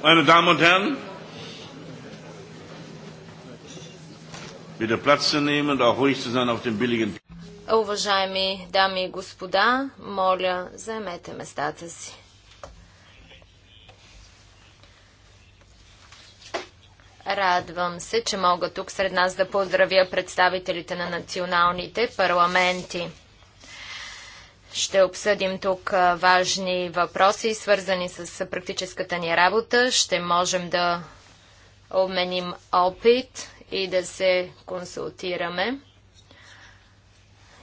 Meine Damen und Herren, bitte Platz zu nehmen und auch ruhig zu sein auf dem billigen. Уважаеми дами и господа, моля, заемете местата си. Радвам се, че мога тук сред нас да поздравя представителите на националните парламенти. Ще обсъдим тук важни въпроси, свързани с практическата ни работа. Ще можем да обменим опит и да се консултираме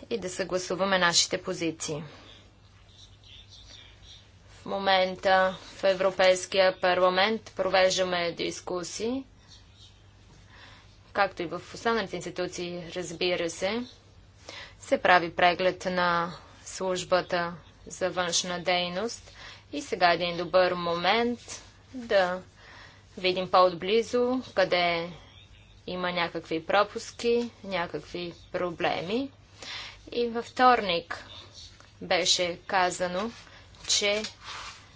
и да съгласуваме нашите позиции. В момента в Европейския парламент провеждаме дискусии, както и в останалите институции, разбира се, се прави преглед на службата за външна дейност. И сега е един добър момент да видим по-отблизо къде има някакви пропуски, някакви проблеми. И във вторник беше казано, че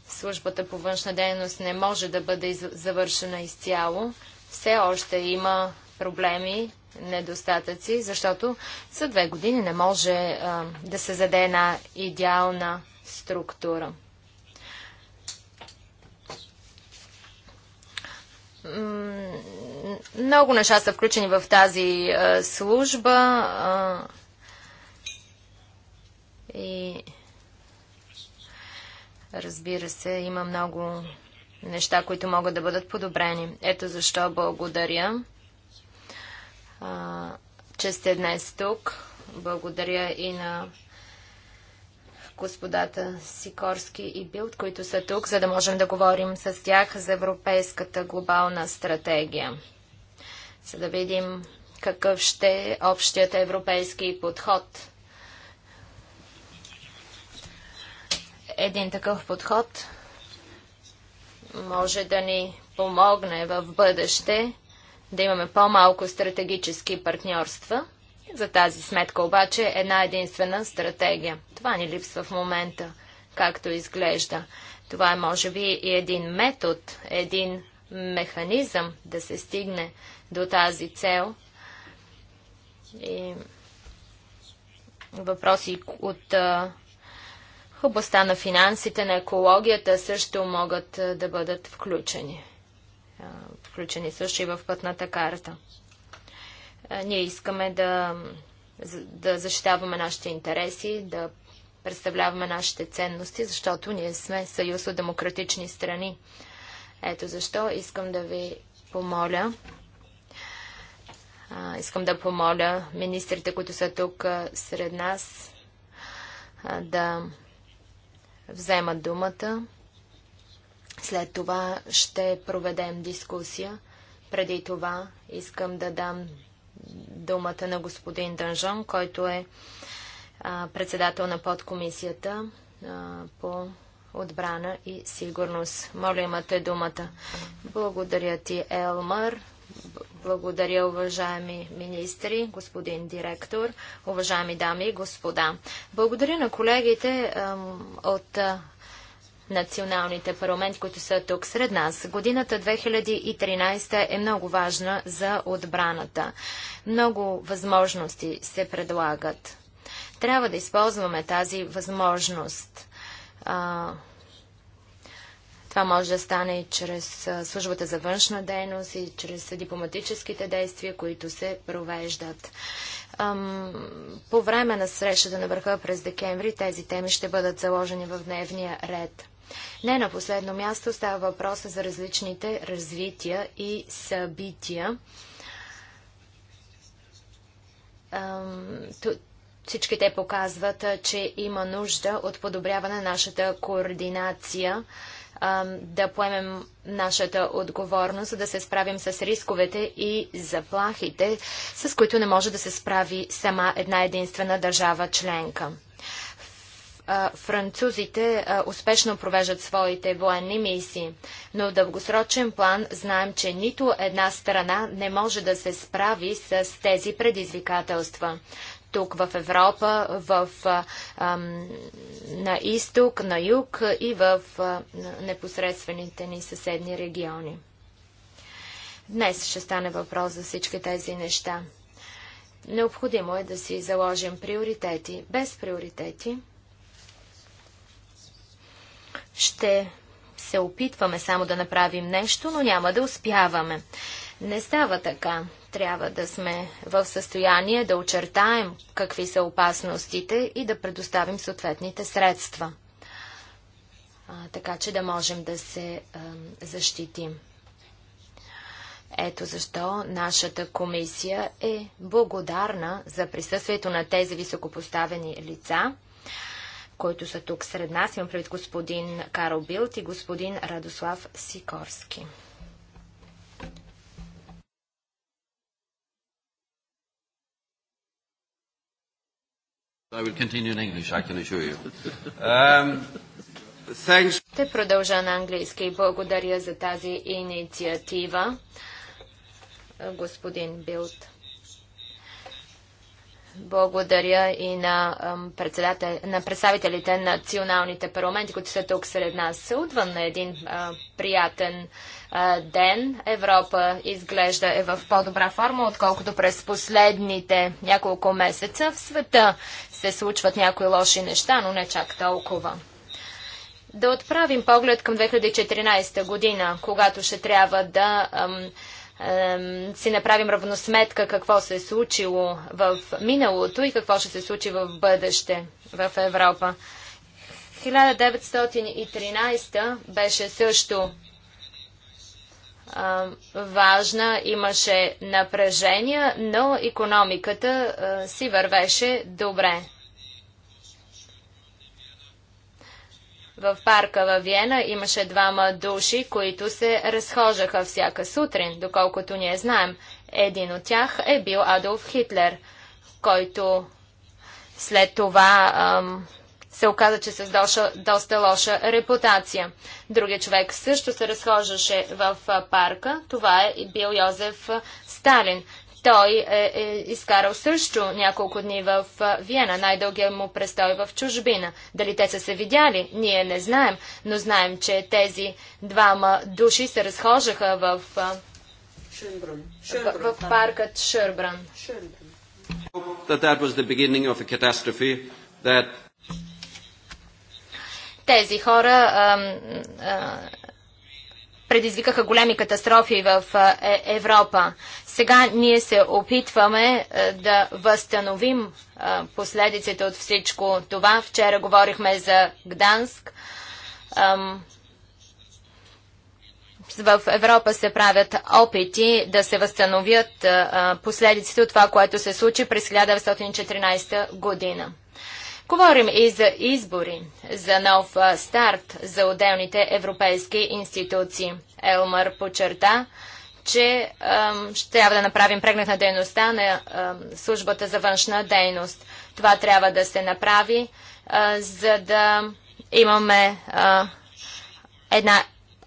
службата по външна дейност не може да бъде завършена изцяло. Все още има проблеми недостатъци, защото за две години не може а, да се заде една идеална структура. Много неща са включени в тази а, служба а, и разбира се, има много неща, които могат да бъдат подобрени. Ето защо благодаря а, че сте днес тук. Благодаря и на господата Сикорски и Билд, които са тук, за да можем да говорим с тях за европейската глобална стратегия. За да видим какъв ще е общият европейски подход. Един такъв подход може да ни помогне в бъдеще да имаме по-малко стратегически партньорства. За тази сметка обаче е една единствена стратегия. Това ни липсва в момента, както изглежда. Това е може би и един метод, един механизъм да се стигне до тази цел. И въпроси от областта на финансите, на екологията също могат да бъдат включени включени също и в пътната карта. Е, ние искаме да, да защитаваме нашите интереси, да представляваме нашите ценности, защото ние сме съюз от демократични страни. Ето защо искам да ви помоля искам да помоля министрите, които са тук сред нас, да вземат думата. След това ще проведем дискусия. Преди това искам да дам думата на господин Данжон, който е а, председател на подкомисията а, по отбрана и сигурност. Моля, имате думата. Благодаря ти, Елмър. Благодаря, уважаеми министри, господин директор, уважаеми дами и господа. Благодаря на колегите от националните парламенти, които са тук сред нас. Годината 2013 е много важна за отбраната. Много възможности се предлагат. Трябва да използваме тази възможност. А, това може да стане и чрез службата за външна дейност и чрез дипломатическите действия, които се провеждат. По време на срещата на върха през декември тези теми ще бъдат заложени в дневния ред. Не на последно място става въпроса за различните развития и събития всички те показват, че има нужда от подобряване на нашата координация, да поемем нашата отговорност, да се справим с рисковете и заплахите, с които не може да се справи сама една единствена държава членка. Французите успешно провеждат своите военни мисии, но в дългосрочен план знаем, че нито една страна не може да се справи с тези предизвикателства тук в Европа, в, а, на изток, на юг и в а, непосредствените ни съседни региони. Днес ще стане въпрос за всички тези неща. Необходимо е да си заложим приоритети. Без приоритети ще се опитваме само да направим нещо, но няма да успяваме. Не става така трябва да сме в състояние да очертаем какви са опасностите и да предоставим съответните средства, а, така че да можем да се а, защитим. Ето защо нашата комисия е благодарна за присъствието на тези високопоставени лица, които са тук сред нас. Имам пред господин Карл Билт и господин Радослав Сикорски. I will continue in English, I can assure you. Um, thanks. Ще продължа на английски. Благодаря за тази инициатива, господин Билт. Благодаря и на, на представителите на националните парламенти, които са тук сред нас. Отвън на един а, приятен а, ден Европа изглежда е в по-добра форма, отколкото през последните няколко месеца. В света се случват някои лоши неща, но не чак толкова. Да отправим поглед към 2014 година, когато ще трябва да ам, ам, си направим равносметка какво се е случило в миналото и какво ще се случи в бъдеще в Европа. 1913 беше също важна, имаше напрежения, но економиката а, си вървеше добре. В парка във Виена имаше двама души, които се разхожаха всяка сутрин, доколкото ние знаем. Един от тях е бил Адолф Хитлер, който след това ам, се оказа, че с доша, доста лоша репутация. Другият човек също се разхождаше в парка. Това е бил Йозеф Сталин. Той е, е изкарал също няколко дни в Виена, най-дългия му престой в чужбина. Дали те са се видяли, ние не знаем, но знаем, че тези двама души се разхожаха в, Шърбран. в, в паркът Шърбран. Тези хора а, а, предизвикаха големи катастрофи в е, Европа. Сега ние се опитваме е, да възстановим е, последиците от всичко това. Вчера говорихме за Гданск. в Европа се правят опити да се възстановят е, последиците от това, което се случи през 1914 година. Говорим и за избори, за нов старт за отделните европейски институции. Елмър почерта че ам, ще трябва да направим преглед на дейността на ам, службата за външна дейност. Това трябва да се направи, а, за да имаме а, една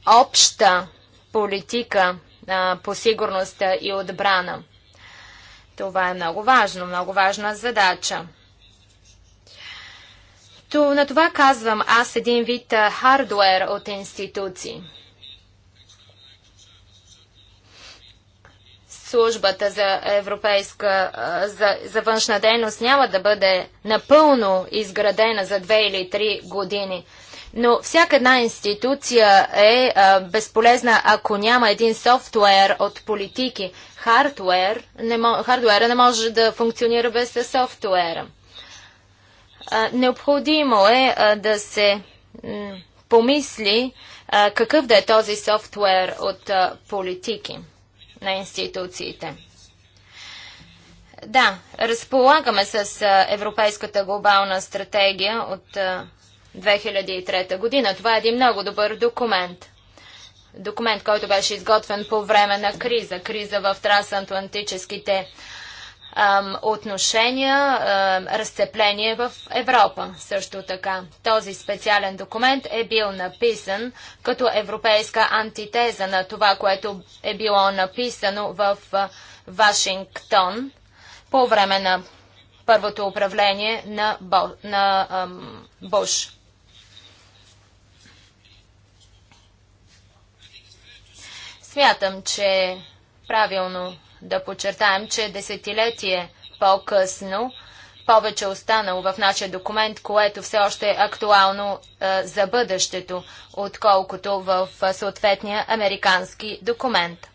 обща политика а, по сигурност и отбрана. Това е много важно, много важна задача. То, на това казвам аз един вид хардуер от институции. службата за европейска за, за външна дейност няма да бъде напълно изградена за две или три години. Но всяка една институция е а, безполезна, ако няма един софтуер от политики. Хардуер не, хардуера не може да функционира без софтуера. А, необходимо е а, да се помисли а, какъв да е този софтуер от а, политики на институциите. Да, разполагаме с Европейската глобална стратегия от 2003 година. Това е един много добър документ. Документ, който беше изготвен по време на криза, криза в трансатлантическите отношения, разцепление в Европа също така. Този специален документ е бил написан като европейска антитеза на това, което е било написано в Вашингтон по време на първото управление на, Бо, на ам, Буш. Смятам, че правилно да подчертаем, че десетилетие по-късно повече е останало в нашия документ, което все още е актуално е, за бъдещето, отколкото в е, съответния американски документ.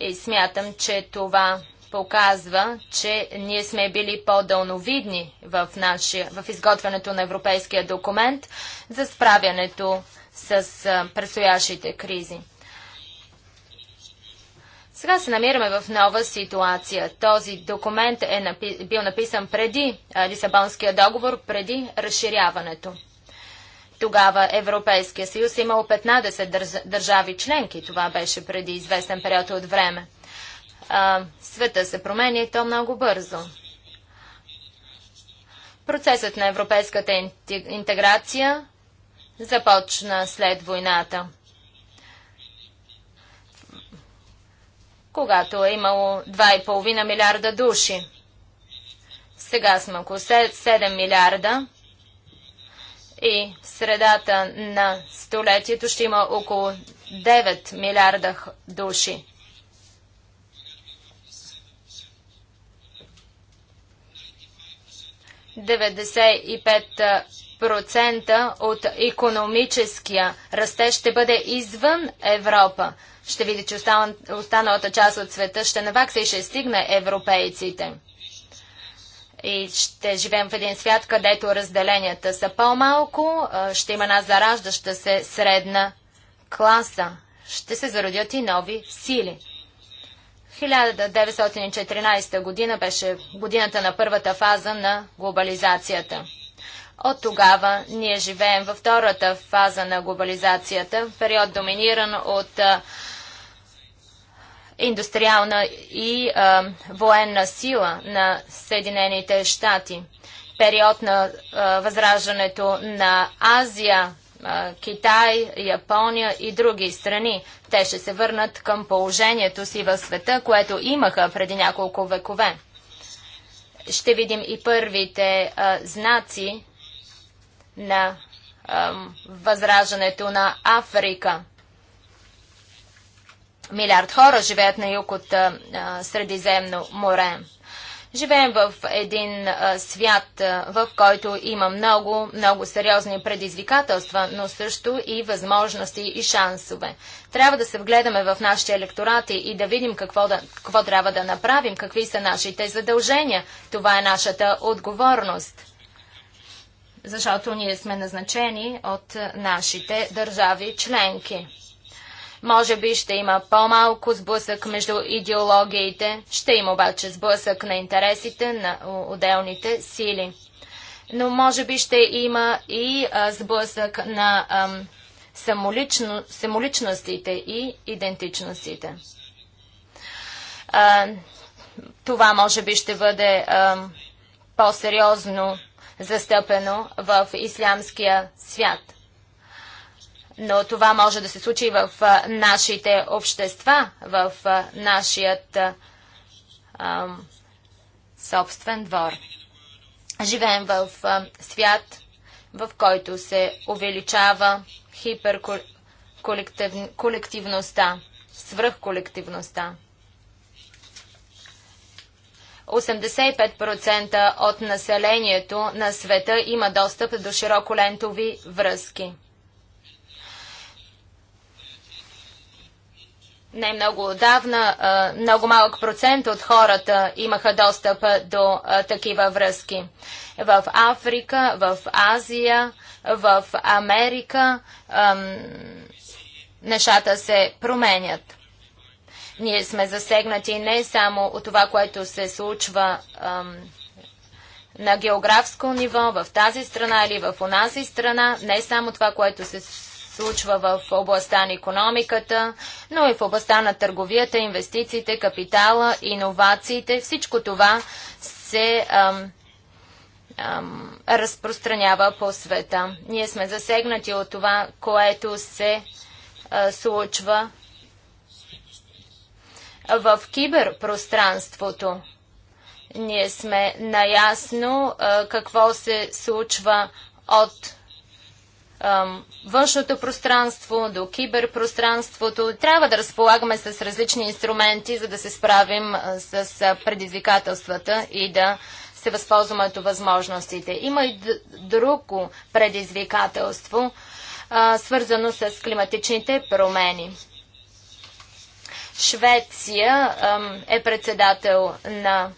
И смятам, че това показва, че ние сме били по-дълновидни в, нашия, в изготвянето на европейския документ за справянето с е, предстоящите кризи. Сега се намираме в нова ситуация. Този документ е напи... бил написан преди Лисабонския договор, преди разширяването. Тогава Европейския съюз е имал 15 държ... държави членки. Това беше преди известен период от време. А, света се променя и то много бързо. Процесът на европейската интеграция започна след войната. когато е имало 2,5 милиарда души. Сега сме около 7 милиарда и в средата на столетието ще има около 9 милиарда души. процента от економическия растеж ще бъде извън Европа ще види, че останалата част от света ще навакса и ще стигне европейците. И ще живеем в един свят, където разделенията са по-малко, ще има една зараждаща се средна класа, ще се зародят и нови сили. 1914 година беше годината на първата фаза на глобализацията. От тогава ние живеем във втората фаза на глобализацията, период доминиран от индустриална и а, военна сила на Съединените щати. Период на а, възраждането на Азия, а, Китай, Япония и други страни. Те ще се върнат към положението си в света, което имаха преди няколко векове. Ще видим и първите а, знаци на а, възраждането на Африка – милиард хора живеят на юг от а, Средиземно море. Живеем в един а, свят, а, в който има много, много сериозни предизвикателства, но също и възможности и шансове. Трябва да се вгледаме в нашите електорати и да видим какво, да, какво трябва да направим, какви са нашите задължения. Това е нашата отговорност, защото ние сме назначени от нашите държави членки. Може би ще има по-малко сблъсък между идеологиите, ще има обаче сблъсък на интересите на отделните сили. Но може би ще има и а, сблъсък на самолично, самоличностите и идентичностите. А, това може би ще бъде по-сериозно застъпено в ислямския свят – но това може да се случи в нашите общества, в нашият ам, собствен двор. Живеем в свят, в който се увеличава хиперколективността, свръхколективността. 85% от населението на света има достъп до широколентови връзки. не много отдавна много малък процент от хората имаха достъп до такива връзки. В Африка, в Азия, в Америка нещата се променят. Ние сме засегнати не само от това, което се случва на географско ниво, в тази страна или в онази страна, не само това, което се случва в областта на економиката, но и в областта на търговията, инвестициите, капитала, иновациите. Всичко това се ам, ам, разпространява по света. Ние сме засегнати от това, което се а, случва в киберпространството. Ние сме наясно а, какво се случва от външното пространство, до киберпространството. Трябва да разполагаме с различни инструменти, за да се справим с предизвикателствата и да се възползваме от възможностите. Има и друго предизвикателство, свързано с климатичните промени. Швеция е председател на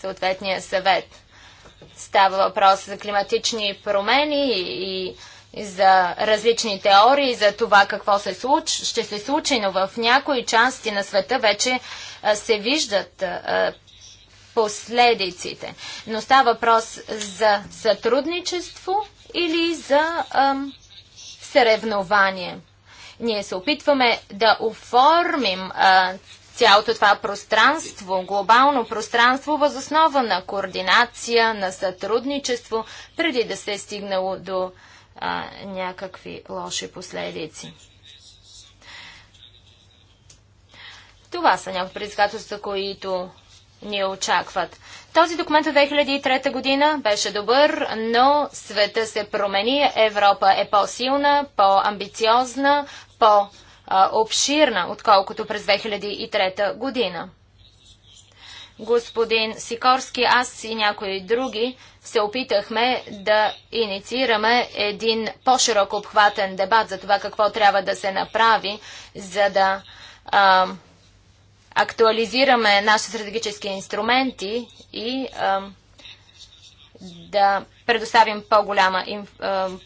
съответния съвет. Става въпрос за климатични промени и, за различни теории, за това какво се случ, ще се случи, но в някои части на света вече се виждат последиците. Но става въпрос за сътрудничество или за ам, съревнование. Ние се опитваме да оформим а, цялото това пространство, глобално пространство, възоснова на координация, на сътрудничество, преди да се е стигнало до а, някакви лоши последици. Това са някои предизвикателства, които ни очакват. Този документ от 2003 година беше добър, но света се промени. Европа е по-силна, по-амбициозна, по-силна обширна, отколкото през 2003 година. Господин Сикорски, аз и някои други се опитахме да инициираме един по-широко обхватен дебат за това какво трябва да се направи, за да а, актуализираме нашите стратегически инструменти и а, да предоставим по-голям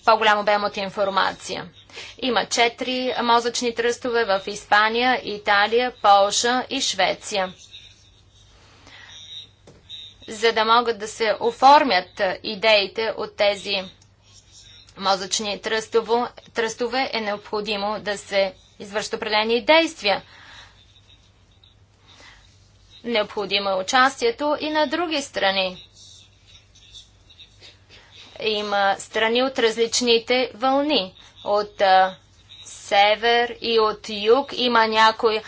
по обем от информация. Има четири мозъчни тръстове в Испания, Италия, Полша и Швеция. За да могат да се оформят идеите от тези мозъчни тръстово, тръстове е необходимо да се извършат определени действия. Необходимо е участието и на други страни. Има страни от различните вълни от а, север и от юг. Има някои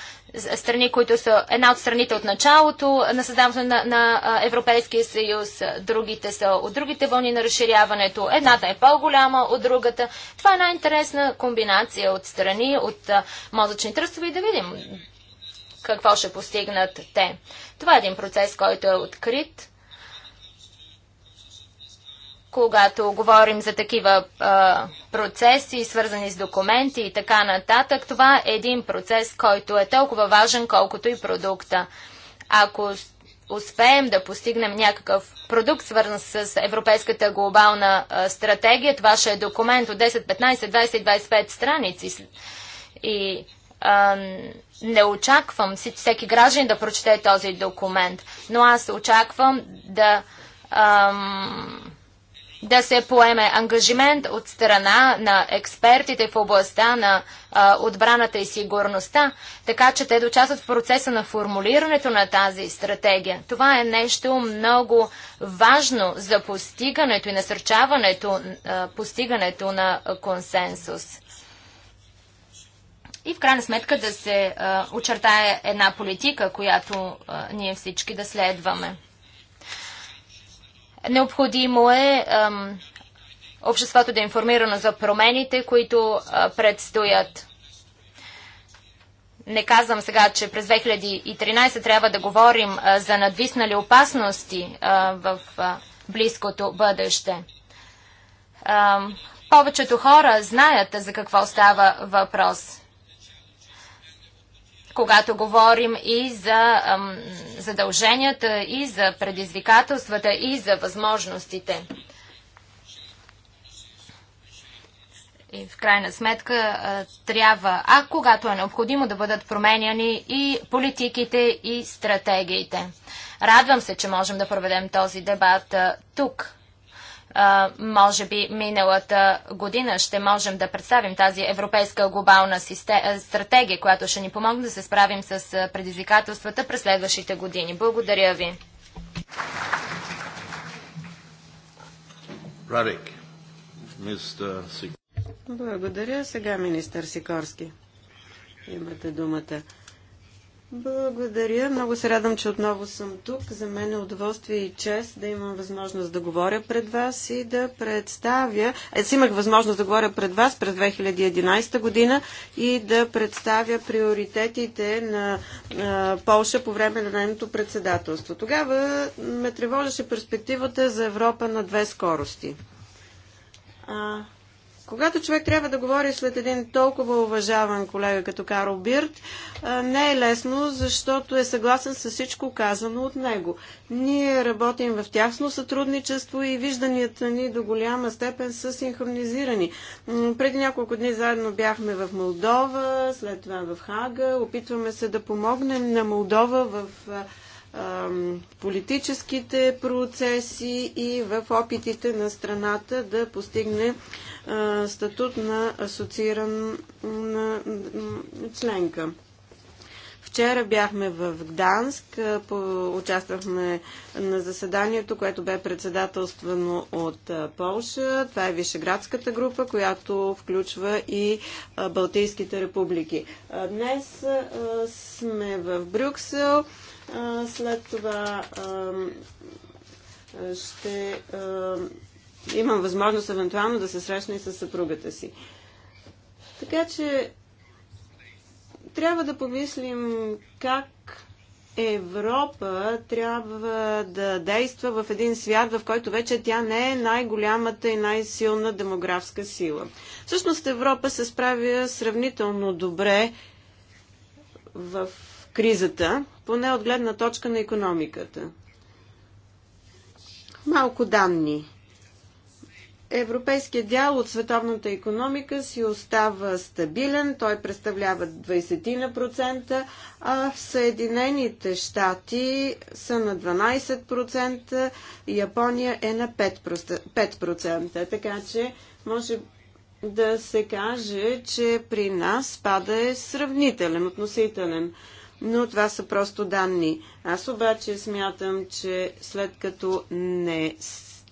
страни, които са една от страните от началото на създаването на, на Европейския съюз, другите са от другите вълни на разширяването. Едната е по-голяма от другата. Това е най интересна комбинация от страни, от а, мозъчни тръстове и да видим какво ще постигнат те. Това е един процес, който е открит когато говорим за такива а, процеси, свързани с документи и така нататък, това е един процес, който е толкова важен, колкото и продукта. Ако успеем да постигнем някакъв продукт, свързан с Европейската глобална а, стратегия, това ще е документ от 10, 15, 20, 25 страници. И а, не очаквам всеки гражданин да прочете този документ, но аз очаквам да А, да се поеме ангажимент от страна на експертите в областта на а, отбраната и сигурността, така че те да участват в процеса на формулирането на тази стратегия. Това е нещо много важно за постигането и насърчаването, а, постигането на консенсус. И в крайна сметка да се а, очертае една политика, която ние всички да следваме. Необходимо е ам, обществото да е информирано за промените, които а, предстоят. Не казвам сега, че през 2013 трябва да говорим а, за надвиснали опасности а, в близкото бъдеще. Повечето хора знаят за какво става въпрос когато говорим и за ам, задълженията, и за предизвикателствата, и за възможностите. И в крайна сметка трябва, а когато е необходимо, да бъдат променяни и политиките, и стратегиите. Радвам се, че можем да проведем този дебат тук може би миналата година ще можем да представим тази европейска глобална стратегия, която ще ни помогне да се справим с предизвикателствата през следващите години. Благодаря ви. Благодаря. Сега министър Сикорски. Имате думата. Благодаря. Много се радвам, че отново съм тук. За мен е удоволствие и чест да имам възможност да говоря пред вас и да представя. Аз е, имах възможност да говоря пред вас през 2011 година и да представя приоритетите на Полша по време на нейното председателство. Тогава ме тревожеше перспективата за Европа на две скорости. А, когато човек трябва да говори след един толкова уважаван колега като Карл Бирт, не е лесно, защото е съгласен с всичко казано от него. Ние работим в тясно сътрудничество и вижданията ни до голяма степен са синхронизирани. Преди няколко дни заедно бяхме в Молдова, след това в Хага. Опитваме се да помогнем на Молдова в политическите процеси и в опитите на страната да постигне статут на асоцииран членка. Вчера бяхме в Гданск, участвахме на заседанието, което бе председателствано от Полша. Това е Вишеградската група, която включва и Балтийските републики. Днес сме в Брюксел след това ще имам възможност евентуално да се срещна и с съпругата си. Така че трябва да помислим как Европа трябва да действа в един свят, в който вече тя не е най-голямата и най-силна демографска сила. Всъщност Европа се справя сравнително добре в кризата, поне от гледна точка на економиката. Малко данни. Европейският дял от световната економика си остава стабилен. Той представлява 20%, а в Съединените щати са на 12%, Япония е на 5%. 5%. Така че може да се каже, че при нас пада е сравнителен, относителен но това са просто данни. Аз обаче смятам, че след като не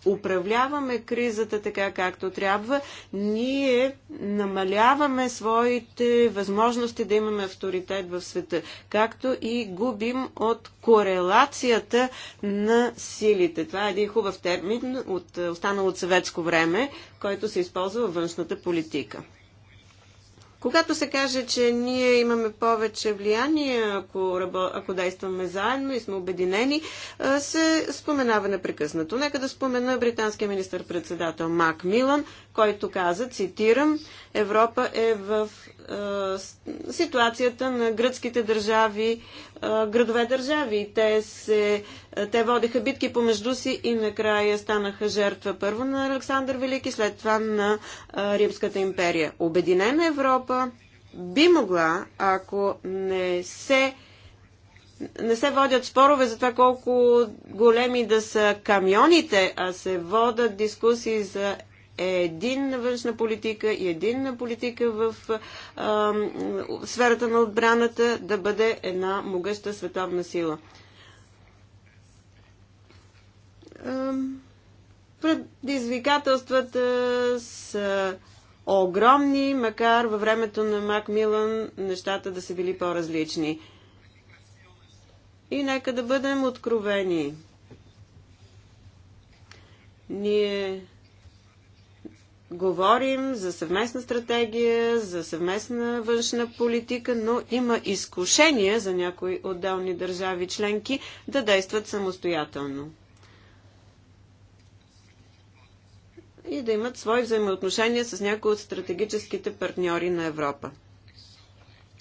управляваме кризата така както трябва, ние намаляваме своите възможности да имаме авторитет в света, както и губим от корелацията на силите. Това е един хубав термин, от, останал от съветско време, който се използва във външната политика. Когато се каже, че ние имаме повече влияние, ако, рабо, ако действаме заедно и сме обединени, се споменава непрекъснато. Нека да спомена британския министр-председател Мак Милан, който каза, цитирам, Европа е в е, ситуацията на гръцките държави, е, градове държави. Те, се, е, те водеха битки помежду си и накрая станаха жертва първо на Александър Велики, след това на е, Римската империя. Обединена Европа би могла, ако не се не се водят спорове за това колко големи да са камионите, а се водят дискусии за е единна външна политика и единна политика в а, сферата на отбраната да бъде една могъща световна сила. Предизвикателствата са огромни, макар във времето на Макмилан нещата да са били по-различни. И нека да бъдем откровени. Ние говорим за съвместна стратегия, за съвместна външна политика, но има изкушение за някои отделни държави членки да действат самостоятелно. И да имат свои взаимоотношения с някои от стратегическите партньори на Европа.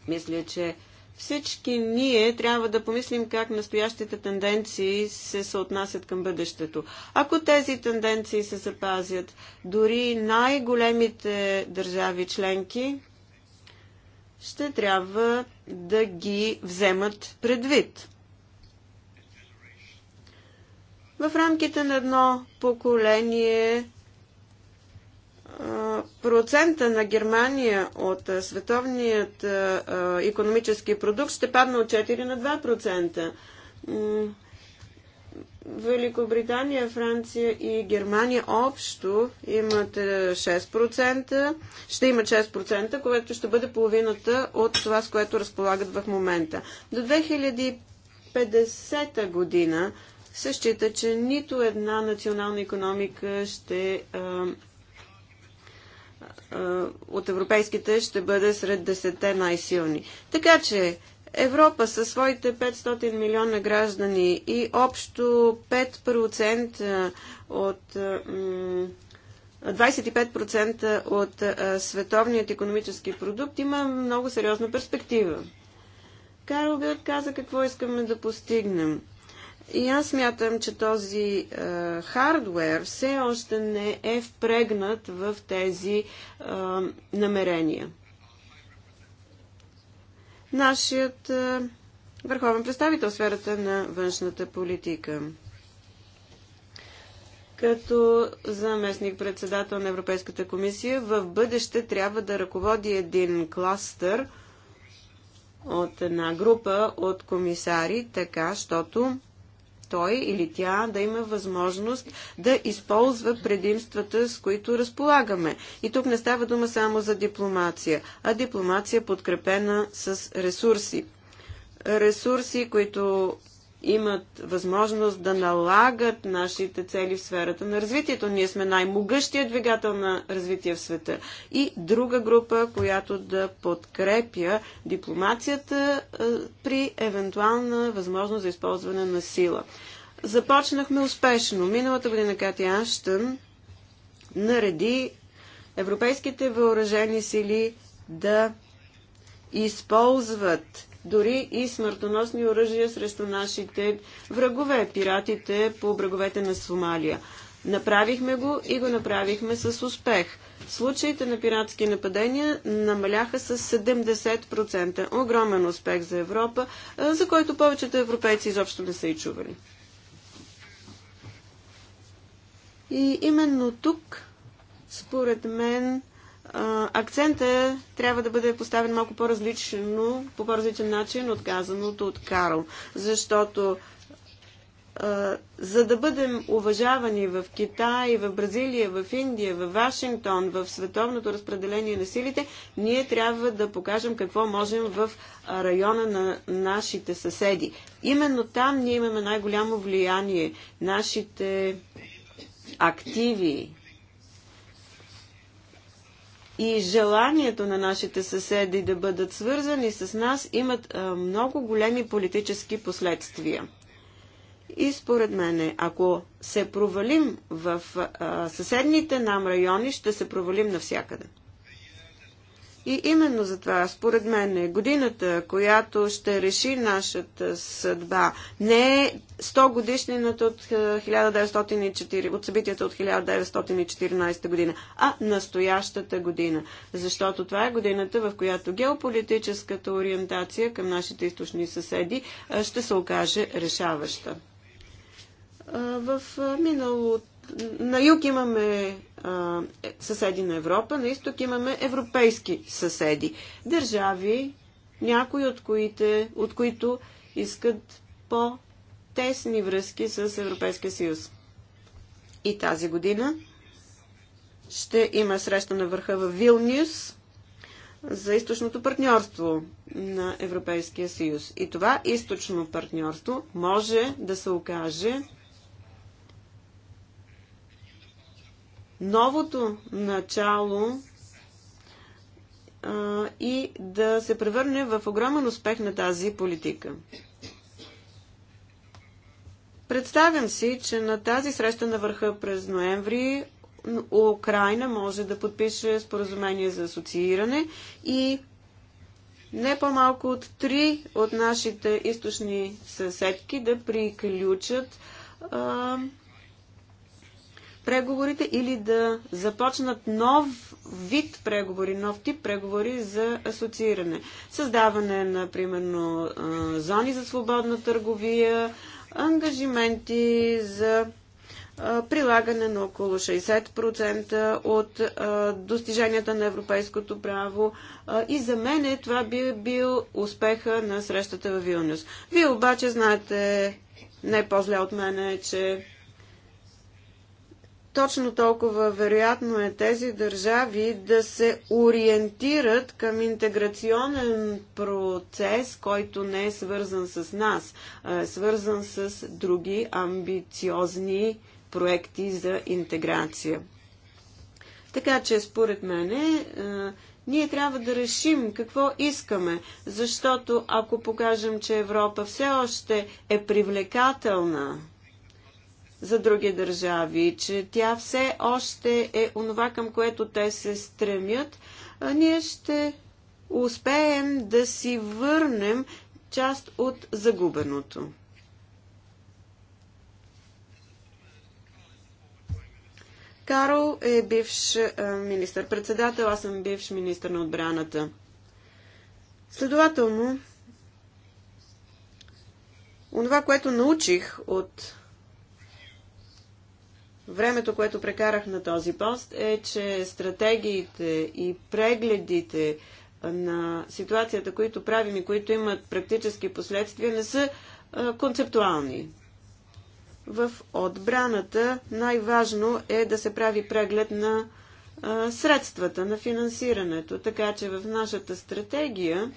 Мисля, че всички ние трябва да помислим как настоящите тенденции се съотнасят към бъдещето. Ако тези тенденции се запазят, дори най-големите държави членки ще трябва да ги вземат предвид. В рамките на едно поколение процента на Германия от световният економически продукт ще падне от 4 на 2%. Великобритания, Франция и Германия общо имат 6%, ще имат 6%, което ще бъде половината от това, с което разполагат в момента. До 2050 година се счита, че нито една национална економика ще е, от европейските ще бъде сред десете най-силни. Така че Европа със своите 500 милиона граждани и общо 5% е, от 25% е, от световният економически продукт има много сериозна перспектива. Карл Билт каза какво искаме да постигнем. И аз мятам, че този е, хардвер все още не е впрегнат в тези е, намерения. Нашият е, върховен представител в сферата на външната политика. Като заместник председател на Европейската комисия, в бъдеще трябва да ръководи един кластър от една група от комисари, така, щото той или тя да има възможност да използва предимствата, с които разполагаме. И тук не става дума само за дипломация, а дипломация подкрепена с ресурси. Ресурси, които имат възможност да налагат нашите цели в сферата на развитието. Ние сме най-могъщия двигател на развитие в света. И друга група, която да подкрепя дипломацията е, при евентуална възможност за използване на сила. Започнахме успешно. Миналата година Кати Анштън нареди европейските въоръжени сили да използват дори и смъртоносни оръжия срещу нашите врагове, пиратите по бреговете на Сомалия. Направихме го и го направихме с успех. Случаите на пиратски нападения намаляха с 70%. Огромен успех за Европа, за който повечето европейци изобщо не са и чували. И именно тук, според мен, акцента трябва да бъде поставен малко по-различно, по по-различен начин от казаното от Карл, защото за да бъдем уважавани в Китай, в Бразилия, в Индия, в Вашингтон, в световното разпределение на силите, ние трябва да покажем какво можем в района на нашите съседи. Именно там ние имаме най-голямо влияние. Нашите активи, и желанието на нашите съседи да бъдат свързани с нас имат а, много големи политически последствия. И според мен, ако се провалим в а, съседните нам райони, ще се провалим навсякъде. И именно за това, според мен, е годината, която ще реши нашата съдба. Не е 100 годишнината от, 1904, е, от събитията от 1914 година, а настоящата година. Защото това е годината, в която геополитическата ориентация към нашите източни съседи е, ще се окаже решаваща. Е, в миналото на юг имаме а, е, съседи на Европа, на изток имаме европейски съседи. Държави, някои от, коите, от които искат по-тесни връзки с Европейския съюз. И тази година ще има среща на върха в Вилнюс за източното партньорство на Европейския съюз. И това източно партньорство може да се окаже новото начало а, и да се превърне в огромен успех на тази политика. Представям си, че на тази среща на върха през ноември Украина може да подпише споразумение за асоцииране и не по-малко от три от нашите източни съседки да приключат а, преговорите или да започнат нов вид преговори, нов тип преговори за асоцииране. Създаване на, примерно, зони за свободна търговия, ангажименти за прилагане на около 60% от достиженията на европейското право. И за мен е, това би бил успеха на срещата в Вилнюс. Вие обаче знаете не по-зле от мене, че точно толкова вероятно е тези държави да се ориентират към интеграционен процес, който не е свързан с нас, а е свързан с други амбициозни проекти за интеграция. Така че, според мене, е, ние трябва да решим какво искаме, защото ако покажем, че Европа все още е привлекателна, за други държави, че тя все още е онова, към което те се стремят, а ние ще успеем да си върнем част от загубеното. Карл е бивш министър-председател, аз съм бивш министър на отбраната. Следователно, онова, което научих от времето, което прекарах на този пост, е, че стратегиите и прегледите на ситуацията, които правим и които имат практически последствия, не са а, концептуални. В отбраната най-важно е да се прави преглед на а, средствата, на финансирането. Така че в нашата стратегия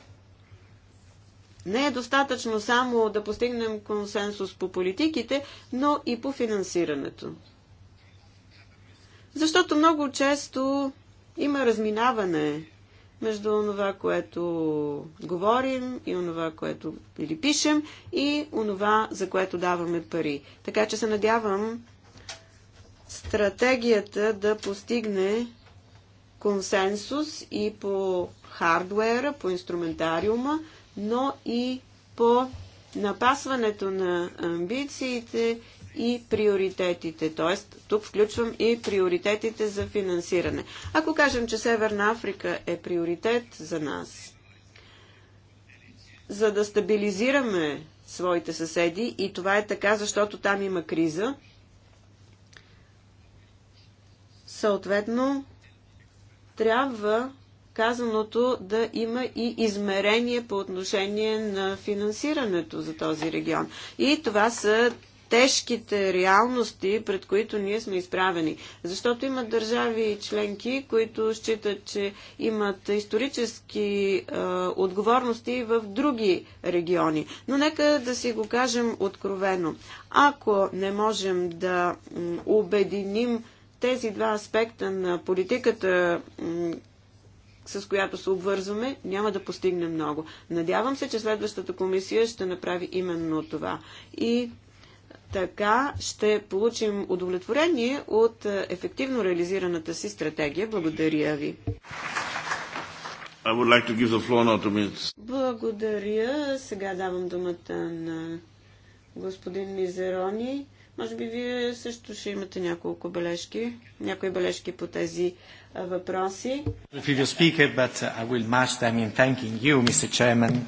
не е достатъчно само да постигнем консенсус по политиките, но и по финансирането. Защото много често има разминаване между това, което говорим и онова, което или пишем и онова, за което даваме пари. Така че се надявам стратегията да постигне консенсус и по хардуера, по инструментариума, но и по напасването на амбициите и приоритетите. Т.е. тук включвам и приоритетите за финансиране. Ако кажем, че Северна Африка е приоритет за нас, за да стабилизираме своите съседи, и това е така, защото там има криза, съответно трябва казаното да има и измерение по отношение на финансирането за този регион. И това са тежките реалности, пред които ние сме изправени. Защото има държави и членки, които считат, че имат исторически е, отговорности в други региони. Но нека да си го кажем откровено. Ако не можем да обединим тези два аспекта на политиката, с която се обвързваме, няма да постигне много. Надявам се, че следващата комисия ще направи именно това. И така ще получим удовлетворение от е, ефективно реализираната си стратегия. Благодаря ви. Like Благодаря. Сега давам думата на господин Мизерони. Може би вие също ще имате няколко бележки, някои бележки по тези въпроси. Speaker, you,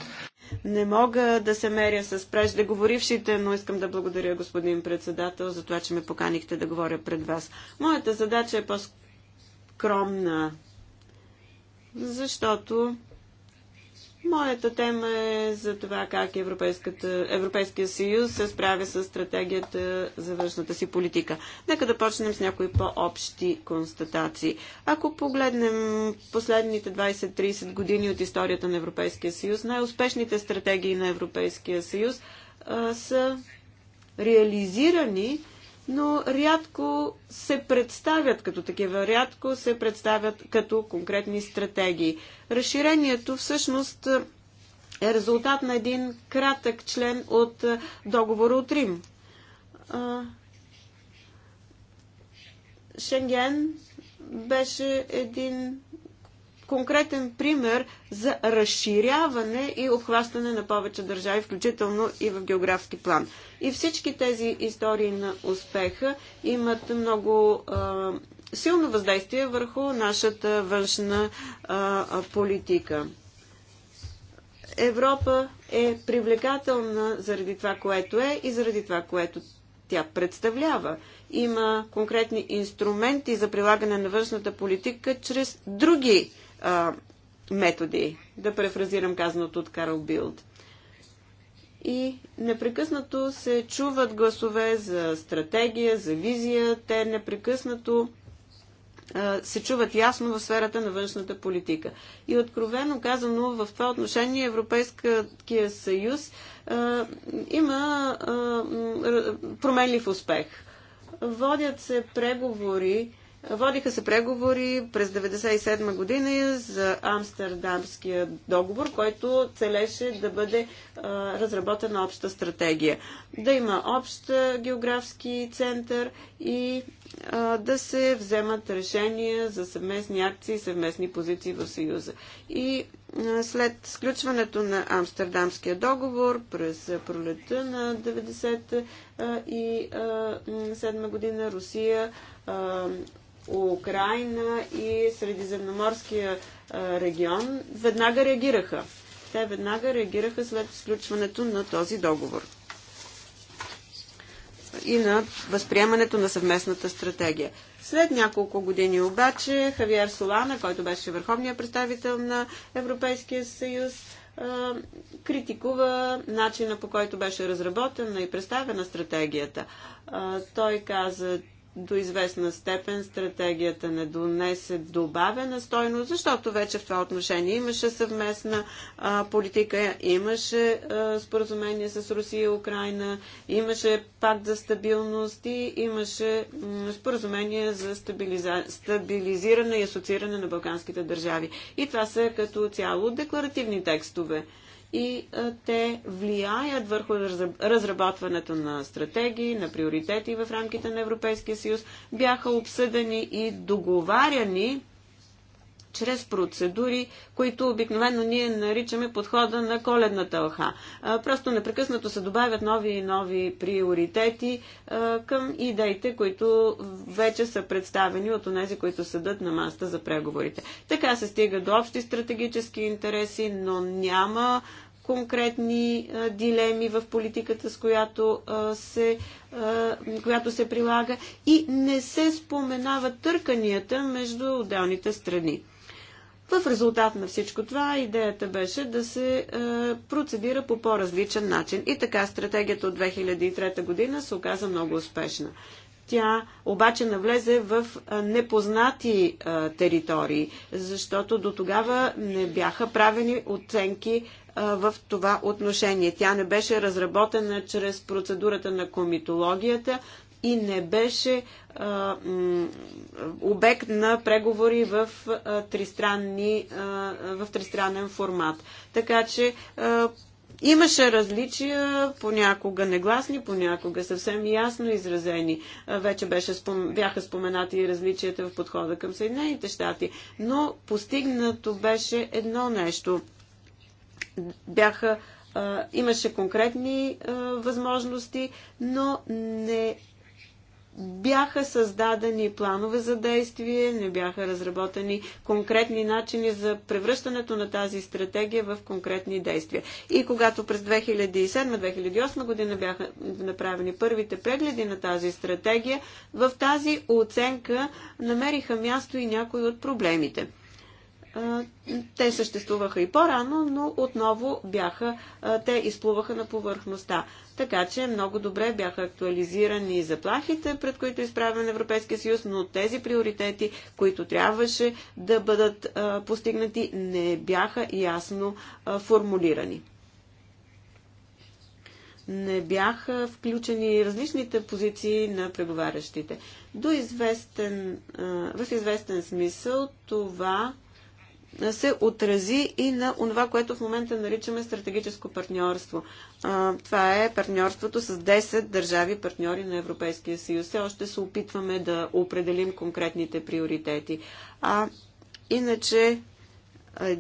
не мога да се меря с преждеговорившите, но искам да благодаря господин председател за това, че ме поканихте да говоря пред вас. Моята задача е по-скромна, защото Моята тема е за това как Европейския съюз се справя с стратегията за външната си политика. Нека да почнем с някои по-общи констатации. Ако погледнем последните 20-30 години от историята на Европейския съюз, най-успешните стратегии на Европейския съюз а, са реализирани но рядко се представят като такива, рядко се представят като конкретни стратегии. Разширението всъщност е резултат на един кратък член от договора от Рим. Шенген беше един конкретен пример за разширяване и обхващане на повече държави, включително и в географски план. И всички тези истории на успеха имат много а, силно въздействие върху нашата външна а, политика. Европа е привлекателна заради това, което е и заради това, което тя представлява. Има конкретни инструменти за прилагане на външната политика чрез други а, методи, да префразирам казаното от Карл Билд. И непрекъснато се чуват гласове за стратегия, за визия. Те непрекъснато а, се чуват ясно в сферата на външната политика. И откровено казано, в това отношение Европейския съюз а, има а, променлив успех. Водят се преговори Водиха се преговори през 1997 година за Амстердамския договор, който целеше да бъде а, разработена обща стратегия. Да има общ географски център и а, да се вземат решения за съвместни акции и съвместни позиции в Съюза. И а, след сключването на Амстердамския договор през пролета на 1997 година Русия Украина и Средиземноморския регион веднага реагираха. Те веднага реагираха след сключването на този договор и на възприемането на съвместната стратегия. След няколко години обаче Хавиер Солана, който беше върховният представител на Европейския съюз, критикува начина по който беше разработена и представена стратегията. Той каза, до известна степен стратегията не донесе добавена стойност, защото вече в това отношение имаше съвместна а, политика, имаше а, споразумение с Русия и Украина, имаше пакт за стабилност и имаше м, споразумение за стабилиза... стабилизиране и асоцииране на балканските държави. И това са като цяло декларативни текстове и те влияят върху разработването на стратегии, на приоритети в рамките на Европейския съюз, бяха обсъдени и договаряни чрез процедури, които обикновено ние наричаме подхода на коледната лха. Просто непрекъснато се добавят нови и нови приоритети а, към идеите, които вече са представени от тези, които съдат на маста за преговорите. Така се стига до общи стратегически интереси, но няма конкретни а, дилеми в политиката, с която, а, се, а, която се прилага и не се споменава търканията между отделните страни. В резултат на всичко това идеята беше да се е, процедира по по-различен начин. И така стратегията от 2003 година се оказа много успешна. Тя обаче навлезе в непознати е, територии, защото до тогава не бяха правени оценки в това отношение. Тя не беше разработена чрез процедурата на комитологията и не беше а, м, обект на преговори в, а, тристранни, а, в тристранен формат. Така че а, Имаше различия, понякога негласни, понякога съвсем ясно изразени. Вече беше спом... бяха споменати и различията в подхода към Съединените щати, но постигнато беше едно нещо – бяха, а, имаше конкретни а, възможности, но не бяха създадени планове за действие, не бяха разработени конкретни начини за превръщането на тази стратегия в конкретни действия. И когато през 2007-2008 година бяха направени първите прегледи на тази стратегия, в тази оценка намериха място и някои от проблемите. Те съществуваха и по-рано, но отново бяха, те изплуваха на повърхността. Така че много добре бяха актуализирани заплахите, пред които е изправен Европейския съюз, но тези приоритети, които трябваше да бъдат постигнати, не бяха ясно формулирани не бяха включени различните позиции на преговарящите. До известен, в известен смисъл това се отрази и на това, което в момента наричаме стратегическо партньорство. Това е партньорството с 10 държави партньори на Европейския съюз. Все още се опитваме да определим конкретните приоритети. А иначе е,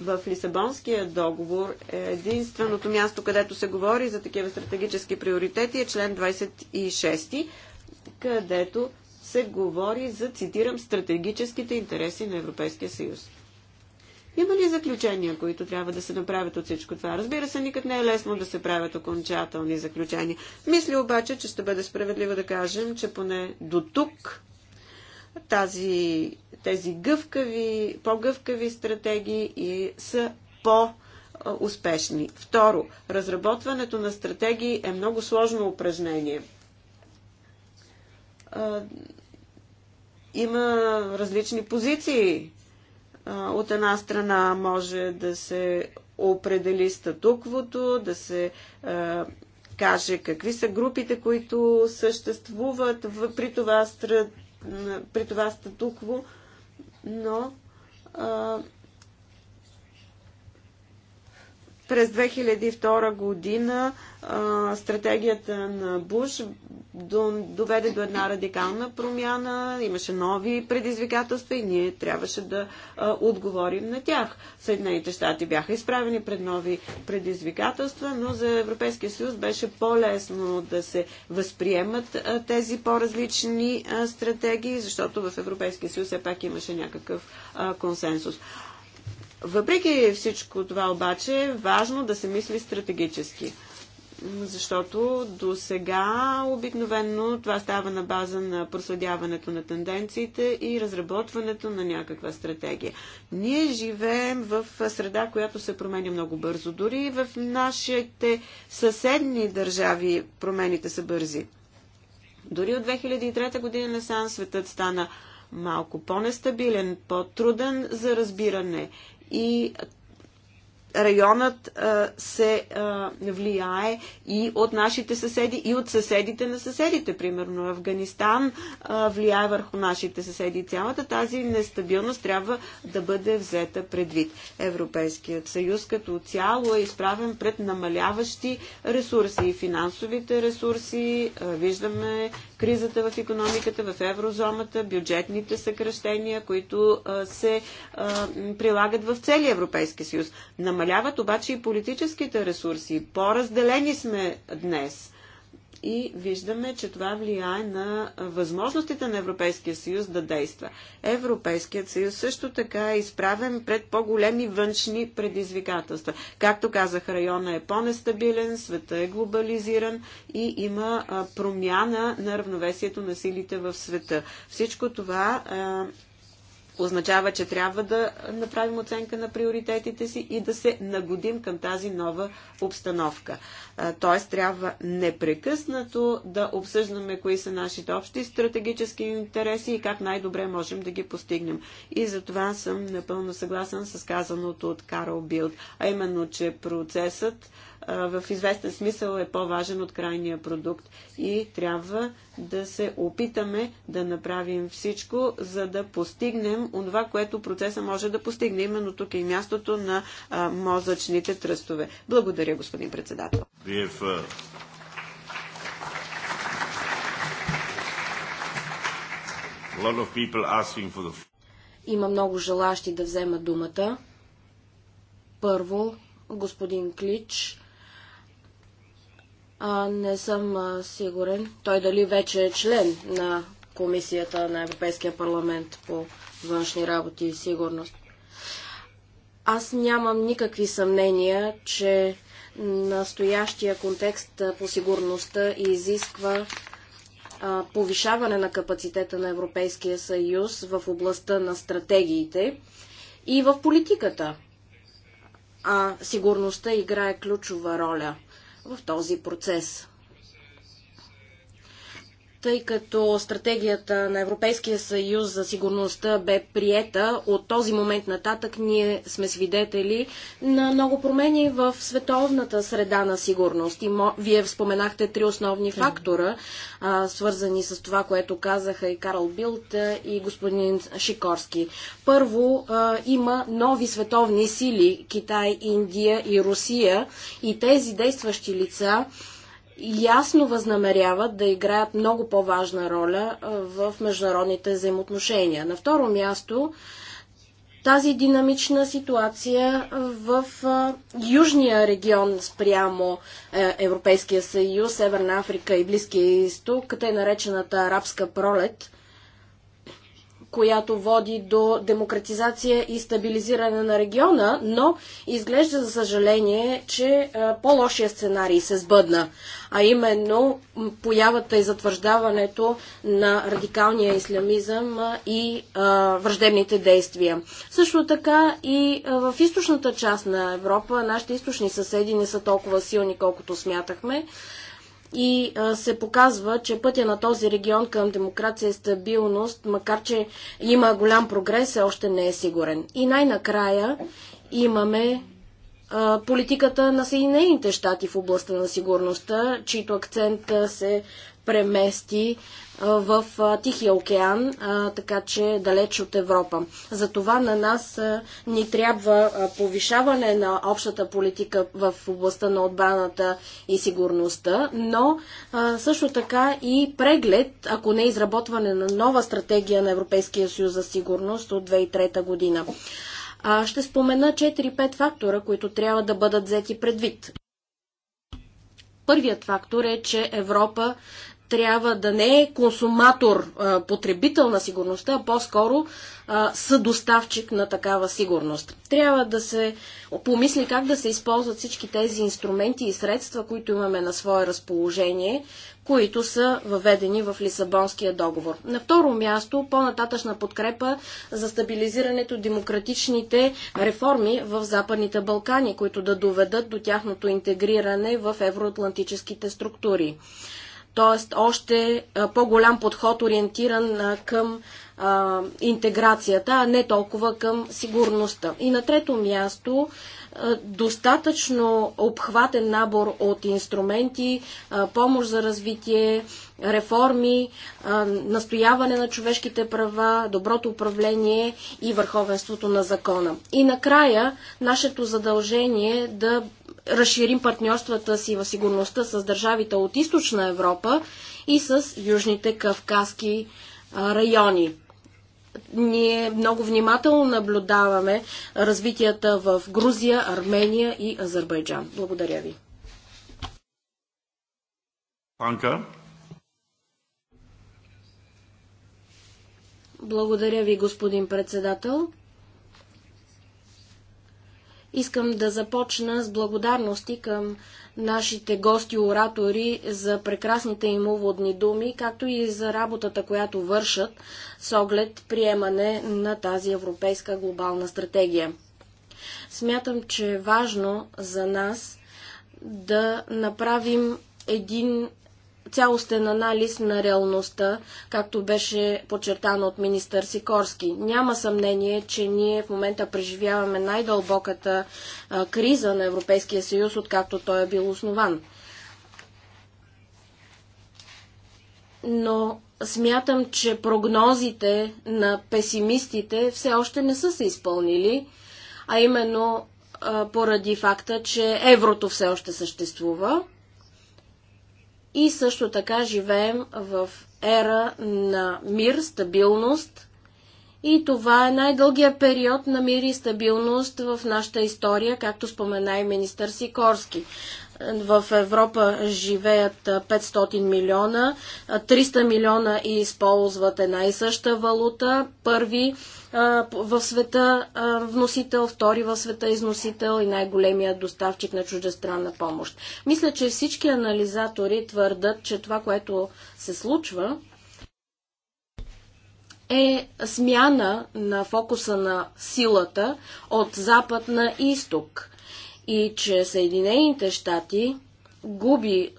в Лисабонския договор е единственото място, където се говори за такива стратегически приоритети е член 26, където се говори за, цитирам, стратегическите интереси на Европейския съюз. Има ли заключения, които трябва да се направят от всичко това? Разбира се, никак не е лесно да се правят окончателни заключения. Мисля обаче, че ще бъде справедливо да кажем, че поне до тук тази, тези гъвкави, по-гъвкави стратегии и са по- успешни. Второ, разработването на стратегии е много сложно упражнение. Има различни позиции от една страна може да се определи статуквото, да се е, каже какви са групите, които съществуват в, при, това, при това статукво, но През 2002 година а, стратегията на Буш доведе до една радикална промяна, имаше нови предизвикателства и ние трябваше да а, отговорим на тях. Съединените щати бяха изправени пред нови предизвикателства, но за Европейския съюз беше по-лесно да се възприемат а, тези по-различни стратегии, защото в Европейския съюз все пак имаше някакъв консенсус. Въпреки всичко това обаче е важно да се мисли стратегически. Защото до сега обикновенно това става на база на проследяването на тенденциите и разработването на някаква стратегия. Ние живеем в среда, която се променя много бързо. Дори в нашите съседни държави промените са бързи. Дори от 2003 година на насам светът стана малко по-нестабилен, по-труден за разбиране и районът а, се а, влияе и от нашите съседи, и от съседите на съседите. Примерно Афганистан а, влияе върху нашите съседи. Цялата тази нестабилност трябва да бъде взета предвид. Европейският съюз като цяло е изправен пред намаляващи ресурси и финансовите ресурси. А, виждаме кризата в економиката, в еврозомата, бюджетните съкръщения, които се прилагат в целия Европейски съюз. Намаляват обаче и политическите ресурси. По-разделени сме днес и виждаме, че това влияе на възможностите на Европейския съюз да действа. Европейският съюз също така е изправен пред по-големи външни предизвикателства. Както казах, района е по-нестабилен, света е глобализиран и има промяна на равновесието на силите в света. Всичко това означава, че трябва да направим оценка на приоритетите си и да се нагодим към тази нова обстановка. Т.е. трябва непрекъснато да обсъждаме кои са нашите общи стратегически интереси и как най-добре можем да ги постигнем. И за това съм напълно съгласен с казаното от Карл Билд, а именно, че процесът в известен смисъл е по-важен от крайния продукт. И трябва да се опитаме да направим всичко, за да постигнем това, което процеса може да постигне. Именно тук е и мястото на мозъчните тръстове. Благодаря, господин председател. Има много желащи да взема думата. Първо, господин Клич а, не съм а, сигурен той дали вече е член на Комисията на Европейския парламент по външни работи и сигурност. Аз нямам никакви съмнения, че настоящия контекст по сигурността изисква а, повишаване на капацитета на Европейския съюз в областта на стратегиите и в политиката. А сигурността играе ключова роля – в този процес тъй като стратегията на Европейския съюз за сигурността бе приета, от този момент нататък ние сме свидетели на много промени в световната среда на сигурност. И вие споменахте три основни фактора, свързани с това, което казаха и Карл Билт и господин Шикорски. Първо, има нови световни сили Китай, Индия и Русия и тези действащи лица ясно възнамеряват да играят много по-важна роля в международните взаимоотношения. На второ място, тази динамична ситуация в южния регион спрямо е, Европейския съюз, Северна Африка и Близкия изток, е наречената арабска пролет, която води до демократизация и стабилизиране на региона, но изглежда за съжаление, че е, по-лошия сценарий се сбъдна, а именно появата и затвърждаването на радикалния ислямизъм е, и е, враждебните действия. Също така и в източната част на Европа, нашите източни съседи не са толкова силни, колкото смятахме и се показва, че пътя на този регион към демокрация и стабилност, макар че има голям прогрес, още не е сигурен. И най-накрая имаме политиката на Съединените щати в областта на сигурността, чийто акцент се премести в Тихия океан, така че далеч от Европа. За това на нас ни трябва повишаване на общата политика в областта на отбраната и сигурността, но също така и преглед, ако не изработване на нова стратегия на Европейския съюз за сигурност от 2003 година. А ще спомена 4-5 фактора, които трябва да бъдат взети предвид. Първият фактор е, че Европа трябва да не е консуматор, потребител на сигурността, а по-скоро съдоставчик на такава сигурност. Трябва да се помисли как да се използват всички тези инструменти и средства, които имаме на свое разположение които са въведени в Лисабонския договор. На второ място, по-нататъчна подкрепа за стабилизирането демократичните реформи в Западните Балкани, които да доведат до тяхното интегриране в евроатлантическите структури т.е. още по-голям подход ориентиран към интеграцията, а не толкова към сигурността. И на трето място е, достатъчно обхватен набор от инструменти, е, помощ за развитие, реформи, е, настояване на човешките права, доброто управление и върховенството на закона. И накрая, нашето задължение е да разширим партньорствата си в сигурността с държавите от източна Европа и с южните кавказски райони ние много внимателно наблюдаваме развитията в Грузия, Армения и Азербайджан. Благодаря ви. Анка. Благодаря ви, господин председател. Искам да започна с благодарности към нашите гости-оратори за прекрасните им уводни думи, както и за работата, която вършат с оглед приемане на тази европейска глобална стратегия. Смятам, че е важно за нас да направим един цялостен анализ на реалността, както беше подчертано от министър Сикорски. Няма съмнение, че ние в момента преживяваме най-дълбоката криза на Европейския съюз, откакто той е бил основан. Но смятам, че прогнозите на песимистите все още не са се изпълнили, а именно поради факта, че еврото все още съществува и също така живеем в ера на мир, стабилност – и това е най-дългия период на мир и стабилност в нашата история, както спомена и министър Сикорски. В Европа живеят 500 милиона, 300 милиона и използват една и съща валута. Първи в света вносител, втори в света износител и най-големия доставчик на чуждестранна помощ. Мисля, че всички анализатори твърдат, че това, което се случва, е смяна на фокуса на силата от запад на изток и че Съединените щати губи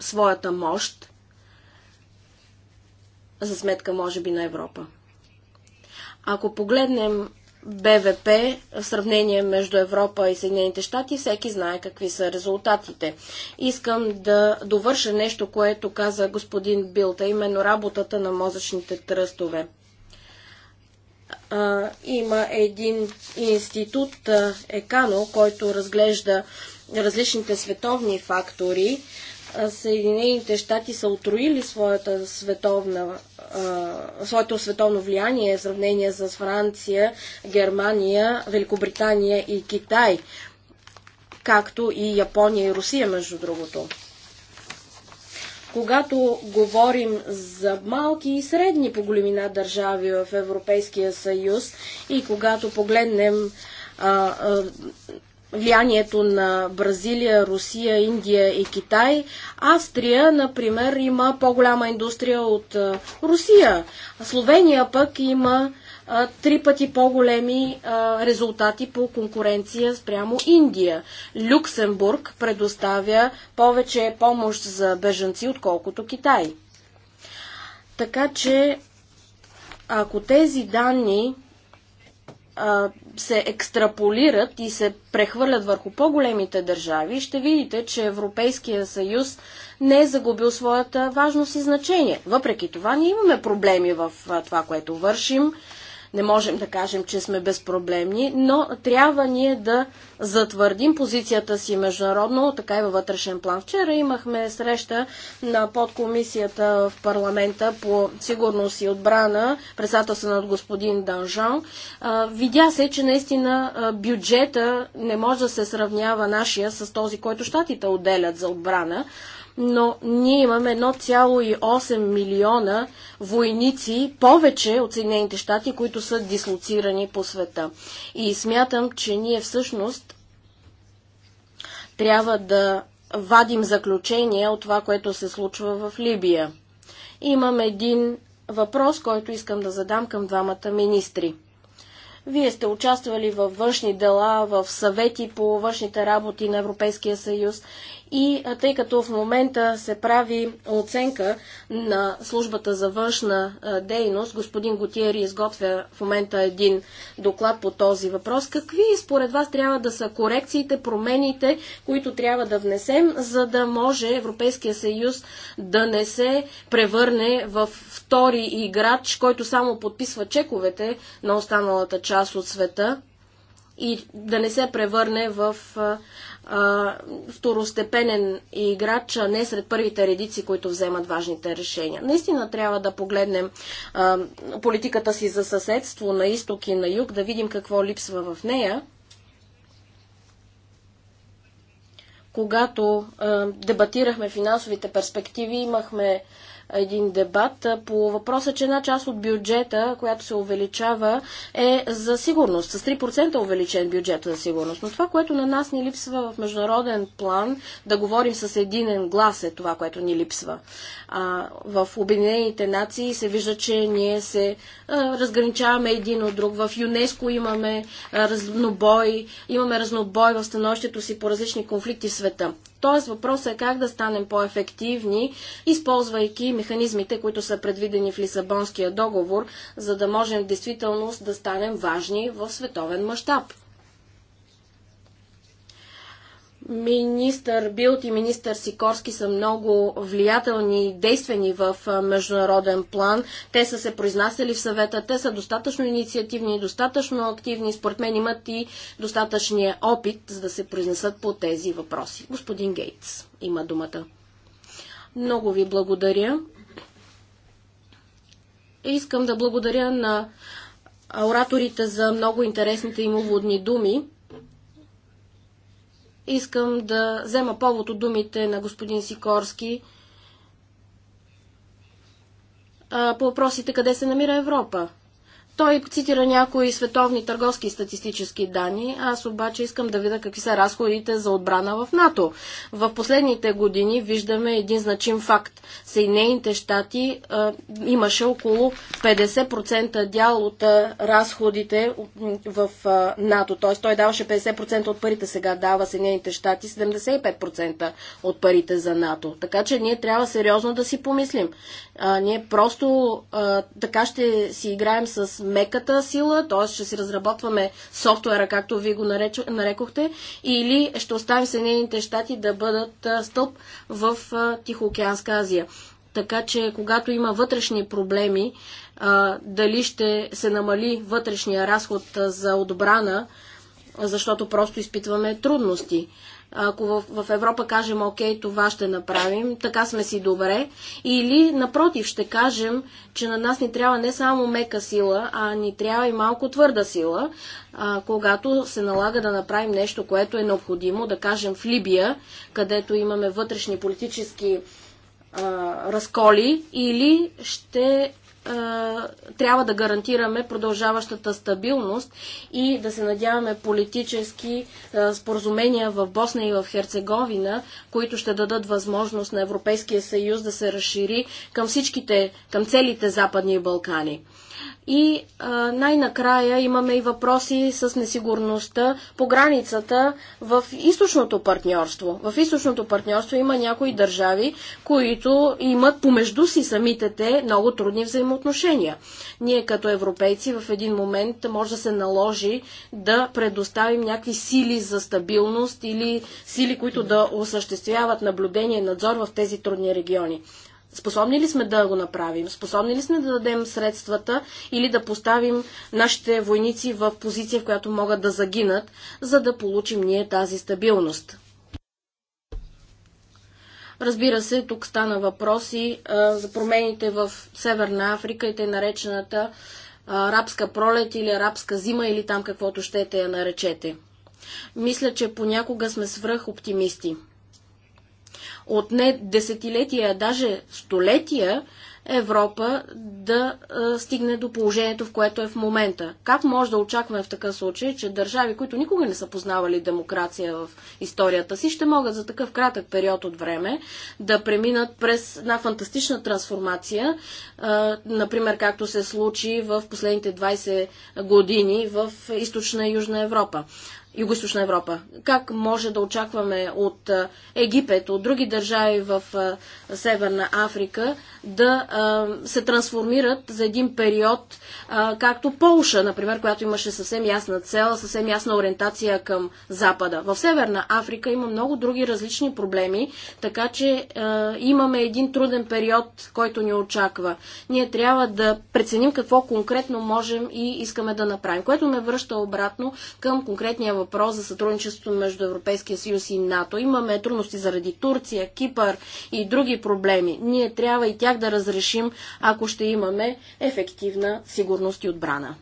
своята мощ за сметка, може би, на Европа. Ако погледнем БВП в сравнение между Европа и Съединените щати, всеки знае какви са резултатите. Искам да довърша нещо, което каза господин Билта, именно работата на мозъчните тръстове а, има един институт а, ЕКАНО, който разглежда различните световни фактори. Съединените щати са отроили своята световна, а, своето световно влияние в сравнение с Франция, Германия, Великобритания и Китай, както и Япония и Русия, между другото когато говорим за малки и средни по големина държави в Европейския съюз и когато погледнем а, а, влиянието на Бразилия, Русия, Индия и Китай, Австрия, например, има по-голяма индустрия от а, Русия. Словения пък има три пъти по-големи резултати по конкуренция спрямо Индия. Люксембург предоставя повече помощ за бежанци, отколкото Китай. Така че, ако тези данни се екстраполират и се прехвърлят върху по-големите държави, ще видите, че Европейския съюз не е загубил своята важност и значение. Въпреки това, ние имаме проблеми в това, което вършим не можем да кажем, че сме безпроблемни, но трябва ние да затвърдим позицията си международно, така и във вътрешен план. Вчера имахме среща на подкомисията в парламента по сигурност и отбрана, председателство от господин Данжан. Видя се, че наистина бюджета не може да се сравнява нашия с този, който щатите отделят за отбрана но ние имаме 1,8 милиона войници повече от Съединените щати, които са дислоцирани по света. И смятам, че ние всъщност трябва да вадим заключения от това, което се случва в Либия. Имам един въпрос, който искам да задам към двамата министри. Вие сте участвали във външни дела, в съвети по външните работи на Европейския съюз и тъй като в момента се прави оценка на службата за външна дейност, господин Готиери изготвя в момента един доклад по този въпрос. Какви според вас трябва да са корекциите, промените, които трябва да внесем, за да може Европейския съюз да не се превърне в втори играч, който само подписва чековете на останалата част от света? и да не се превърне в второстепенен играч, а не сред първите редици, които вземат важните решения. Наистина трябва да погледнем а, политиката си за съседство на изток и на юг, да видим какво липсва в нея когато а, дебатирахме финансовите перспективи, имахме един дебат по въпроса, че една част от бюджета, която се увеличава, е за сигурност. С 3% увеличен бюджет за сигурност. Но това, което на нас ни липсва в международен план, да говорим с единен глас е това, което ни липсва. А, в Обединените нации се вижда, че ние се а, разграничаваме един от друг. В ЮНЕСКО имаме а, разнобой, имаме разнобой в становището си по различни конфликти в света. Тоест въпросът е как да станем по-ефективни, използвайки механизмите, които са предвидени в Лисабонския договор, за да можем в действителност да станем важни в световен мащаб. Министър Билт и министър Сикорски са много влиятелни и действени в международен план. Те са се произнасяли в съвета, те са достатъчно инициативни, достатъчно активни, според мен имат и достатъчния опит, за да се произнесат по тези въпроси. Господин Гейтс има думата. Много ви благодаря. Искам да благодаря на ораторите за много интересните им уводни думи. Искам да взема повод от думите на господин Сикорски по въпросите къде се намира Европа. Той цитира някои световни търговски статистически данни, аз обаче искам да видя какви са разходите за отбрана в НАТО. В последните години виждаме един значим факт. Съединените щати а, имаше около 50% дял от а, разходите в а, НАТО. Т.е. той даваше 50% от парите, сега дава Съединените щати 75% от парите за НАТО. Така че ние трябва сериозно да си помислим. А, ние просто а, така ще си играем с меката сила, т.е. ще си разработваме софтуера, както ви го нарекохте, или ще оставим Съединените щати да бъдат стълб в Тихоокеанска Азия. Така че, когато има вътрешни проблеми, дали ще се намали вътрешния разход за отбрана, защото просто изпитваме трудности ако в, в Европа кажем, окей, това ще направим, така сме си добре, или напротив, ще кажем, че на нас ни трябва не само мека сила, а ни трябва и малко твърда сила, а, когато се налага да направим нещо, което е необходимо, да кажем в Либия, където имаме вътрешни политически а, разколи, или ще трябва да гарантираме продължаващата стабилност и да се надяваме политически споразумения в Босна и в Херцеговина, които ще дадат възможност на Европейския съюз да се разшири към всичките, към целите Западни Балкани. И най-накрая имаме и въпроси с несигурността по границата в източното партньорство. В източното партньорство има някои държави, които имат помежду си самите те много трудни взаимоотношения. Ние като европейци в един момент може да се наложи да предоставим някакви сили за стабилност или сили, които да осъществяват наблюдение и надзор в тези трудни региони. Способни ли сме да го направим? Способни ли сме да дадем средствата или да поставим нашите войници в позиция, в която могат да загинат, за да получим ние тази стабилност? Разбира се, тук стана въпроси за промените в Северна Африка и тъй наречената арабска пролет или арабска зима или там каквото щете е я наречете. Мисля, че понякога сме свръх оптимисти отне десетилетия, даже столетия, Европа да стигне до положението, в което е в момента. Как може да очакваме в такъв случай, че държави, които никога не са познавали демокрация в историята си, ще могат за такъв кратък период от време да преминат през една фантастична трансформация, например, както се случи в последните 20 години в източна и южна Европа. Югосточна Европа. Как може да очакваме от Египет, от други държави в Северна Африка да се трансформират за един период, както Полша, например, която имаше съвсем ясна цел, съвсем ясна ориентация към Запада. В Северна Африка има много други различни проблеми, така че имаме един труден период, който ни очаква. Ние трябва да преценим какво конкретно можем и искаме да направим, което ме връща обратно към конкретния въпрос въпрос за сътрудничеството между Европейския съюз и НАТО. Имаме трудности заради Турция, Кипър и други проблеми. Ние трябва и тях да разрешим, ако ще имаме ефективна сигурност и отбрана.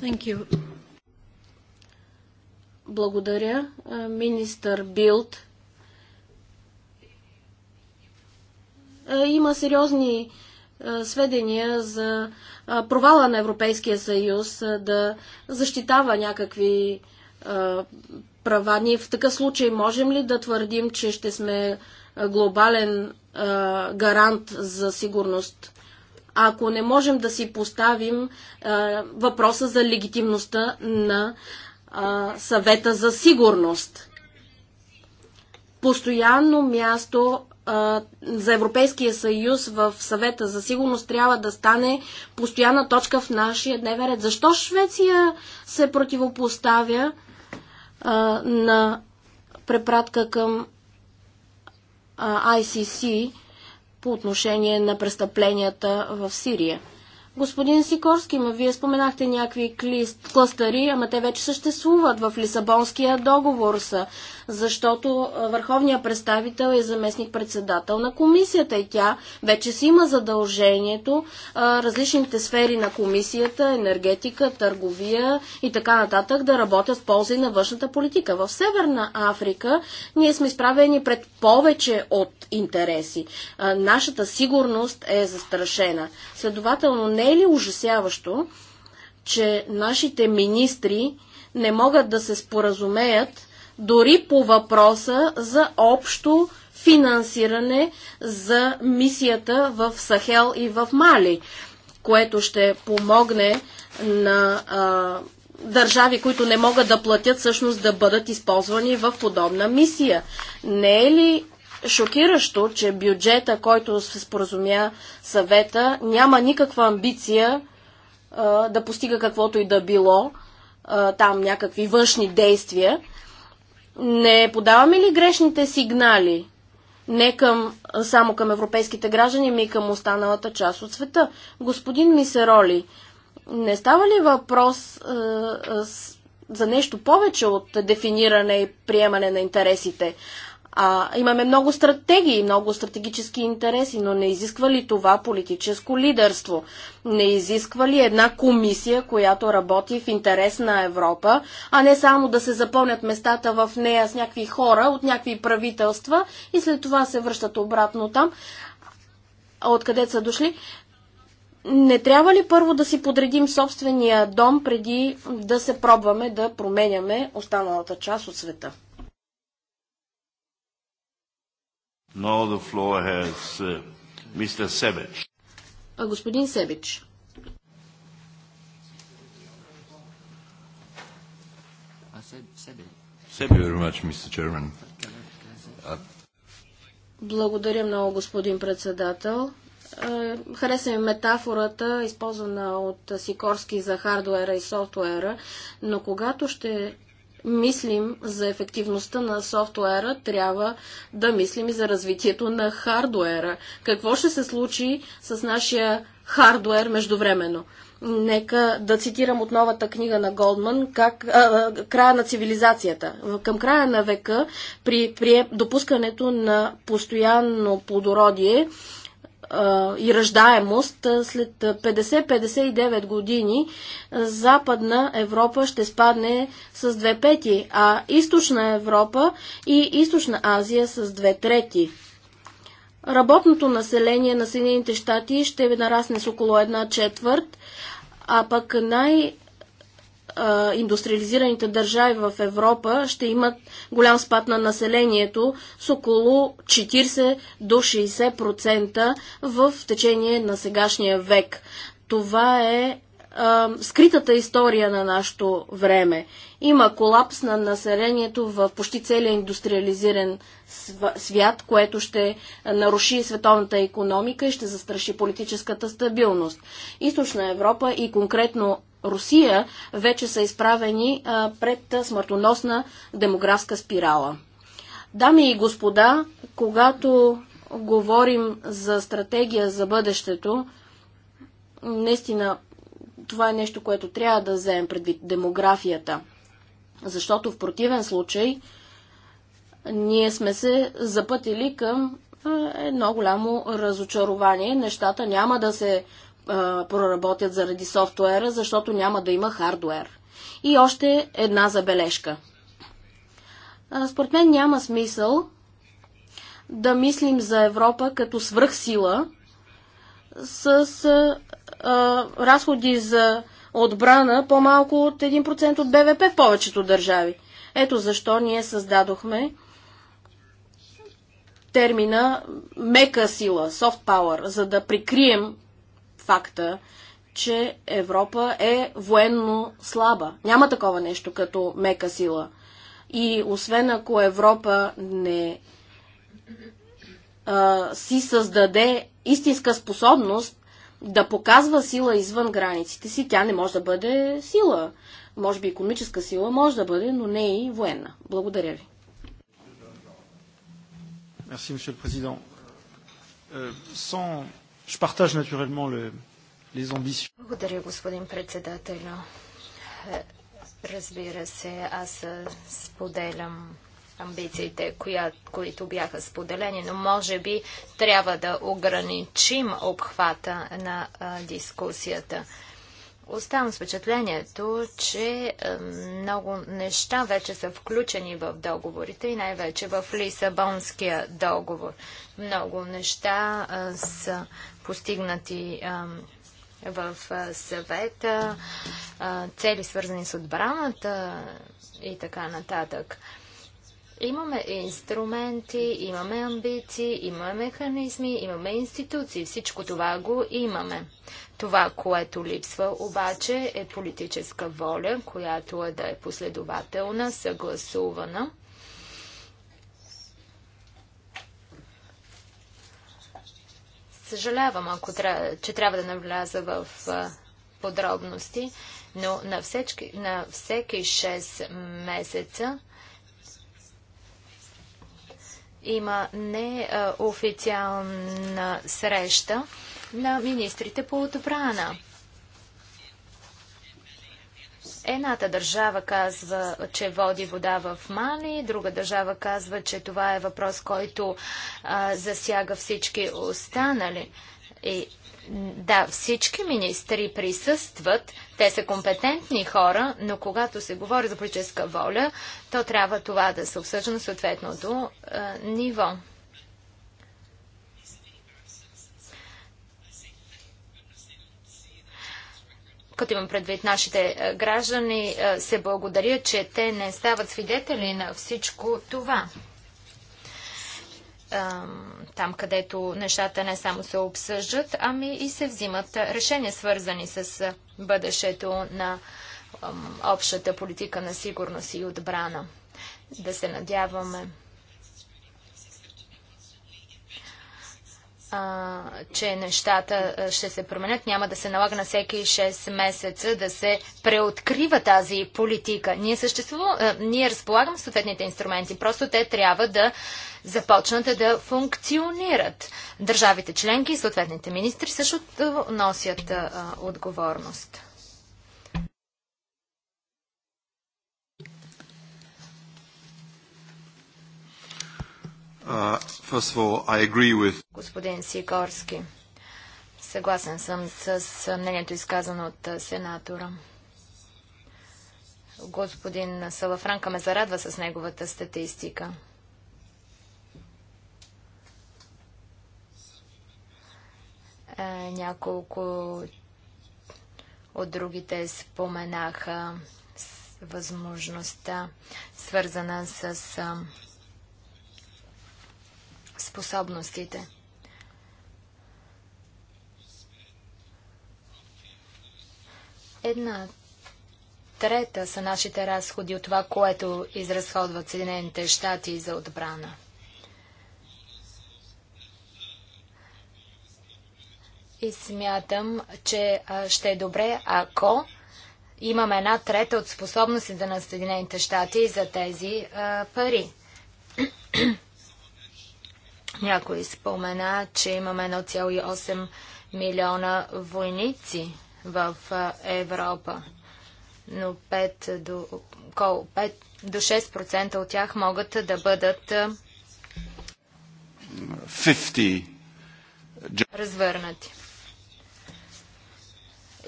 Thank you. Благодаря, министър Билд. Има сериозни сведения за провала на Европейския съюз да защитава някакви права. Ние в такъв случай можем ли да твърдим, че ще сме глобален гарант за сигурност? Ако не можем да си поставим въпроса за легитимността на съвета за сигурност. Постоянно място за Европейския съюз в съвета за сигурност трябва да стане постоянна точка в нашия дневен ред. Защо Швеция се противопоставя а, на препратка към а, ICC по отношение на престъпленията в Сирия? Господин Сикорски, ма вие споменахте някакви клист, кластъри, ама те вече съществуват в Лисабонския договор са защото върховният представител е заместник-председател на комисията и тя вече си има задължението различните сфери на комисията, енергетика, търговия и така нататък да работят в полза и на външната политика. В Северна Африка ние сме изправени пред повече от интереси. Нашата сигурност е застрашена. Следователно, не е ли ужасяващо, че нашите министри не могат да се споразумеят дори по въпроса за общо финансиране за мисията в Сахел и в Мали, което ще помогне на а, държави, които не могат да платят, всъщност да бъдат използвани в подобна мисия. Не е ли шокиращо, че бюджета, който се споразумя съвета, няма никаква амбиция а, да постига каквото и да било, а, там някакви външни действия, не подаваме ли грешните сигнали? Не към, само към европейските граждани, ми към останалата част от света. Господин Мисероли, не става ли въпрос е, е, за нещо повече от дефиниране и приемане на интересите? А, имаме много стратегии, много стратегически интереси, но не изисква ли това политическо лидерство? Не изисква ли една комисия, която работи в интерес на Европа, а не само да се запълнят местата в нея с някакви хора от някакви правителства и след това се връщат обратно там, откъде са дошли? Не трябва ли първо да си подредим собствения дом, преди да се пробваме да променяме останалата част от света? Now the floor has uh, Mr. А господин Себич. Uh, Благодаря много, господин председател. Е, Хареса ми метафората, използвана от Сикорски за хардуера и софтуера, но когато ще мислим за ефективността на софтуера, трябва да мислим и за развитието на хардуера. Какво ще се случи с нашия хардуер междувременно? Нека да цитирам от новата книга на Голдман как, а, Края на цивилизацията. Към края на века при, при допускането на постоянно плодородие и ръждаемост, след 50-59 години Западна Европа ще спадне с две пети, а Източна Европа и Източна Азия с две трети. Работното население на Съединените щати ще нарасне с около една четвърт, а пък най- индустриализираните държави в Европа ще имат голям спад на населението с около 40 до 60% в течение на сегашния век. Това е а, скритата история на нашето време. Има колапс на населението в почти целия индустриализиран свят, което ще наруши световната економика и ще застраши политическата стабилност. Източна Европа и конкретно Русия вече са изправени пред смъртоносна демографска спирала. Дами и господа, когато говорим за стратегия за бъдещето, наистина това е нещо, което трябва да вземем предвид демографията. Защото в противен случай ние сме се запътили към едно голямо разочарование. Нещата няма да се проработят заради софтуера, защото няма да има хардуер. И още една забележка. според мен няма смисъл да мислим за Европа като свръхсила с а, а, разходи за отбрана по-малко от 1% от БВП в повечето държави. Ето защо ние създадохме термина мека сила, soft power, за да прикрием факта, че Европа е военно слаба. Няма такова нещо като мека сила. И освен ако Европа не а, си създаде истинска способност да показва сила извън границите си, тя не може да бъде сила. Може би економическа сила може да бъде, но не и военна. Благодаря ви. Merci, Monsieur le Président. Euh, sans Je partage naturellement le, les ambitions. Благодаря, господин председател. Разбира се, аз споделям амбициите, коя, които бяха споделени, но може би трябва да ограничим обхвата на а, дискусията. Оставам с впечатлението, че много неща вече са включени в договорите и най-вече в Лисабонския договор. Много неща са постигнати в съвета, цели свързани с отбраната и така нататък. Имаме инструменти, имаме амбиции, имаме механизми, имаме институции. Всичко това го имаме. Това, което липсва обаче е политическа воля, която е да е последователна, съгласувана Съжалявам, ако тря... че трябва да навляза в подробности, но на, всечки, на всеки 6 месеца има неофициална среща на министрите по отбрана. Едната държава казва, че води вода в Мали, друга държава казва, че това е въпрос, който а, засяга всички останали. И, да, всички министри присъстват, те са компетентни хора, но когато се говори за политическа воля, то трябва това да се обсъжда на съответното а, ниво. като имам предвид нашите е, граждани, е, се благодаря, че те не стават свидетели на всичко това. Там, където нещата не само се обсъждат, ами и се взимат решения, свързани с е, бъдещето на общата политика на сигурност и отбрана. Да се надяваме а, че нещата ще се променят. Няма да се налага на всеки 6 месеца да се преоткрива тази политика. Ние, съществува, а, ние разполагаме съответните инструменти, просто те трябва да започнат да функционират. Държавите членки и съответните министри също носят а, отговорност. Uh, Господин Сикорски, съгласен съм с мнението изказано от сенатора. Господин Салафранка ме зарадва с неговата статистика. Е, няколко от другите споменаха възможността, свързана с способностите. Една трета са нашите разходи от това, което изразходват Съединените щати за отбрана. И смятам, че ще е добре, ако имаме една трета от способностите на Съединените щати за тези пари. Някой спомена, че имаме 1,8 милиона войници в Европа, но 5 до, кол, 5 до 6% от тях могат да бъдат 50. развърнати.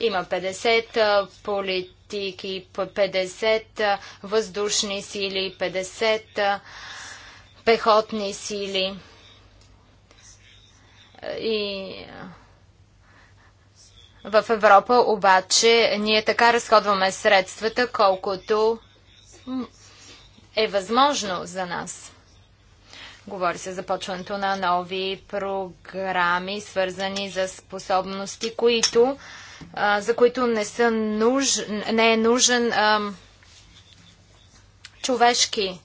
Има 50 политики, 50 въздушни сили, 50 пехотни сили. И в Европа обаче ние така разходваме средствата, колкото е възможно за нас. Говори се за почването на нови програми, свързани за способности, които, а, за които не, са нуж, не е нужен а, човешки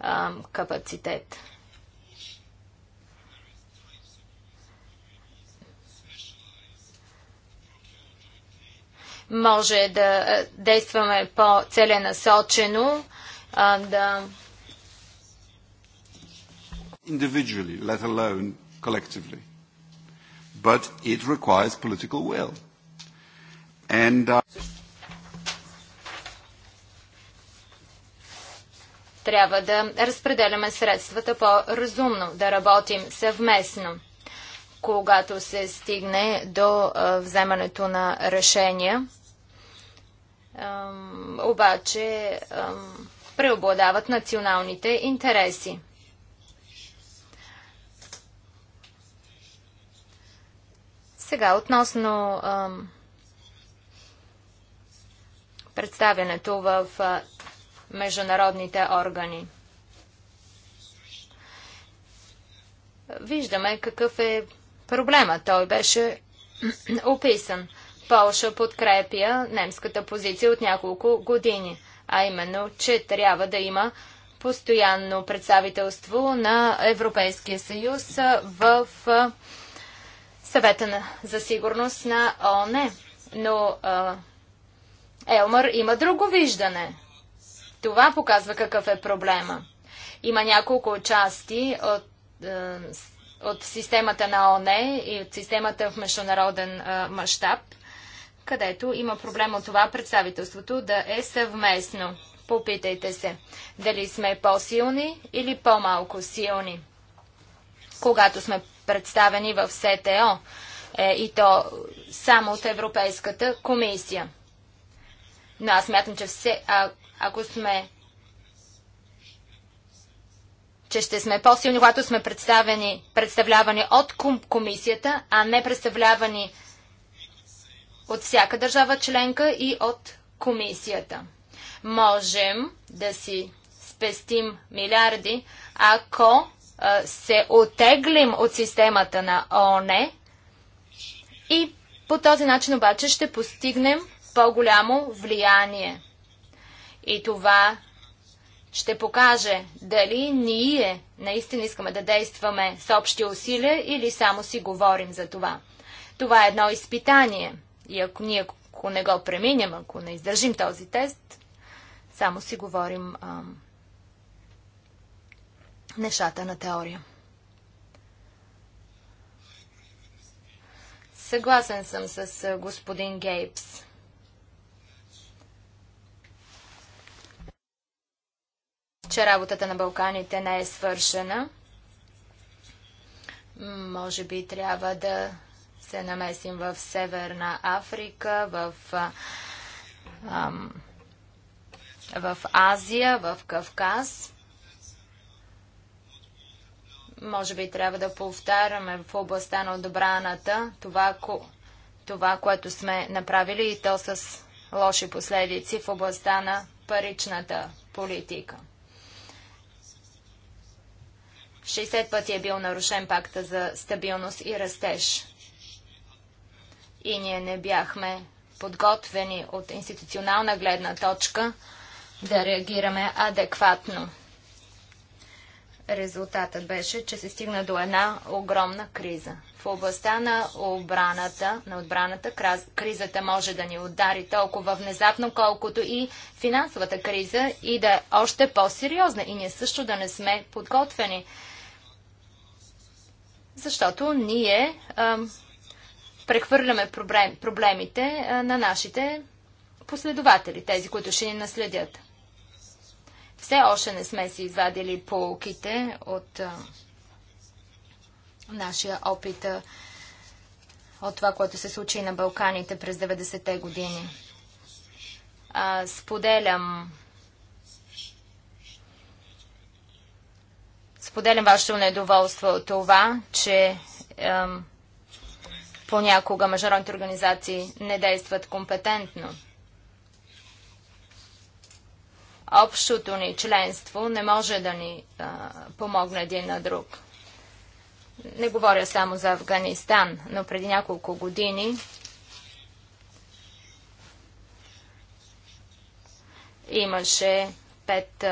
а, капацитет. може да действаме по-целенасочено, да individually, let alone collectively. But it requires political will. And, uh... Трябва да разпределяме средствата по-разумно, да работим съвместно, когато се стигне до вземането на решения ам, обаче ам, преобладават националните интереси. Сега относно ам, представянето в а, международните органи. Виждаме какъв е проблема. Той беше описан. Полша подкрепя немската позиция от няколко години, а именно, че трябва да има постоянно представителство на Европейския съюз в съвета на, за сигурност на ООН. Но а, Елмър има друго виждане. Това показва какъв е проблема. Има няколко части от, от системата на ОНЕ и от системата в международен мащаб – където има проблем от това представителството да е съвместно. Попитайте се, дали сме по-силни или по-малко силни. Когато сме представени в СТО е, и то само от Европейската комисия. Но аз мятам, че все, а, ако сме че ще сме по-силни, когато сме представени, представлявани от комисията, а не представлявани от всяка държава членка и от комисията. Можем да си спестим милиарди, ако се отеглим от системата на ОНЕ и по този начин обаче ще постигнем по-голямо влияние. И това ще покаже дали ние наистина искаме да действаме с общи усилия или само си говорим за това. Това е едно изпитание – и ако ние ако не го преминем, ако не издържим този тест, само си говорим а, нещата на теория. Съгласен съм с господин Гейбс. че работата на Балканите не е свършена. Може би трябва да се намесим в Северна Африка, в, ам, в Азия, в Кавказ. Може би трябва да повтаряме в областта на отбраната това, ко... това, което сме направили и то с лоши последици в областта на паричната политика. 60 пъти е бил нарушен пакта за стабилност и растеж и ние не бяхме подготвени от институционална гледна точка да реагираме адекватно. Резултатът беше, че се стигна до една огромна криза. В областта на обраната, на отбраната, кризата може да ни удари толкова внезапно, колкото и финансовата криза и да е още по-сериозна. И ние също да не сме подготвени. Защото ние ам, прехвърляме проблем, проблемите на нашите последователи, тези, които ще ни наследят. Все още не сме си извадили полуките от а, нашия опит от това, което се случи на Балканите през 90-те години. А, споделям споделям вашето недоволство от това, че Понякога международните организации не действат компетентно. Общото ни членство не може да ни а, помогне един на друг. Не говоря само за Афганистан, но преди няколко години имаше пет,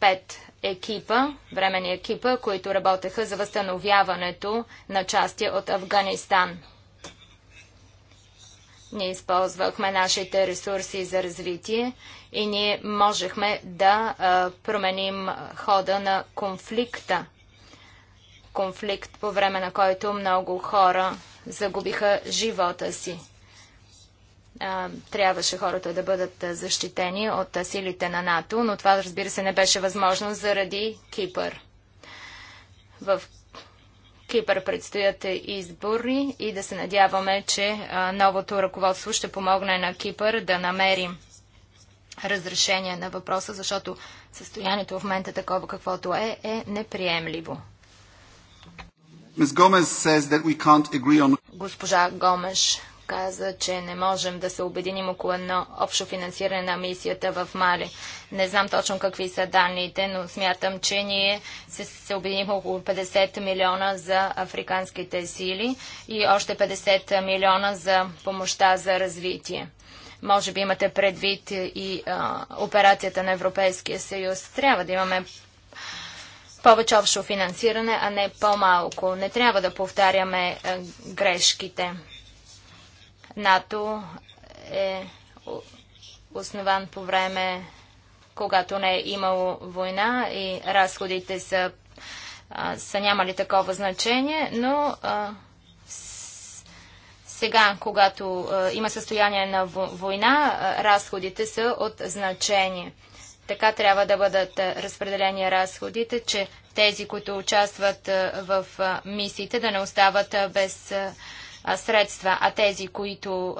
пет екипа, временни екипа, които работеха за възстановяването на части от Афганистан. Ние използвахме нашите ресурси за развитие и ние можехме да а, променим хода на конфликта. Конфликт по време на който много хора загубиха живота си трябваше хората да бъдат защитени от силите на НАТО, но това разбира се не беше възможно заради Кипър. В Кипър предстоят избори и да се надяваме, че новото ръководство ще помогне на Кипър да намери разрешение на въпроса, защото състоянието в момента такова каквото е, е неприемливо. Госпожа Гомеш каза, че не можем да се обединим около едно общо финансиране на мисията в Мали. Не знам точно какви са данните, но смятам, че ние се, се обединим около 50 милиона за африканските сили и още 50 милиона за помощта за развитие. Може би имате предвид и а, операцията на Европейския съюз. Трябва да имаме повече общо финансиране, а не по-малко. Не трябва да повтаряме а, грешките. НАТО е основан по време, когато не е имало война и разходите са, а, са нямали такова значение, но а, сега, когато а, има състояние на война, разходите са от значение. Така трябва да бъдат разпределени разходите, че тези, които участват в мисиите, да не остават без средства, а тези, които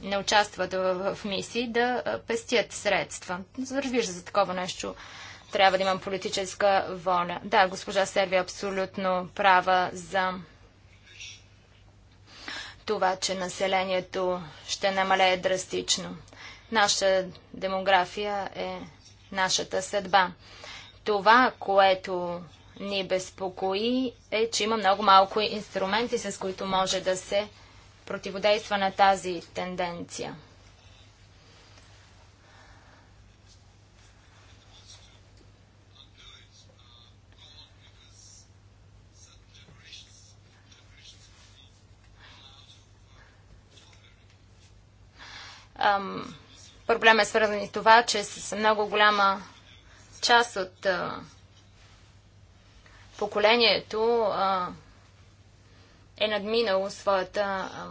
не участват в мисии, да пестят средства. Разбира се, за такова нещо трябва да имам политическа воля. Да, госпожа Сервия е абсолютно права за това, че населението ще намалее драстично. Наша демография е нашата съдба. Това, което ни безпокои е, че има много малко инструменти, с които може да се противодейства на тази тенденция. Проблема е свързан и това, че с много голяма част от поколението а, е надминало своята а,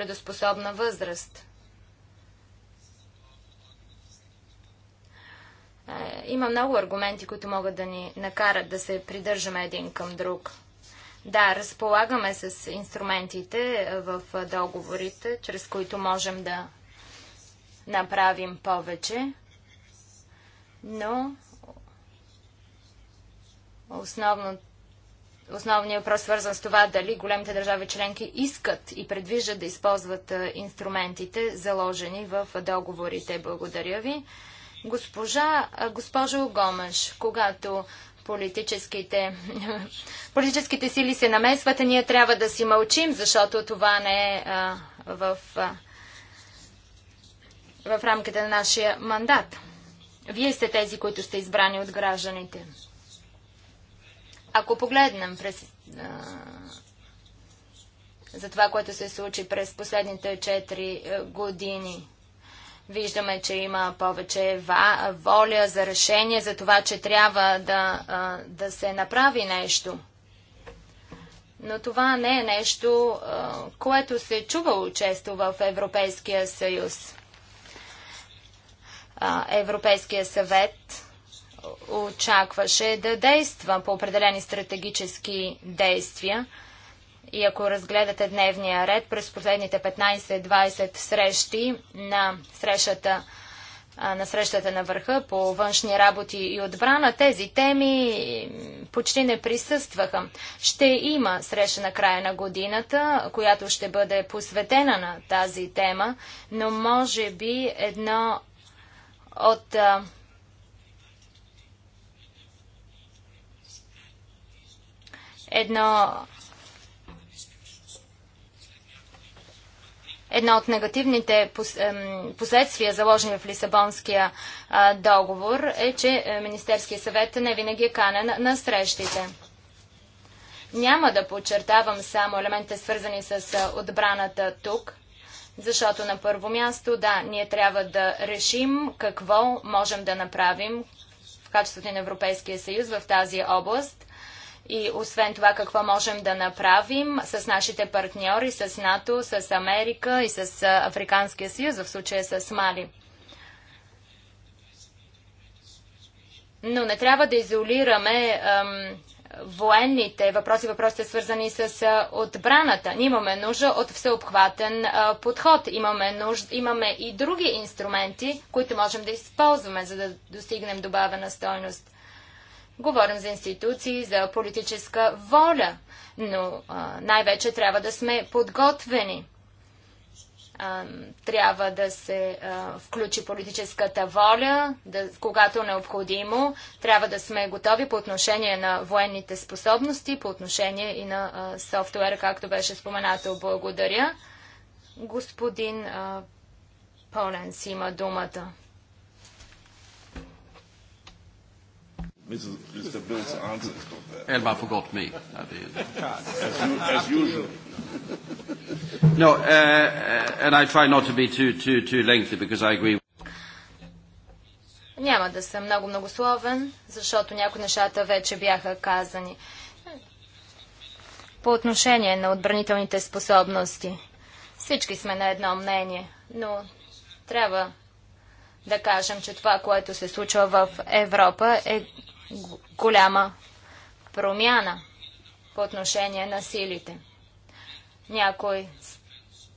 радоспособна възраст. А, е, има много аргументи, които могат да ни накарат да се придържаме един към друг. Да, разполагаме с инструментите е, в е, договорите, чрез които можем да направим повече, но Основно, основният въпрос свързан с това дали големите държави членки искат и предвиждат да използват инструментите, заложени в договорите. Благодаря ви. Госпожа, госпожо Гомеш, когато политическите, политическите сили се намесват, ние трябва да си мълчим, защото това не е а, в, а, в рамките на нашия мандат. Вие сте тези, които сте избрани от гражданите. Ако погледнем през, а, за това, което се случи през последните 4 години, виждаме, че има повече воля за решение, за това, че трябва да, а, да се направи нещо. Но това не е нещо, а, което се е чувало често в Европейския съюз. Европейския съвет очакваше да действа по определени стратегически действия. И ако разгледате дневния ред през последните 15-20 срещи на срещата на срещата на върха по външни работи и отбрана, тези теми почти не присъстваха. Ще има среща на края на годината, която ще бъде посветена на тази тема, но може би едно от Едно Едно от негативните последствия, заложени в Лисабонския договор, е, че е, Министерския съвет не винаги е канен на срещите. Няма да подчертавам само елементите, свързани с е, отбраната тук, защото на първо място, да, ние трябва да решим какво можем да направим в качеството на Европейския съюз в тази област. И освен това, какво можем да направим с нашите партньори, с НАТО, с Америка и с Африканския съюз, в случая с Мали. Но не трябва да изолираме ам, военните въпроси, въпросите свързани с отбраната. Ние имаме нужда от всеобхватен а, подход. Имаме, нужда, имаме и други инструменти, които можем да използваме, за да достигнем добавена стойност. Говорим за институции, за политическа воля, но най-вече трябва да сме подготвени. А, трябва да се а, включи политическата воля, да, когато е необходимо. Трябва да сме готови по отношение на военните способности, по отношение и на а, софтуера, както беше споменато. Благодаря. Господин Поленс има думата. Mrs. Mr. Bill's answer is not there. Elmar forgot me. as, you, as usual. no, uh, uh, and I try not to be too, too, too lengthy because I agree. Няма да съм много многословен, защото някои нещата вече бяха казани. По отношение на отбранителните способности, всички сме на едно мнение, но трябва да кажем, че това, което се случва в Европа е голяма промяна по отношение на силите. Някои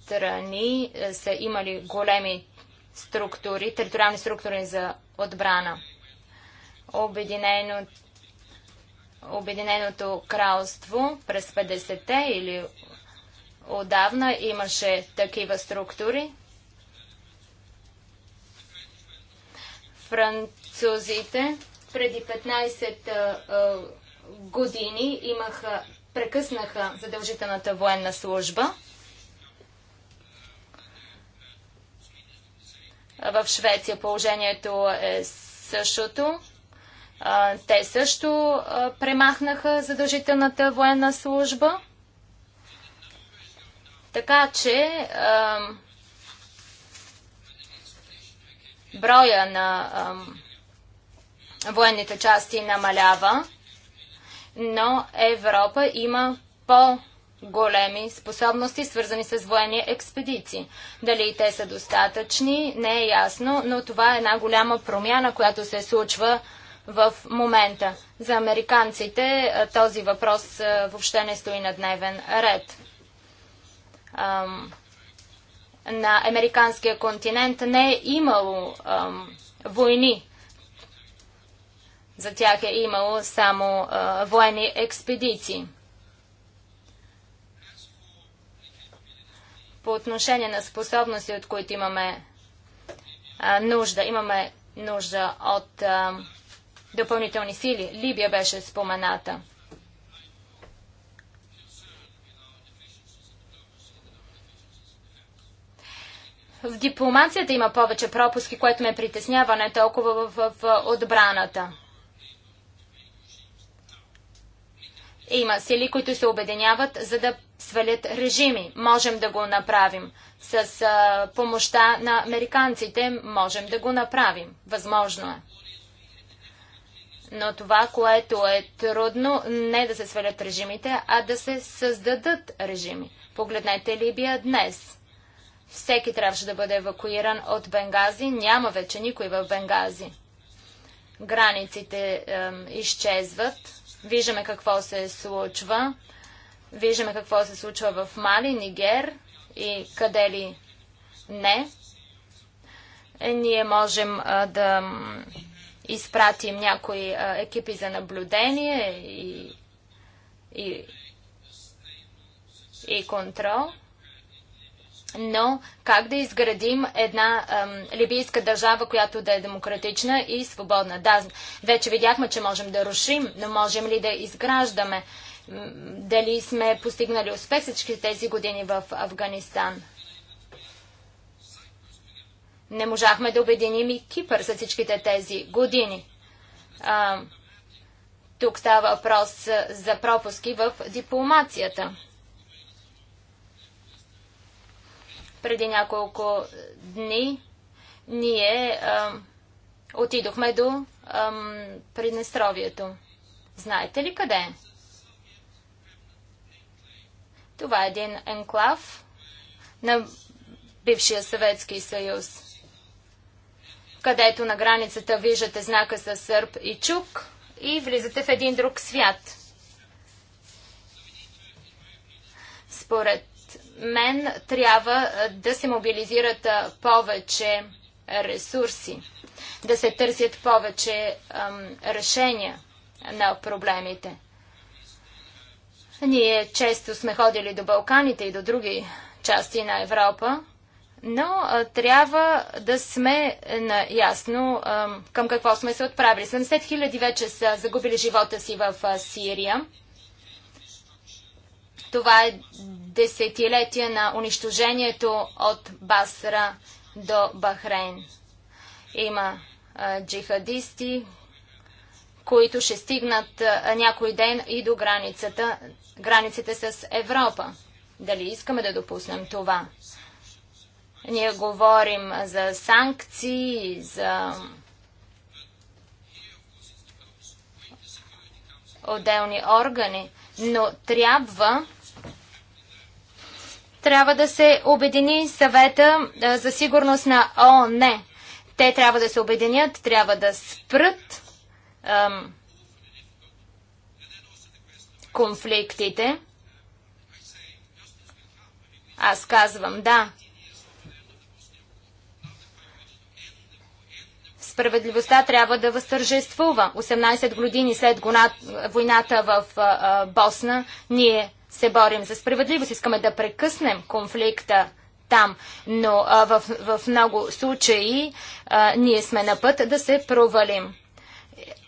страни е, са имали големи структури, териториални структури за отбрана. Обединено, Обединеното кралство през 50-те или отдавна имаше такива структури. Французите преди 15 години имаха, прекъснаха задължителната военна служба в Швеция положението е същото. Те също премахнаха задължителната военна служба. Така че броя на военните части намалява, но Европа има по- големи способности, свързани с военни експедиции. Дали те са достатъчни, не е ясно, но това е една голяма промяна, която се случва в момента. За американците е, този въпрос е, въобще не стои на дневен ред. На американския континент не е имало войни за тях е имало само а, военни експедиции. По отношение на способности, от които имаме а, нужда, имаме нужда от а, допълнителни сили. Либия беше спомената. В дипломацията има повече пропуски, което ме притеснява не толкова в, в, в отбраната. Има сили, които се обединяват, за да свалят режими. Можем да го направим. С а, помощта на американците можем да го направим. Възможно е. Но това, което е трудно, не да се свалят режимите, а да се създадат режими. Погледнете Либия днес. Всеки трябваше да бъде евакуиран от Бенгази. Няма вече никой в Бенгази. Границите е, изчезват Виждаме какво се случва. Виждаме какво се случва в Мали, Нигер и къде ли не. Е, ние можем да изпратим някои екипи за наблюдение и, и, и контрол но как да изградим една ам, либийска държава, която да е демократична и свободна. Да, вече видяхме, че можем да рушим, но можем ли да изграждаме? Дали сме постигнали успех всички тези години в Афганистан? Не можахме да обединим и Кипър за всичките тези години. А, тук става въпрос за пропуски в дипломацията. Преди няколко дни ние а, отидохме до а, Приднестровието. Знаете ли къде е? Това е един енклав на бившия Съветски съюз, където на границата виждате знака с сърб и чук и влизате в един друг свят. Според мен трябва да се мобилизират повече ресурси, да се търсят повече решения на проблемите. Ние често сме ходили до Балканите и до други части на Европа, но трябва да сме наясно към какво сме се отправили. 70 хиляди вече са загубили живота си в Сирия. Това е десетилетия на унищожението от Басра до Бахрейн. Има а, джихадисти, които ще стигнат а, някой ден и до границата, границите с Европа. Дали искаме да допуснем това? Ние говорим за санкции, за отделни органи, но трябва трябва да се обедини съвета за сигурност на ООН. Те трябва да се обединят, трябва да спрат ам, конфликтите. Аз казвам да. Справедливостта трябва да възтържествува. 18 години след войната в Босна ние се борим за справедливост, искаме да прекъснем конфликта там, но а, в, в много случаи а, ние сме на път да се провалим.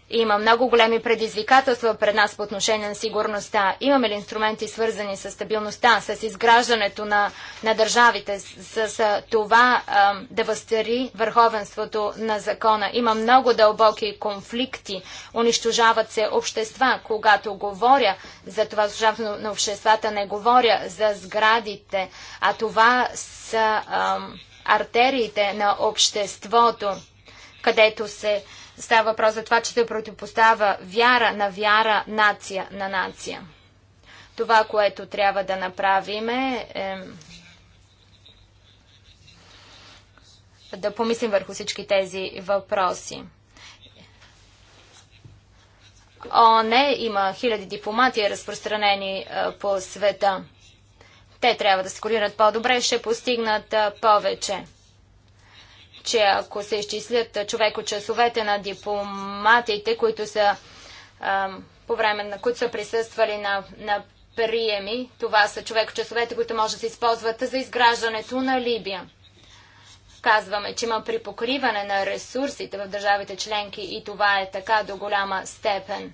Има много големи предизвикателства пред нас по отношение на сигурността. Имаме ли инструменти свързани с стабилността, с изграждането на, на държавите, с, с това а, да възстари върховенството на закона? Има много дълбоки конфликти, унищожават се общества. Когато говоря за това унищожаването на обществата, не говоря за сградите, а това са а, артериите на обществото, където се Става въпрос за това, че се противопоставя вяра на вяра, нация на нация. Това, което трябва да направим е, е да помислим върху всички тези въпроси. Не има хиляди дипломати разпространени е, по света. Те трябва да се по-добре, ще постигнат е, повече че ако се изчислят човекочасовете на дипломатите, които са по време на които са присъствали на, на приеми, това са човекочасовете, които може да се използват за изграждането на Либия. Казваме, че има припокриване на ресурсите в държавите членки и това е така до голяма степен.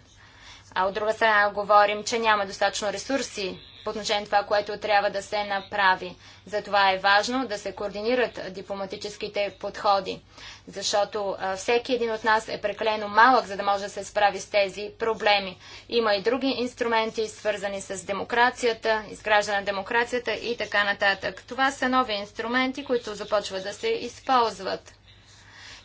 А от друга страна говорим, че няма достатъчно ресурси по отношение на това, което трябва да се направи. Затова е важно да се координират дипломатическите подходи, защото всеки един от нас е прекалено малък, за да може да се справи с тези проблеми. Има и други инструменти, свързани с демокрацията, изграждане на демокрацията и така нататък. Това са нови инструменти, които започват да се използват.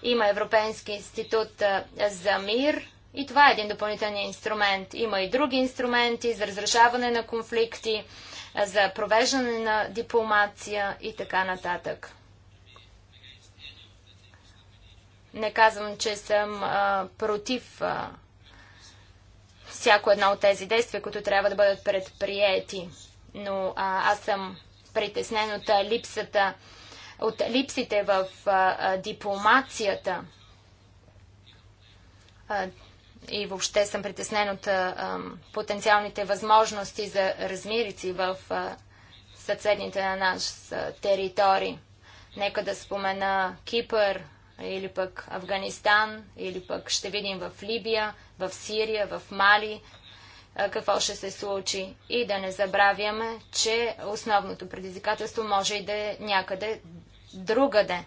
Има Европейски институт за мир, и това е един допълнителен инструмент. Има и други инструменти за разрешаване на конфликти, за провеждане на дипломация и така нататък. Не казвам, че съм а, против а, всяко едно от тези действия, които трябва да бъдат предприети. Но а, аз съм притеснен от липсата, от липсите в а, а, дипломацията. А, и въобще съм притеснен от а, потенциалните възможности за размирици в а, съседните на наш територии. Нека да спомена Кипър или пък Афганистан, или пък ще видим в Либия, в Сирия, в Мали а, какво ще се случи. И да не забравяме, че основното предизвикателство може и да е някъде другаде.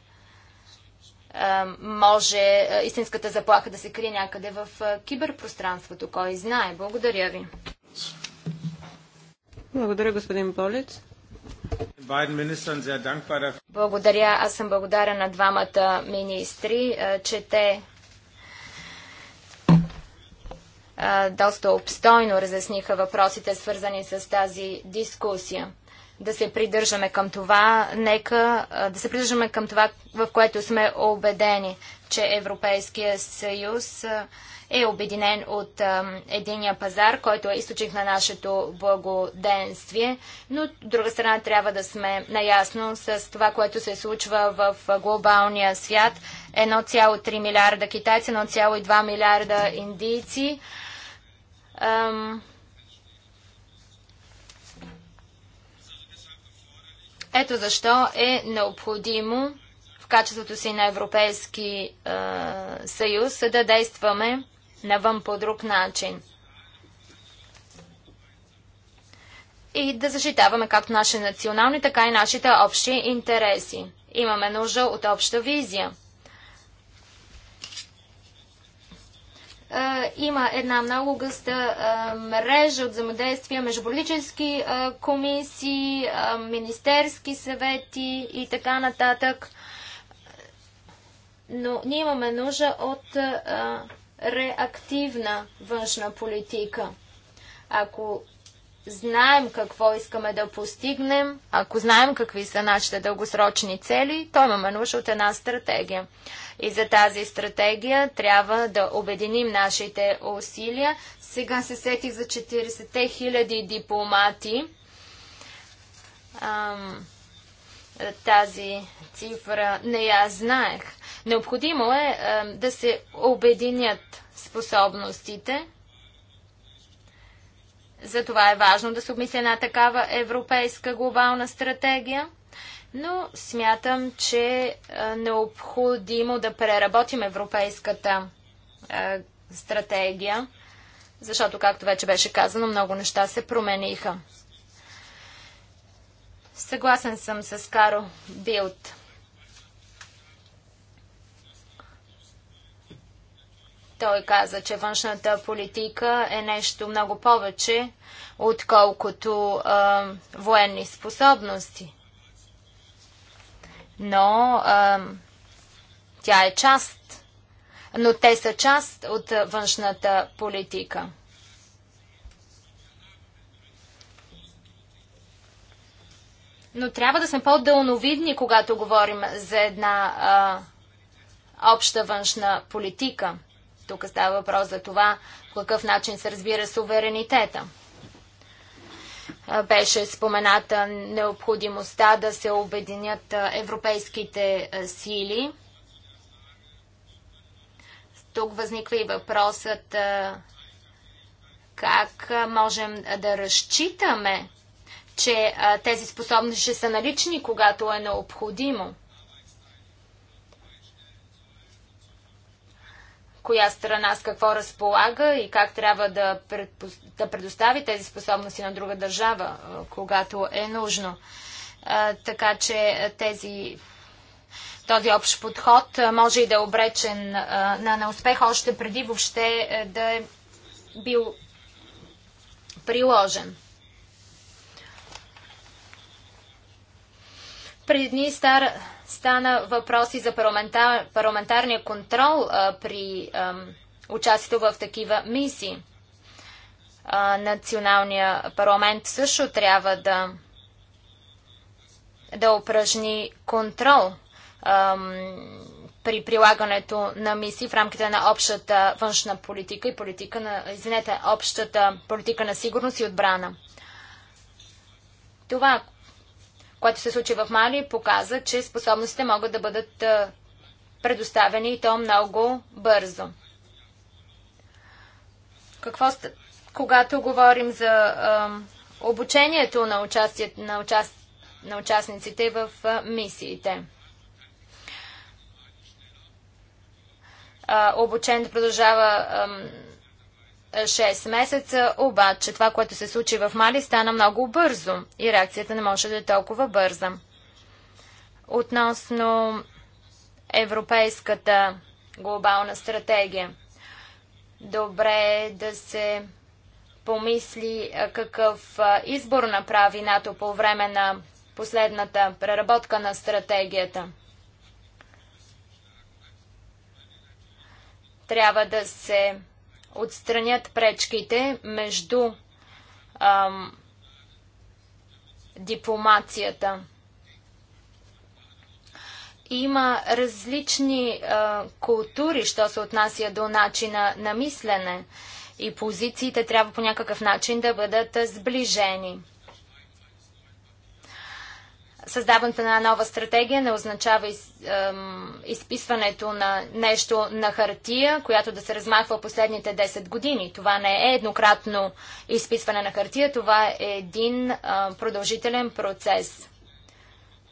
Е, може е, истинската заплаха да се крие някъде в е, киберпространството. Кой знае? Благодаря ви. Благодаря, господин Полец. Благодаря. Аз съм благодаря на двамата министри, че те доста обстойно разясниха въпросите, свързани с тази дискусия да се придържаме към това, нека да се придържаме към това, в което сме убедени, че Европейския съюз е обединен от единия пазар, който е източник на нашето благоденствие, но от друга страна трябва да сме наясно с това, което се случва в глобалния свят. 1,3 милиарда китайци, 1,2 милиарда индийци. Ето защо е необходимо в качеството си на Европейски е, съюз да действаме навън по друг начин. И да защитаваме както наши национални, така и нашите общи интереси. Имаме нужда от обща визия. Е, има една много гъста е, мрежа от взаимодействия между политически е, комисии, министерски съвети и така нататък. Но ние имаме нужда от реактивна външна политика. Ако знаем какво искаме да постигнем, ако знаем какви са нашите дългосрочни цели, то имаме нужда от една стратегия. И за тази стратегия трябва да обединим нашите усилия. Сега се сетих за 40-те хиляди дипломати. Ам, тази цифра не я знаех. Необходимо е да се обединят способностите, затова е важно да се обмисли една такава европейска глобална стратегия. Но смятам, че е необходимо да преработим европейската е, стратегия, защото, както вече беше казано, много неща се промениха. Съгласен съм с Каро Билт. Той каза, че външната политика е нещо много повече, отколкото а, военни способности. Но а, тя е част, но те са част от външната политика. Но трябва да сме по-дълновидни, когато говорим за една а, обща външна политика. Тук става въпрос за това по какъв начин се разбира суверенитета. Беше спомената необходимостта да се обединят европейските сили. Тук възниква и въпросът как можем да разчитаме, че тези способности ще са налични, когато е необходимо. коя страна с какво разполага и как трябва да, предпос... да предостави тези способности на друга държава, когато е нужно. А, така че тези този общ подход може и да е обречен а, на, на успех още преди въобще е, да е бил приложен. Преди дни стар, стана въпроси за парламентар, парламентарния контрол а, при участието в такива мисии. А, националния парламент също трябва да, да упражни контрол а, при прилагането на мисии в рамките на общата външна политика и политика на, извинете, общата политика на сигурност и отбрана. Това, което се случи в Мали, показа, че способностите могат да бъдат предоставени и то много бързо. Какво сте, когато говорим за а, обучението на, участие, на, участ, на участниците в а, мисиите? А, обучението продължава а, 6 месеца, обаче това, което се случи в Мали, стана много бързо и реакцията не може да е толкова бърза. Относно европейската глобална стратегия. Добре е да се помисли какъв избор направи НАТО по време на последната преработка на стратегията. Трябва да се отстранят пречките между ам, дипломацията. Има различни а, култури, що се отнася до начина на мислене и позициите трябва по някакъв начин да бъдат сближени. Създаването на нова стратегия не означава из, ем, изписването на нещо на хартия, която да се размахва последните 10 години. Това не е еднократно изписване на хартия, това е един е, продължителен процес.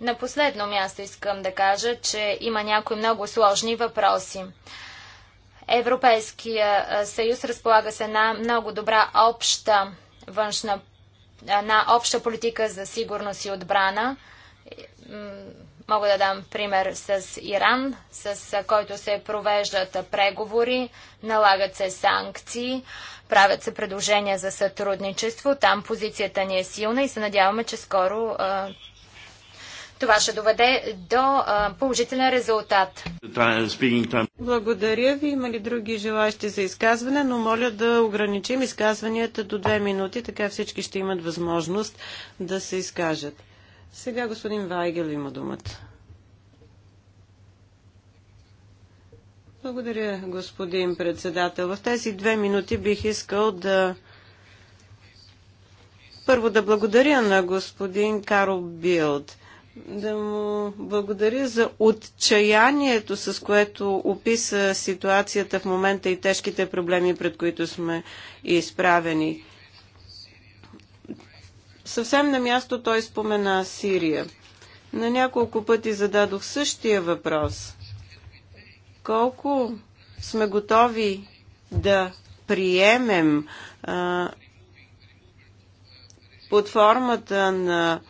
На последно място искам да кажа, че има някои много сложни въпроси. Европейския съюз разполага се на много добра обща външна, на обща политика за сигурност и отбрана. Мога да дам пример с Иран, с който се провеждат преговори, налагат се санкции, правят се предложения за сътрудничество. Там позицията ни е силна и се надяваме, че скоро а, това ще доведе до а, положителен резултат. Благодаря ви. Има ли други желащи за изказване, но моля да ограничим изказванията до две минути, така всички ще имат възможност да се изкажат. Сега господин Вайгел има думата. Благодаря, господин председател. В тези две минути бих искал да първо да благодаря на господин Карл Билд. Да му благодаря за отчаянието, с което описа ситуацията в момента и тежките проблеми, пред които сме изправени. Съвсем на място той спомена Сирия. На няколко пъти зададох същия въпрос. Колко сме готови да приемем а, под формата на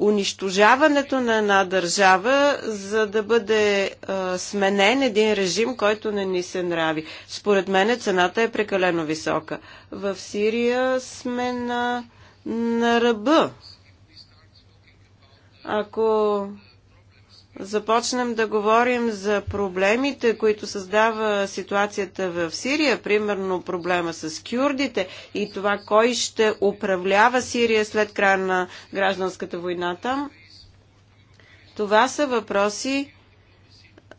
унищожаването на една държава, за да бъде а, сменен един режим, който не ни се нрави. Според мен цената е прекалено висока. В Сирия сме на, на ръба. Ако започнем да говорим за проблемите, които създава ситуацията в Сирия, примерно проблема с кюрдите и това кой ще управлява Сирия след края на гражданската война там, това са въпроси,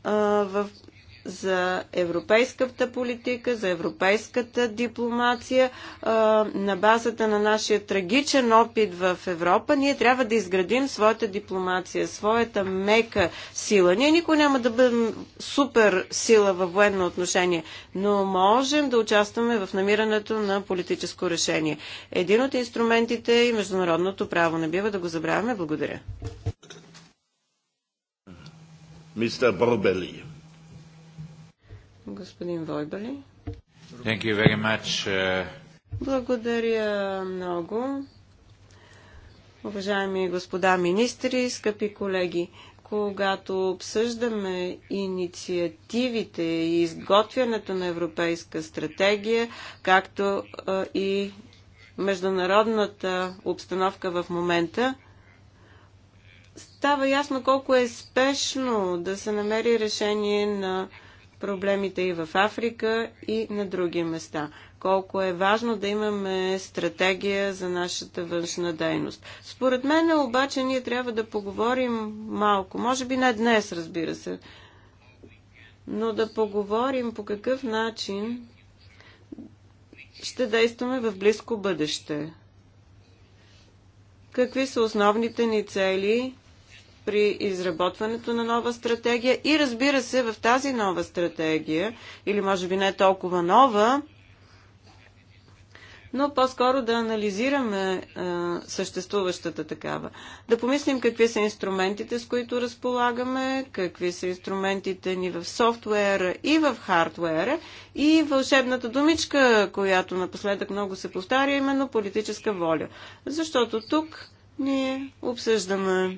в, за европейската политика, за европейската дипломация. На базата на нашия трагичен опит в Европа, ние трябва да изградим своята дипломация, своята мека сила. Ние никой няма да бъдем супер сила във военно отношение, но можем да участваме в намирането на политическо решение. Един от инструментите е международното право. Не бива да го забравяме. Благодаря. Мистер Борбели. Господин Войбали. Thank you very much. Uh, Благодаря много. Уважаеми господа министри, скъпи колеги, когато обсъждаме инициативите и изготвянето на европейска стратегия, както и международната обстановка в момента, става ясно колко е спешно да се намери решение на проблемите и в Африка и на други места. Колко е важно да имаме стратегия за нашата външна дейност. Според мен обаче ние трябва да поговорим малко, може би не днес, разбира се, но да поговорим по какъв начин ще действаме в близко бъдеще. Какви са основните ни цели при изработването на нова стратегия и разбира се в тази нова стратегия, или може би не толкова нова, но по-скоро да анализираме а, е, съществуващата такава. Да помислим какви са инструментите, с които разполагаме, какви са инструментите ни в софтуера и в хардуера и вълшебната думичка, която напоследък много се повтаря, е именно политическа воля. Защото тук ние обсъждаме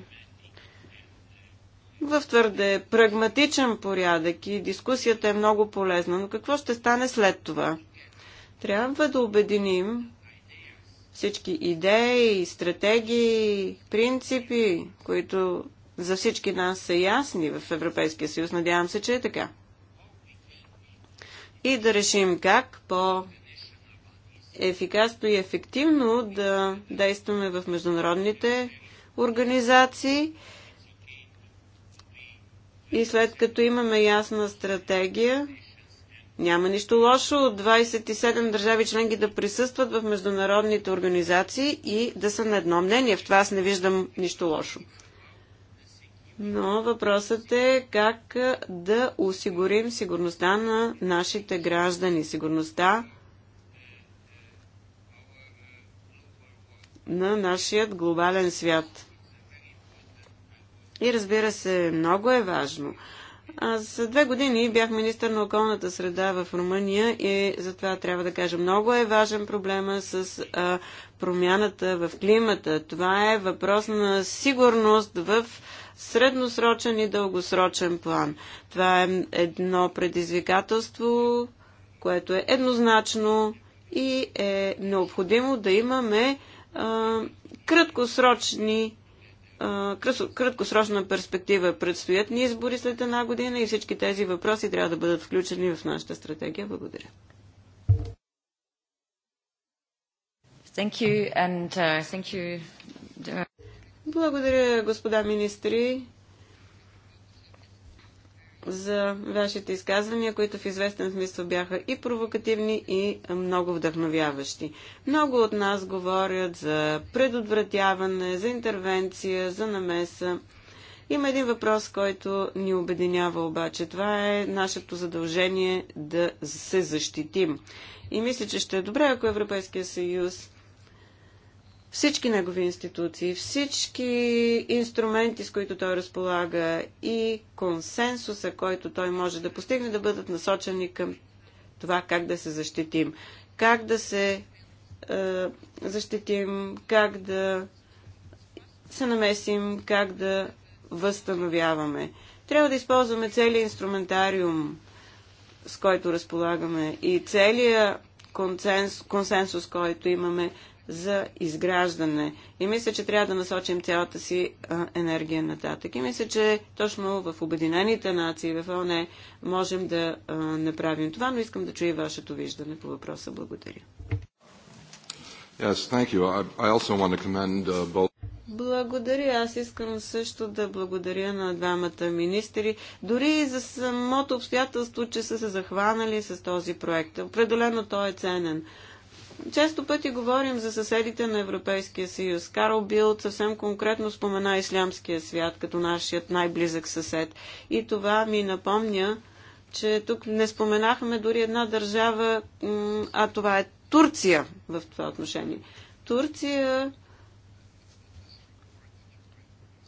в твърде прагматичен порядък и дискусията е много полезна. Но какво ще стане след това? Трябва да обединим всички идеи, стратегии, принципи, които за всички нас са ясни в Европейския съюз. Надявам се, че е така. И да решим как по ефикасно и ефективно да действаме в международните организации и след като имаме ясна стратегия, няма нищо лошо от 27 държави членки да присъстват в международните организации и да са на едно мнение. В това аз не виждам нищо лошо. Но въпросът е как да осигурим сигурността на нашите граждани, сигурността на нашият глобален свят. И разбира се, много е важно. Аз за две години бях министър на околната среда в Румъния и затова трябва да кажа, много е важен проблема с а, промяната в климата. Това е въпрос на сигурност в средносрочен и дългосрочен план. Това е едно предизвикателство, което е еднозначно и е необходимо да имаме а, краткосрочни краткосрочна перспектива предстоят ни избори след една година и всички тези въпроси трябва да бъдат включени в нашата стратегия. Благодаря. Thank you and, uh, thank you. Благодаря, господа министри за вашите изказвания, които в известен смисъл бяха и провокативни, и много вдъхновяващи. Много от нас говорят за предотвратяване, за интервенция, за намеса. Има един въпрос, който ни обединява обаче. Това е нашето задължение да се защитим. И мисля, че ще е добре, ако Европейския съюз всички негови институции, всички инструменти, с които той разполага и консенсуса, който той може да постигне, да бъдат насочени към това как да се защитим, как да се е, защитим, как да се намесим, как да възстановяваме. Трябва да използваме целият инструментариум, с който разполагаме и целият консенс, консенсус, който имаме, за изграждане. И мисля, че трябва да насочим цялата си а, енергия нататък. И мисля, че точно в Обединените нации, в ОНЕ, можем да а, направим това, но искам да чуя вашето виждане по въпроса. Благодаря. Yes, thank you. I, I also want to commend uh, both благодаря. Аз искам също да благодаря на двамата министри. Дори и за самото обстоятелство, че са се захванали с този проект. Определено той е ценен. Често пъти говорим за съседите на Европейския съюз. Карл Билд съвсем конкретно спомена ислямския свят като нашият най-близък съсед. И това ми напомня, че тук не споменахме дори една държава, а това е Турция в това отношение. Турция,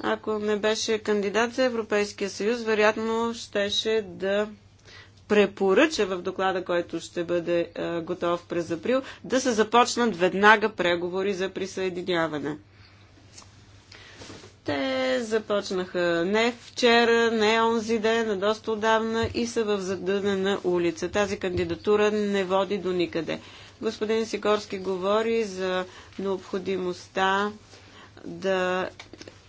ако не беше кандидат за Европейския съюз, вероятно щеше да препоръча в доклада, който ще бъде е, готов през април, да се започнат веднага преговори за присъединяване. Те започнаха не вчера, не онзи ден, а доста отдавна и са в задънена улица. Тази кандидатура не води до никъде. Господин Сикорски говори за необходимостта да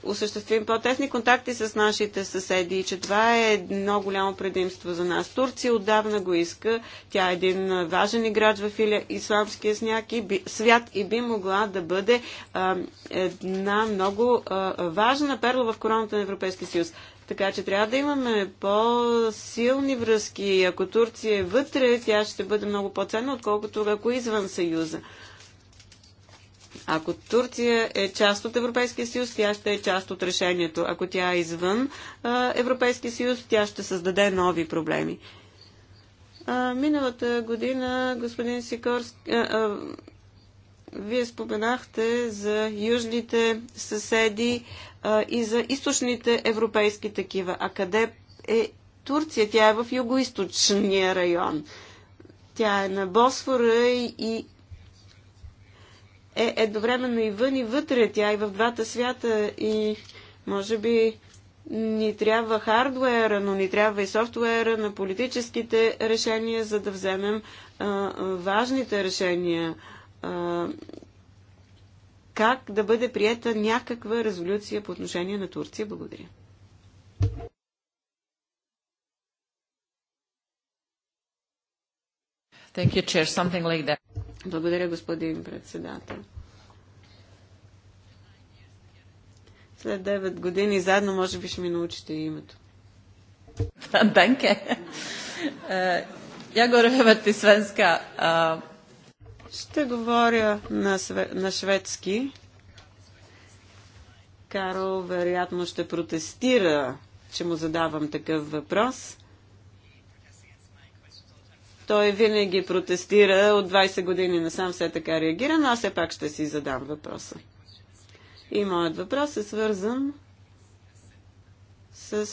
осъществим по-тесни контакти с нашите съседи и че това е едно голямо предимство за нас. Турция отдавна го иска. Тя е един важен играч в исламския сняг и би, свят и би могла да бъде а, една много а, важна перла в короната на Европейския съюз. Така че трябва да имаме по-силни връзки. Ако Турция е вътре, тя ще бъде много по-ценна, отколкото ако извън Съюза. Ако Турция е част от Европейския съюз, тя ще е част от решението. Ако тя е извън Европейския съюз, тя ще създаде нови проблеми. А, миналата година, господин Сикорски, а, а, вие споменахте за южните съседи а, и за източните европейски такива. А къде е Турция? Тя е в югоисточния район. Тя е на Босфора и е едновременно и вън и вътре. Тя и в двата свята и може би ни трябва хардуера, но ни трябва и софтуера на политическите решения, за да вземем а, важните решения. А, как да бъде приета някаква резолюция по отношение на Турция? Благодаря. Thank you, Chair. Something like that. Благодаря, господин председател. След 9 години заедно може би ще ми научите името. Данке. Е, Я говоря ти свенска. Ще говоря на, све... на шведски. Карл вероятно ще протестира, че му задавам такъв въпрос. Той винаги протестира от 20 години насам все така реагира, но аз все пак ще си задам въпроса. И моят въпрос е свързан с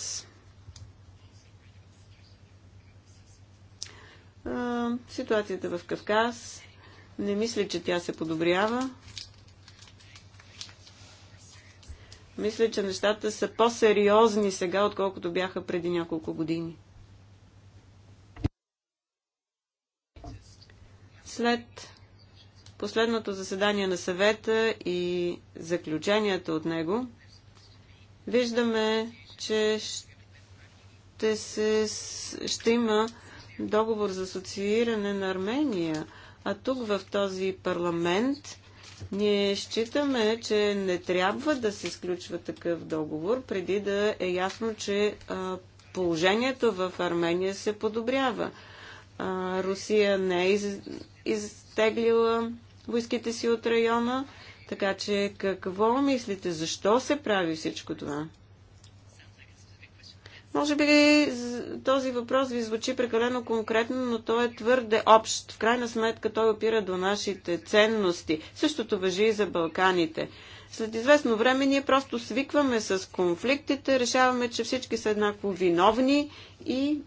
а, ситуацията в Кавказ. Не мисля, че тя се подобрява. Мисля, че нещата са по-сериозни сега, отколкото бяха преди няколко години. след последното заседание на съвета и заключенията от него, виждаме, че ще, се, ще има договор за асоцииране на Армения. А тук в този парламент ние считаме, че не трябва да се сключва такъв договор, преди да е ясно, че положението в Армения се подобрява. А, Русия не е из, изтеглила войските си от района, така че какво мислите? Защо се прави всичко това? Може би този въпрос ви звучи прекалено конкретно, но той е твърде общ. В крайна сметка той опира до нашите ценности. Същото въжи и за Балканите. След известно време ние просто свикваме с конфликтите, решаваме, че всички са еднакво виновни и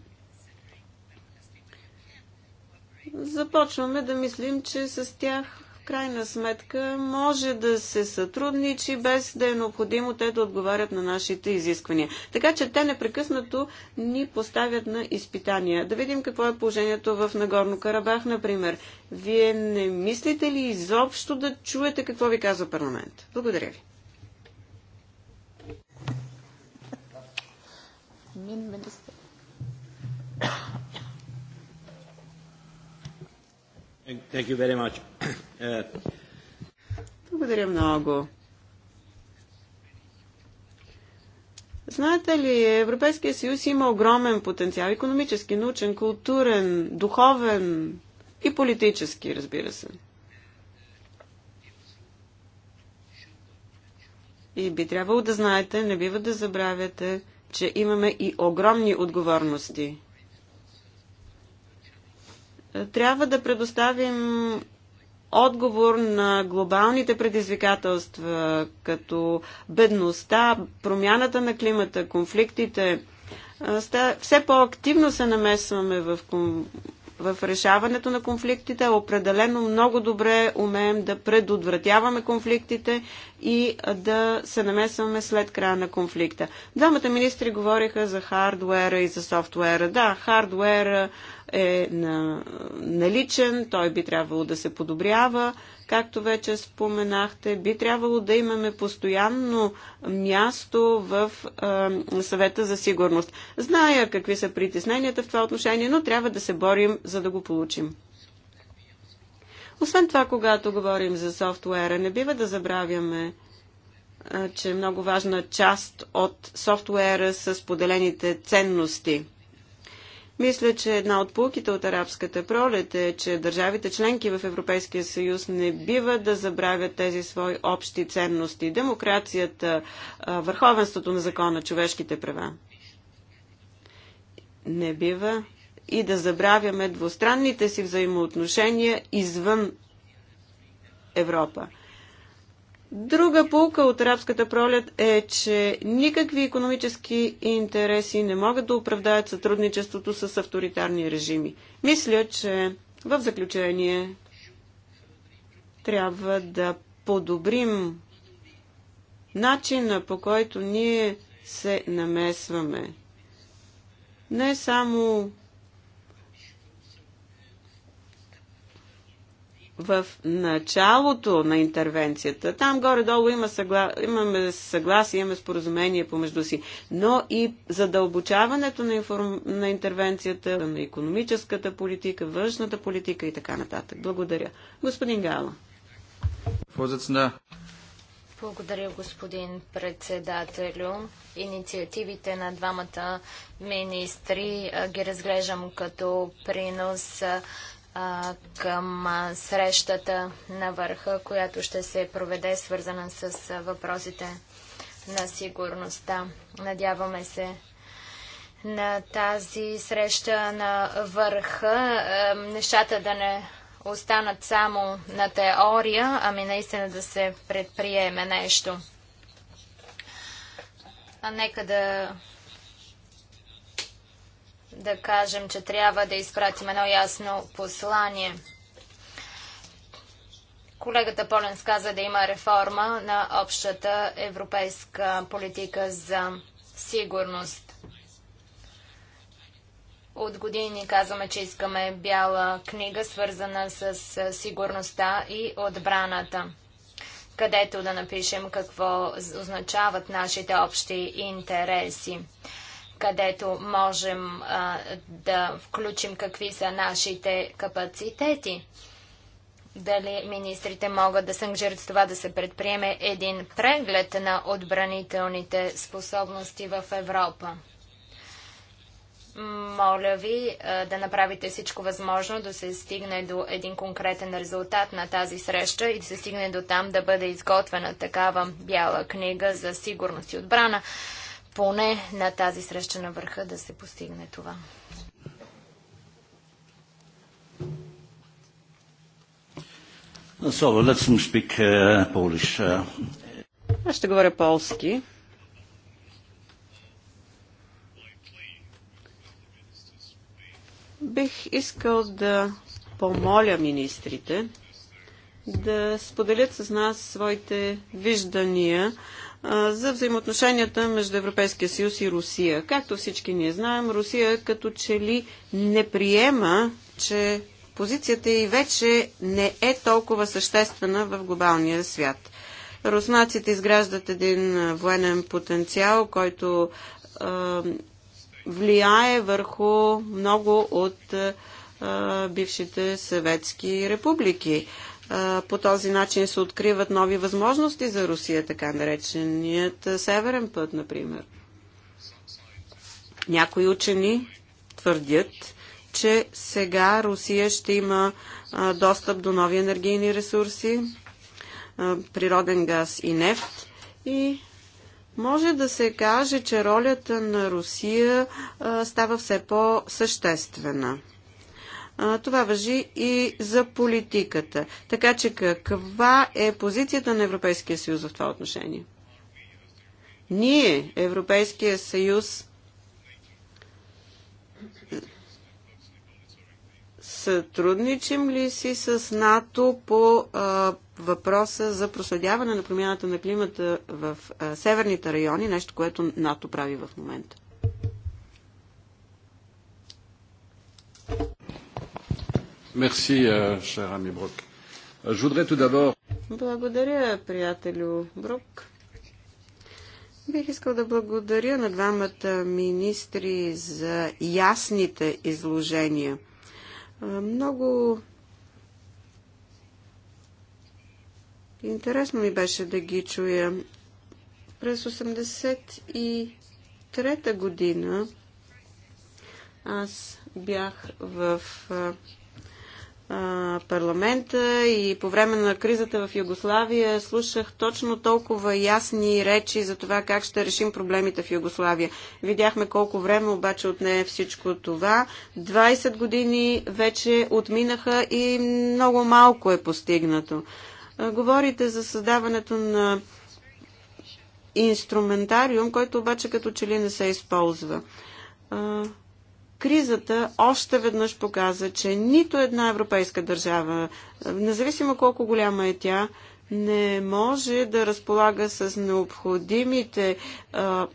започваме да мислим, че с тях в крайна сметка може да се сътрудничи, без да е необходимо те да отговарят на нашите изисквания. Така че те непрекъснато ни поставят на изпитания. Да видим какво е положението в Нагорно Карабах, например. Вие не мислите ли изобщо да чуете какво ви казва парламент? Благодаря ви. Мин министр Thank you very much. Благодаря много. Знаете ли, Европейския съюз има огромен потенциал економически, научен, културен, духовен и политически, разбира се. И би трябвало да знаете, не бива да забравяте, че имаме и огромни отговорности. Трябва да предоставим отговор на глобалните предизвикателства, като бедността, промяната на климата, конфликтите. Все по-активно се намесваме в, в решаването на конфликтите. Определено много добре умеем да предотвратяваме конфликтите и да се намесваме след края на конфликта. Двамата министри говориха за хардуера и за софтуера. Да, хардуера е наличен, той би трябвало да се подобрява, както вече споменахте, би трябвало да имаме постоянно място в е, съвета за сигурност. Зная какви са притесненията в това отношение, но трябва да се борим, за да го получим. Освен това, когато говорим за софтуера, не бива да забравяме, че е много важна част от софтуера са споделените ценности – мисля, че една от полките от арабската пролет е, че държавите членки в Европейския съюз не бива да забравят тези свои общи ценности. Демокрацията, върховенството на закона, човешките права. Не бива и да забравяме двустранните си взаимоотношения извън Европа. Друга полка от арабската пролет е, че никакви економически интереси не могат да оправдаят сътрудничеството с авторитарни режими. Мисля, че в заключение трябва да подобрим начина по който ние се намесваме. Не само в началото на интервенцията, там горе-долу има съгла... имаме съгласие, имаме споразумение помежду си, но и задълбочаването на, информ... на интервенцията, на економическата политика, външната политика и така нататък. Благодаря. Господин Гала. Благодаря, господин председателю. Инициативите на двамата министри ги разглеждам като принос към срещата на върха, която ще се проведе свързана с въпросите на сигурността. Надяваме се на тази среща на върха нещата да не останат само на теория, ами наистина да се предприеме нещо. А нека да да кажем, че трябва да изпратим едно ясно послание. Колегата Полен каза да има реформа на общата европейска политика за сигурност. От години казваме, че искаме бяла книга, свързана с сигурността и отбраната, където да напишем какво означават нашите общи интереси където можем а, да включим какви са нашите капацитети. Дали министрите могат да се с това да се предприеме един преглед на отбранителните способности в Европа? Моля ви а, да направите всичко възможно да се стигне до един конкретен резултат на тази среща и да се стигне до там да бъде изготвена такава бяла книга за сигурност и отбрана поне на тази среща на върха да се постигне това. So, speak uh, Polish. Uh. Аз ще говоря полски. Бих искал да помоля министрите да споделят с нас своите виждания за взаимоотношенията между Европейския съюз и Русия. Както всички ние знаем, Русия като че ли не приема, че позицията и вече не е толкова съществена в глобалния свят. Руснаците изграждат един военен потенциал, който е, влияе върху много от е, бившите съветски републики. Е, по този начин се откриват нови възможности за Русия, така нареченият Северен път, например. Някои учени твърдят, че сега Русия ще има достъп до нови енергийни ресурси, природен газ и нефт и може да се каже, че ролята на Русия става все по-съществена това въжи и за политиката. Така че каква е позицията на Европейския съюз в това отношение? Ние, Европейския съюз, сътрудничим ли си с НАТО по а, въпроса за проследяване на промяната на климата в а, северните райони, нещо, което НАТО прави в момента? Merci, euh, cher ami euh, Je voudrais tout d'abord... Благодаря, приятелю Брок. Бих искал да благодаря на двамата министри за ясните изложения. Много интересно ми беше да ги чуя. През 83 година аз бях в парламента и по време на кризата в Югославия слушах точно толкова ясни речи за това как ще решим проблемите в Югославия. Видяхме колко време обаче отне всичко това. 20 години вече отминаха и много малко е постигнато. Говорите за създаването на инструментариум, който обаче като че ли не се използва. Кризата още веднъж показа, че нито една европейска държава, независимо колко голяма е тя, не може да разполага с необходимите а,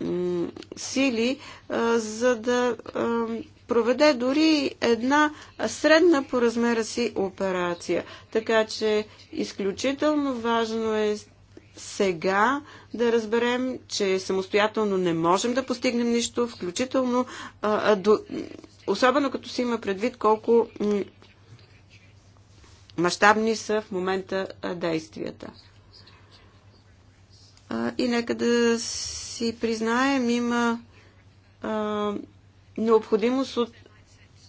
сили, а, за да а, проведе дори една средна по размера си операция. Така че изключително важно е сега да разберем, че самостоятелно не можем да постигнем нищо, включително, а, до, особено като си има предвид колко мащабни са в момента действията. А, и нека да си признаем, има а, необходимост от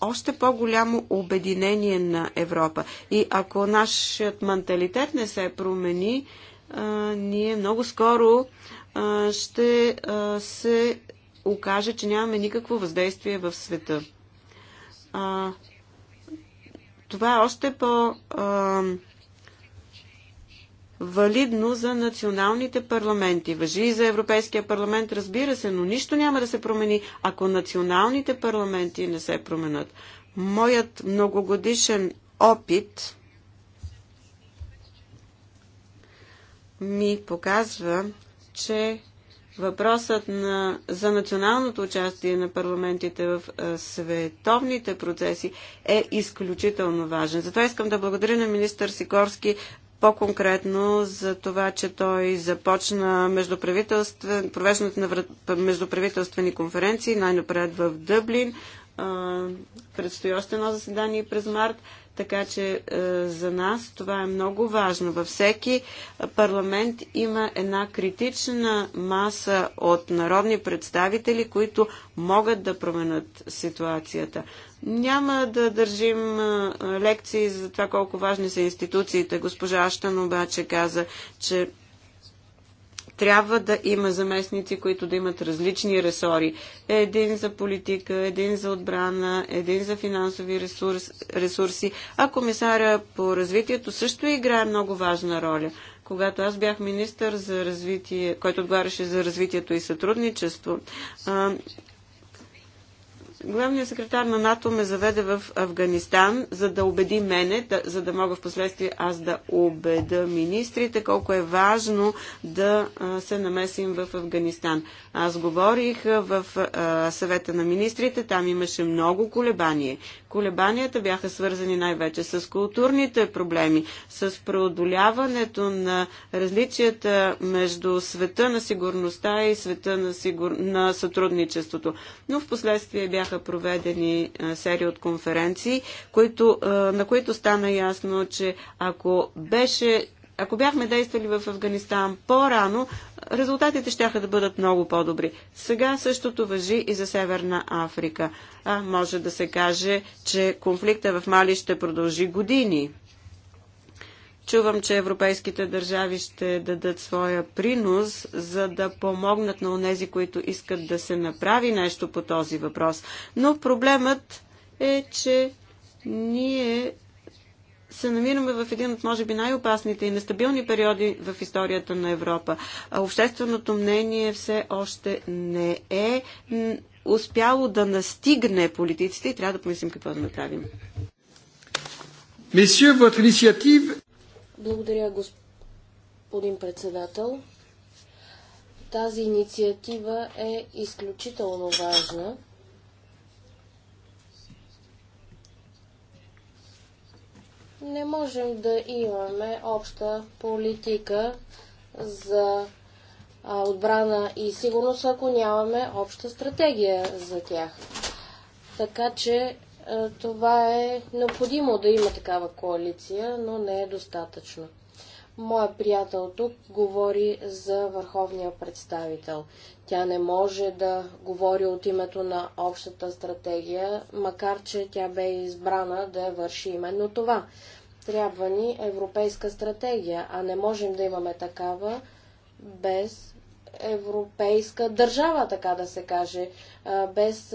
още по-голямо обединение на Европа. И ако нашият менталитет не се промени, а, ние много скоро ще се окаже, че нямаме никакво въздействие в света. Това е още по- валидно за националните парламенти. Въжи и за Европейския парламент, разбира се, но нищо няма да се промени, ако националните парламенти не се променят. Моят многогодишен опит ми показва, че въпросът на, за националното участие на парламентите в световните процеси е изключително важен. Затова искам да благодаря на министър Сикорски по-конкретно за това, че той започна междуправителствен, провеждането на междуправителствени конференции, най-напред в Дъблин, предстои още едно заседание през март. Така че е, за нас това е много важно. Във всеки парламент има една критична маса от народни представители, които могат да променят ситуацията. Няма да държим е, лекции за това колко важни са институциите. Госпожа Аштан обаче каза, че трябва да има заместници, които да имат различни ресори. Един за политика, един за отбрана, един за финансови ресурс, ресурси, а комисаря по развитието също играе много важна роля. Когато аз бях министър за развитие, който отговаряше за развитието и сътрудничество, Главният секретар на НАТО ме заведе в Афганистан, за да убеди мене, да, за да мога в последствие аз да убеда министрите, колко е важно да а, се намесим в Афганистан. Аз говорих а, в а, съвета на министрите, там имаше много колебание. Колебанията бяха свързани най-вече с културните проблеми, с преодоляването на различията между света на сигурността и света на, сигур... на сътрудничеството. Но в последствие бяха бяха проведени серия от конференции, които, на които стана ясно, че ако беше ако бяхме действали в Афганистан по-рано, резултатите ще да бъдат много по-добри. Сега същото въжи и за Северна Африка. А може да се каже, че конфликта в Мали ще продължи години. Чувам, че европейските държави ще дадат своя принос, за да помогнат на онези, които искат да се направи нещо по този въпрос. Но проблемът е, че ние се намираме в един от, може би, най-опасните и нестабилни периоди в историята на Европа. Общественото мнение все още не е успяло да настигне политиците и трябва да помислим какво да направим. Месье, благодаря, господин председател. Тази инициатива е изключително важна. Не можем да имаме обща политика за отбрана и сигурност, ако нямаме обща стратегия за тях. Така че е, това е необходимо да има такава коалиция, но не е достатъчно. Моя приятел тук говори за върховния представител. Тя не може да говори от името на общата стратегия, макар че тя бе избрана да върши именно това. Трябва ни европейска стратегия, а не можем да имаме такава без европейска държава, така да се каже, без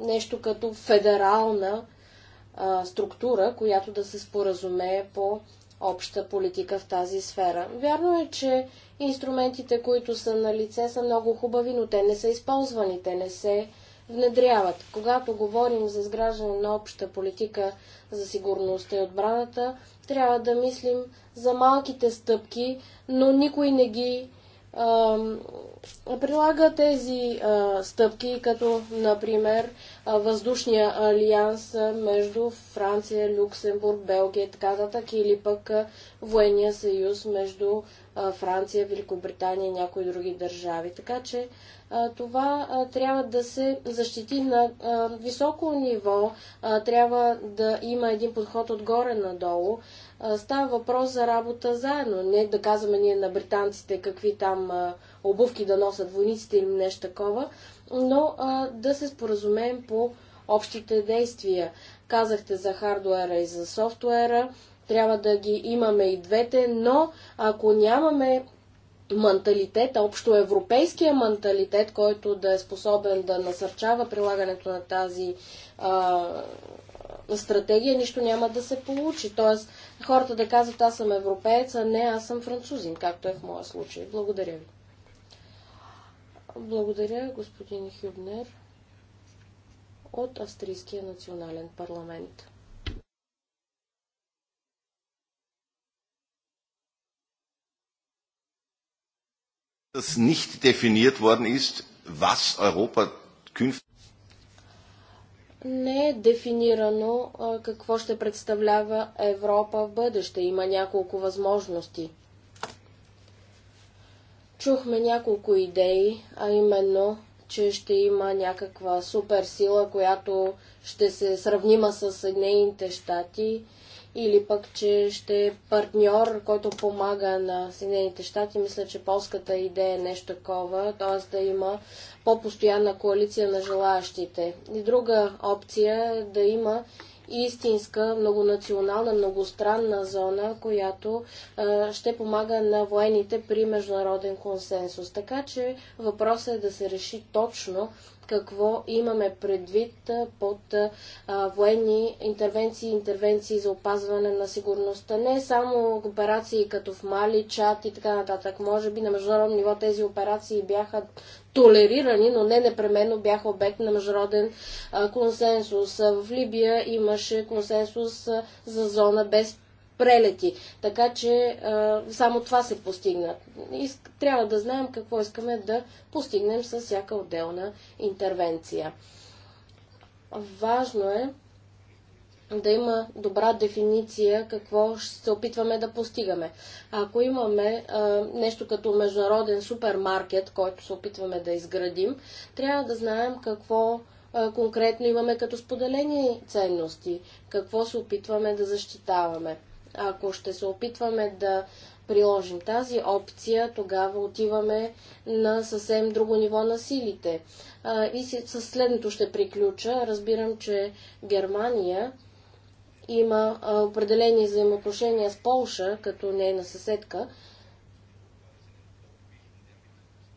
нещо като федерална структура, която да се споразумее по обща политика в тази сфера. Вярно е, че инструментите, които са на лице, са много хубави, но те не са използвани, те не се внедряват. Когато говорим за изграждане на обща политика за сигурността и отбраната, трябва да мислим за малките стъпки, но никой не ги прилага тези стъпки, като, например, въздушния алианс между Франция, Люксембург, Белгия и така нататък, или пък военния съюз между Франция, Великобритания и някои други държави. Така че това трябва да се защити на високо ниво, трябва да има един подход отгоре надолу, става въпрос за работа заедно. Не да казваме ние на британците какви там а, обувки да носят войниците или нещо такова, но а, да се споразумеем по общите действия. Казахте за хардуера и за софтуера, трябва да ги имаме и двете, но ако нямаме менталитет, общо европейския менталитет, който да е способен да насърчава прилагането на тази а, стратегия, нищо няма да се получи. Тоест, хората да казват аз съм европеец, а не аз съм французин, както е в моя случай. Благодаря ви. Благодаря, господин Хюбнер от Австрийския национален парламент. Das nicht definiert worden ist, was Europa künftig не е дефинирано а, какво ще представлява Европа в бъдеще. Има няколко възможности. Чухме няколко идеи, а именно, че ще има някаква суперсила, която ще се сравнима с Съединените щати или пък, че ще е партньор, който помага на Съединените щати. Мисля, че полската идея е нещо такова, т.е. да има по-постоянна коалиция на желаящите. И друга опция е да има истинска многонационална, многостранна зона, която а, ще помага на военните при международен консенсус. Така че въпросът е да се реши точно какво имаме предвид под а, военни интервенции, интервенции за опазване на сигурността. Не само операции като в Мали, Чат и така нататък. Може би на международно ниво тези операции бяха толерирани, но не непременно бяха обект на международен консенсус. В Либия имаше консенсус за зона без прелети. Така че само това се постигна. Трябва да знаем какво искаме да постигнем с всяка отделна интервенция. Важно е да има добра дефиниция какво ще се опитваме да постигаме. Ако имаме а, нещо като международен супермаркет, който се опитваме да изградим, трябва да знаем какво а, конкретно имаме като споделени ценности, какво се опитваме да защитаваме. Ако ще се опитваме да приложим тази опция, тогава отиваме на съвсем друго ниво на силите. И със следното ще приключа. Разбирам, че Германия има определени взаимоотношения с Полша, като нейна съседка,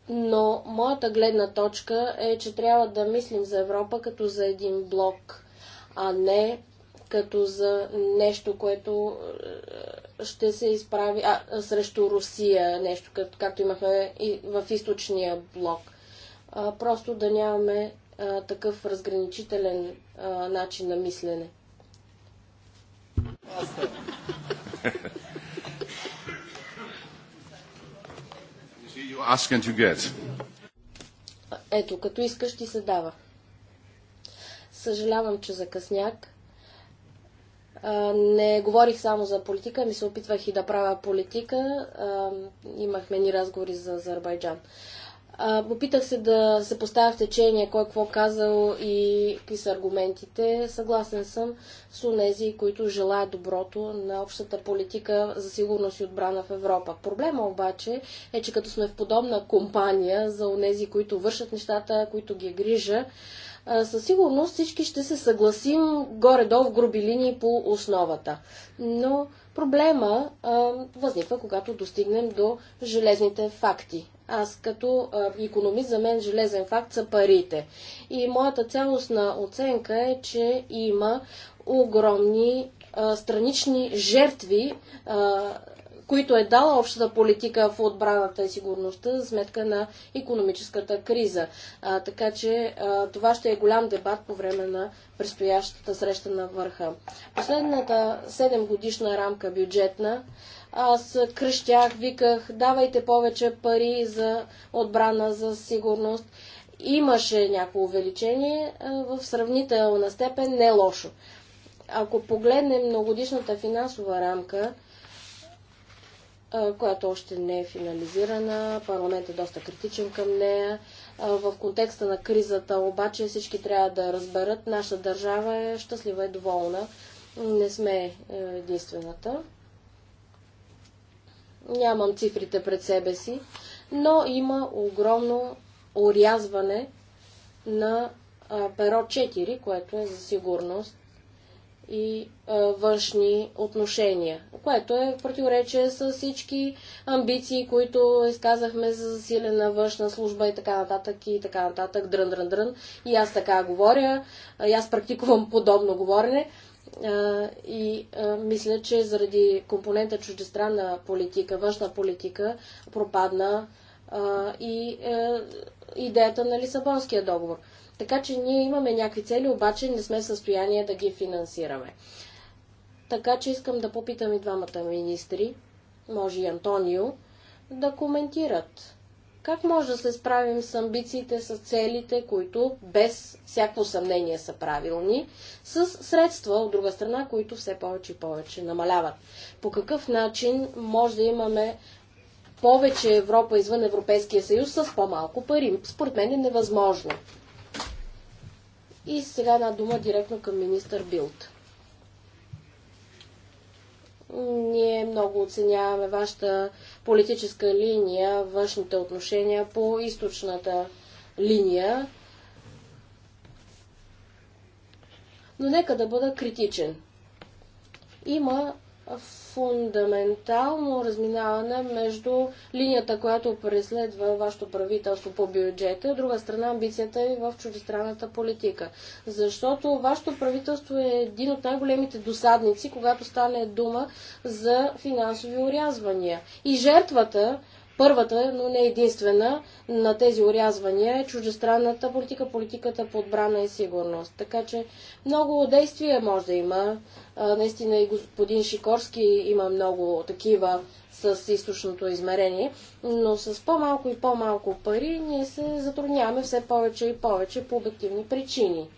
но моята гледна точка е, че трябва да мислим за Европа като за един блок, а не като за нещо, което е, ще се изправи а, срещу Русия, нещо като, както имахме и в източния блок. А, просто да нямаме а, такъв разграничителен а, начин на мислене. Ето, като искаш ти се дава. Съжалявам, че закъснях не говорих само за политика, ми се опитвах и да правя политика. Имахме ни разговори за Азербайджан. Опитах се да се поставя в течение кой какво казал и какви са аргументите. Съгласен съм с онези, които желаят доброто на общата политика за сигурност и отбрана в Европа. Проблема обаче е, че като сме в подобна компания за онези, които вършат нещата, които ги грижа, със сигурност всички ще се съгласим горе-долу в груби линии по основата. Но проблема възниква, когато достигнем до железните факти. Аз като економист за мен железен факт са парите. И моята цялостна оценка е, че има огромни а, странични жертви а, които е дала общата политика в отбраната и сигурността за сметка на економическата криза. А, така че а, това ще е голям дебат по време на предстоящата среща на върха. Последната 7 годишна рамка бюджетна аз кръщях, виках, давайте повече пари за отбрана, за сигурност. Имаше някакво увеличение в сравнителна степен, не лошо. Ако погледнем многодишната финансова рамка, която още не е финализирана. Парламентът е доста критичен към нея. В контекста на кризата обаче всички трябва да разберат, наша държава е щастлива и доволна. Не сме е, единствената. Нямам цифрите пред себе си, но има огромно орязване на перо 4, което е за сигурност и а, външни отношения, което е в противоречие с всички амбиции, които изказахме за засилена външна служба и така нататък и така нататък, дрън, дрън, дрън. И аз така говоря, и аз практикувам подобно говорене а, и а, мисля, че заради компонента чуждестранна политика, външна политика пропадна а, и а, е, идеята на Лисабонския договор. А, така че ние имаме някакви цели, обаче не сме в състояние да ги финансираме. Така че искам да попитам и двамата министри, може и Антонио, да коментират. Как може да се справим с амбициите, с целите, които без всяко съмнение са правилни, с средства, от друга страна, които все повече и повече намаляват? По какъв начин може да имаме повече Европа извън Европейския съюз с по-малко пари? Според мен е невъзможно. И сега една дума директно към министър Билт. Ние много оценяваме вашата политическа линия, външните отношения по източната линия. Но нека да бъда критичен. Има фундаментално разминаване между линията, която преследва вашето правителство по бюджета, от друга страна амбицията ви в чуждестранната политика. Защото вашето правителство е един от най-големите досадници, когато стане дума за финансови урязвания. И жертвата Първата, е, но не единствена на тези урязвания е чуждестранната политика, политиката по отбрана и сигурност. Така че много действия може да има. А, наистина и господин Шикорски има много такива с източното измерение, но с по-малко и по-малко пари ние се затрудняваме все повече и повече по обективни причини.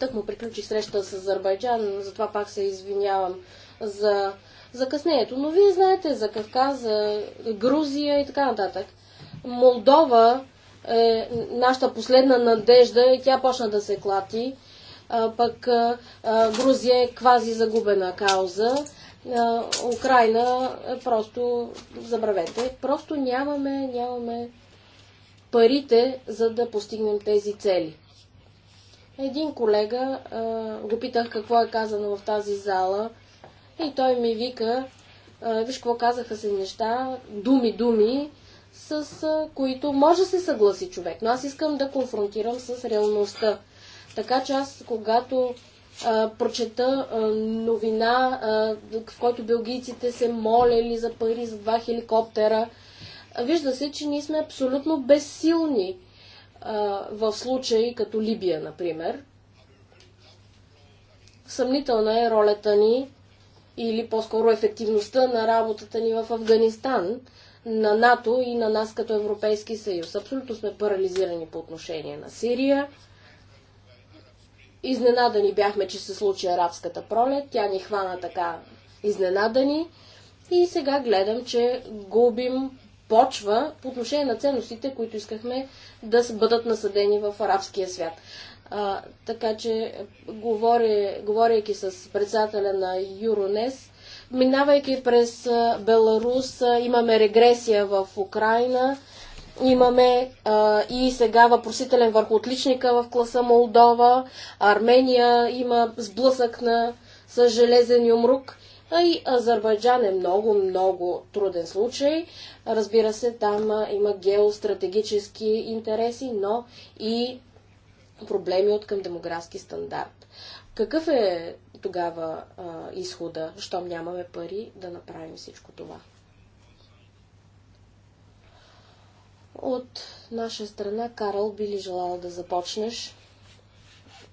Тък му приключи среща с Азербайджан, затова пак се извинявам за закъснението. Но вие знаете за Кавказ, за Грузия и така нататък. Молдова е нашата последна надежда и тя почна да се клати. А, пък а, Грузия е квази загубена кауза. А, Украина е просто забравете. Просто нямаме, нямаме парите, за да постигнем тези цели. Един колега а, го питах какво е казано в тази зала и той ми вика, виж какво казаха се неща, думи, думи, с които може да се съгласи човек. Но аз искам да конфронтирам с реалността. Така че аз, когато а, прочета а, новина, а, в който белгийците се молели за пари за два хеликоптера, вижда се, че ние сме абсолютно безсилни в случаи като Либия, например. Съмнителна е ролята ни или по-скоро ефективността на работата ни в Афганистан, на НАТО и на нас като Европейски съюз. Абсолютно сме парализирани по отношение на Сирия. Изненадани бяхме, че се случи арабската пролет. Тя ни хвана така изненадани. И сега гледам, че губим почва по отношение на ценностите, които искахме да бъдат насъдени в арабския свят. А, така че, говори, говорейки с председателя на Юронес, минавайки през Беларус, имаме регресия в Украина, имаме а, и сега въпросителен върху отличника в класа Молдова, Армения има сблъсък на, с железен юмрук. А и Азербайджан е много, много труден случай. Разбира се, там има геостратегически интереси, но и проблеми от към демографски стандарт. Какъв е тогава а, изхода, щом нямаме пари да направим всичко това? От наша страна, Карл, би ли желала да започнеш?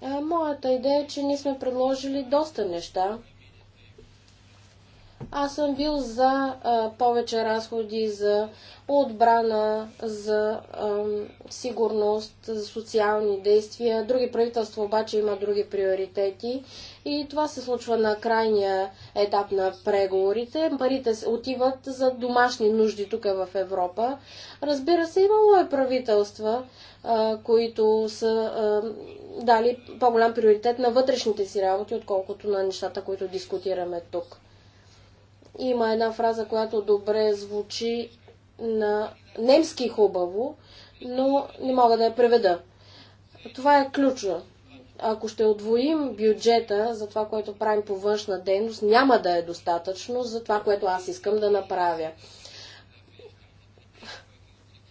А, моята идея е, че ние сме предложили доста неща. Аз съм бил за а, повече разходи за отбрана, за а, сигурност, за социални действия. Други правителства обаче има други приоритети и това се случва на крайния етап на преговорите. Парите отиват за домашни нужди тук в Европа. Разбира се, имало е правителства, а, които са дали по-голям приоритет на вътрешните си работи, отколкото на нещата, които дискутираме тук. Има една фраза, която добре звучи на немски хубаво, но не мога да я преведа. Това е ключно. Ако ще отвоим бюджета за това, което правим по външна дейност, няма да е достатъчно за това, което аз искам да направя.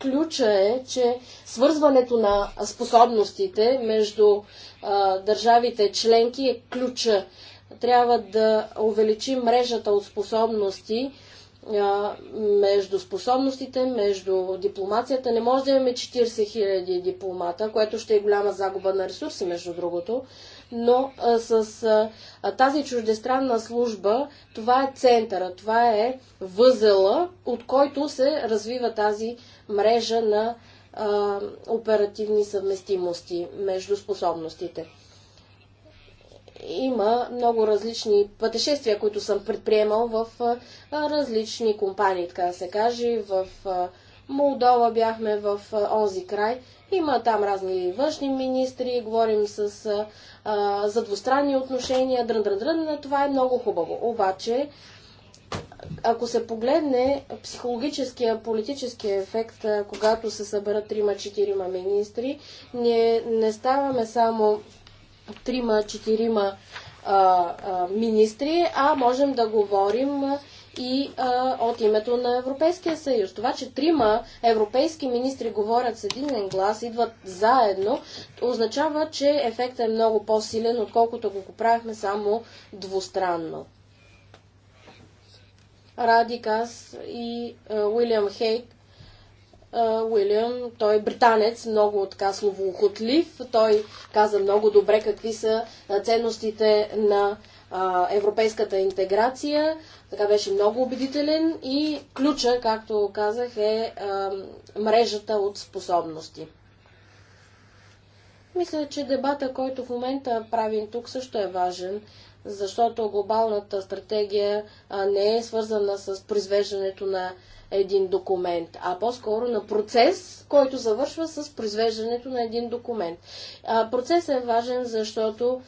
Ключа е, че свързването на способностите между а, държавите членки е ключа трябва да увеличим мрежата от способности между способностите, между дипломацията. Не може да имаме 40 000 дипломата, което ще е голяма загуба на ресурси, между другото. Но а, с а, тази чуждестранна служба това е центъра, това е възела, от който се развива тази мрежа на а, оперативни съвместимости между способностите има много различни пътешествия, които съм предприемал в различни компании, така да се каже. В Молдова бяхме в онзи край. Има там разни външни министри, говорим с, а, за двустранни отношения, дрън, дрън, дрън. Това е много хубаво. Обаче, ако се погледне психологическия, политическия ефект, когато се съберат 3-4 министри, ние не ставаме само трима-четирима министри, а можем да говорим и а, от името на Европейския съюз. Това, че трима европейски министри говорят с един глас, идват заедно, означава, че ефектът е много по-силен, отколкото го, поправихме правихме само двустранно. Радикас и Уилям Хейк Уилям, той е британец, много така словоохотлив. Той каза много добре какви са ценностите на европейската интеграция. Така беше много убедителен и ключа, както казах, е мрежата от способности. Мисля, че дебата, който в момента правим тук, също е важен защото глобалната стратегия не е свързана с произвеждането на един документ, а по-скоро на процес, който завършва с произвеждането на един документ. Процесът е важен, защото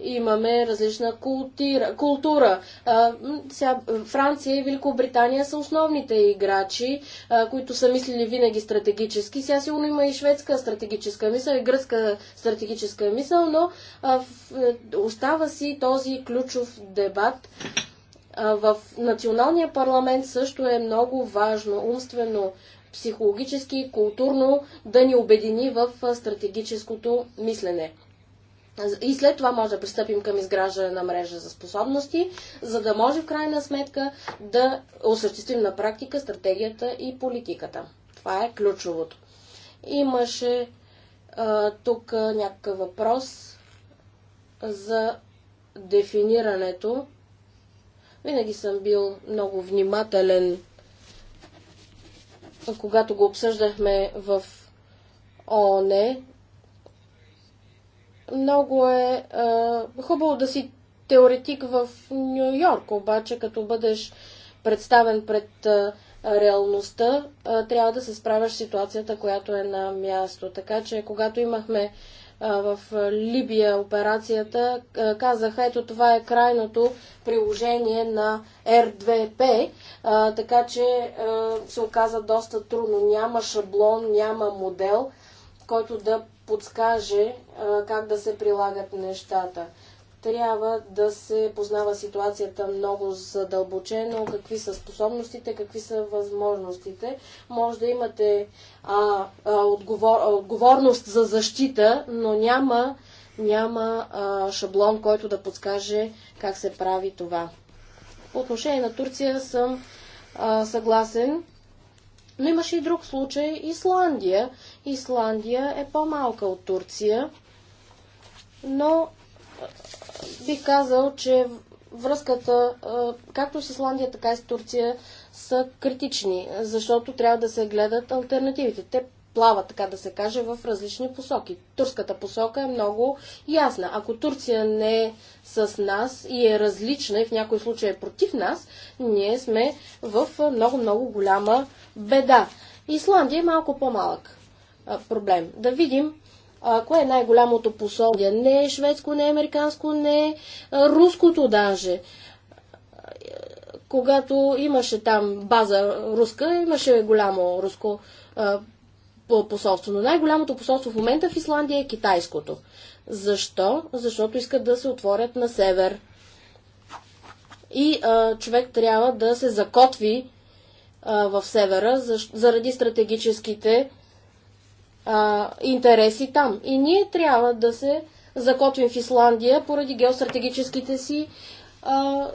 имаме различна култира, култура. Сега, Франция и Великобритания са основните играчи, които са мислили винаги стратегически. Сега сигурно има и шведска стратегическа мисъл, и гръцка стратегическа мисъл, но е, остава си този ключов дебат. В националния парламент също е много важно умствено, психологически и културно да ни обедини в стратегическото мислене. И след това може да пристъпим към изграждане на мрежа за способности, за да може в крайна сметка да осъществим на практика стратегията и политиката. Това е ключовото. Имаше а, тук някакъв въпрос за дефинирането. Винаги съм бил много внимателен, когато го обсъждахме в ООН много е хубаво да си теоретик в Нью Йорк, обаче като бъдеш представен пред реалността, трябва да се справяш с ситуацията, която е на място. Така че, когато имахме в Либия операцията, казаха, ето това е крайното приложение на R2P, така че се оказа доста трудно. Няма шаблон, няма модел, който да подскаже как да се прилагат нещата. Трябва да се познава ситуацията много задълбочено, какви са способностите, какви са възможностите. Може да имате а, а, отговор, а, отговорност за защита, но няма, няма а, шаблон, който да подскаже как се прави това. По отношение на Турция съм а, съгласен. Но имаше и друг случай Исландия. Исландия е по-малка от Турция но бих казал, че връзката както с Исландия, така и с Турция са критични, защото трябва да се гледат альтернативите. Те плават, така да се каже, в различни посоки. Турската посока е много ясна. Ако Турция не е с нас и е различна и в някой случай е против нас, ние сме в много-много голяма беда. Исландия е малко по-малък проблем. Да видим а, кое е най-голямото посолство? Не е шведско, не е американско, не е руското даже. Когато имаше там база руска, имаше голямо руско а, посолство. Но най-голямото посолство в момента в Исландия е китайското. Защо? Защото искат да се отворят на север. И а, човек трябва да се закотви а, в севера, защ... заради стратегическите а, интереси там. И ние трябва да се закотвим в Исландия поради геостратегическите си а,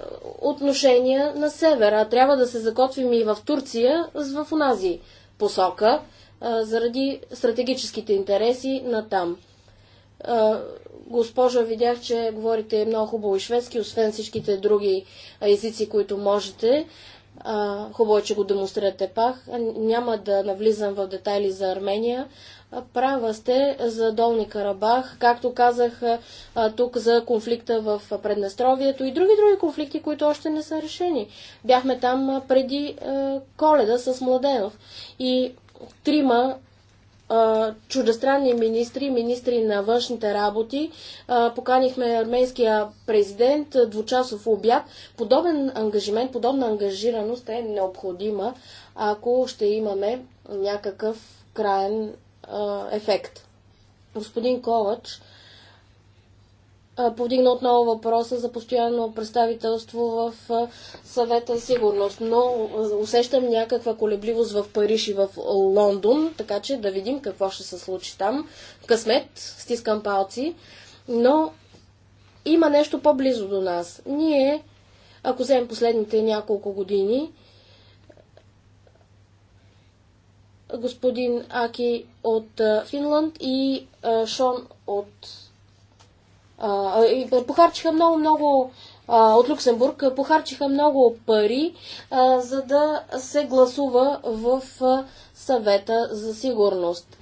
отношения на севера. Трябва да се закотвим и в Турция в онази посока, а, заради стратегическите интереси на там. А, госпожа, видях, че говорите много хубаво и шведски, освен всичките други езици, които можете. А, хубаво е, че го демонстрирате пак. Няма да навлизам в детайли за Армения. Права сте за Долни Карабах, както казах тук за конфликта в Преднестровието и други други конфликти, които още не са решени. Бяхме там преди коледа с Младенов и трима чуждестранни министри, министри на външните работи. Поканихме армейския президент, двучасов обяд. Подобен ангажимент, подобна ангажираност е необходима, ако ще имаме някакъв краен ефект. Господин Ковач повдигна отново въпроса за постоянно представителство в съвета за сигурност, но усещам някаква колебливост в Париж и в Лондон, така че да видим какво ще се случи там. Късмет, стискам палци, но има нещо по-близо до нас. Ние, ако вземем последните няколко години, господин Аки от Финланд и Шон от... Похарчиха много-много от Люксембург похарчиха много пари, а, за да се гласува в а, съвета за сигурност.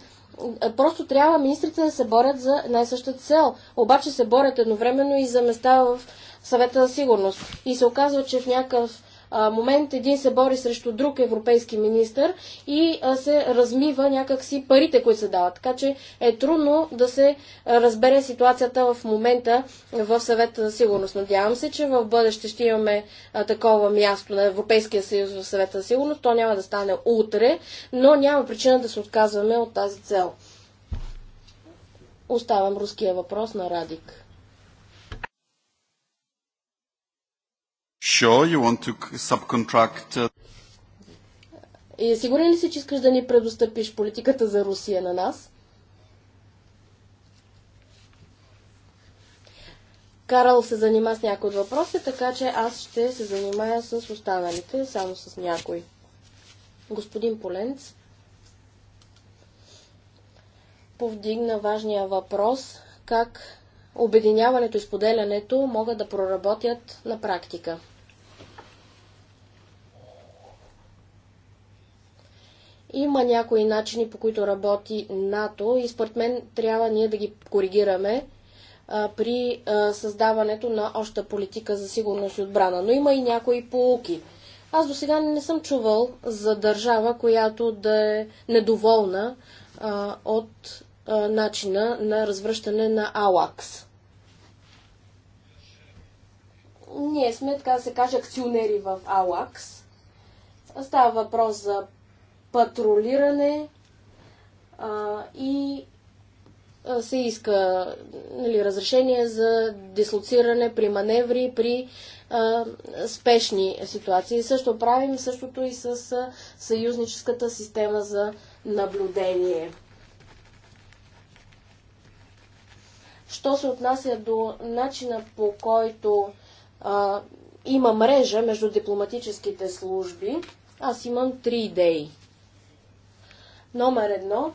Просто трябва министрите да се борят за най-съща цел, обаче се борят едновременно и за места в съвета за сигурност. И се оказва, че в някакъв момент един се бори срещу друг европейски министр и се размива някакси парите, които се дават. Така че е трудно да се разбере ситуацията в момента в съвета за сигурност. Надявам се, че в бъдеще ще имаме такова място на Европейския съюз в съвета за сигурност. То няма да стане утре, но няма причина да се отказваме от тази цел. Оставям руския въпрос на Радик. Sure, you want to subcontract... Uh, и е сигурен ли си, че искаш да ни предостъпиш политиката за Русия на нас? Карал се занима с някои от въпроси, така че аз ще се занимая с останалите, само с някои. Господин Поленц повдигна важния въпрос как обединяването и споделянето могат да проработят на практика. Има някои начини, по които работи НАТО и според мен трябва ние да ги коригираме а, при а, създаването на обща политика за сигурност и отбрана. Но има и някои полуки. Аз до сега не съм чувал за държава, която да е недоволна а, от а, начина на развръщане на АЛАКС. Ние сме, така да се каже, акционери в АЛАКС. Става въпрос за патрулиране а, и се иска нали, разрешение за дислоциране при маневри, при а, спешни ситуации. Също правим същото и с а, съюзническата система за наблюдение. Що се отнася до начина по който а, има мрежа между дипломатическите служби, аз имам три идеи. Номер едно.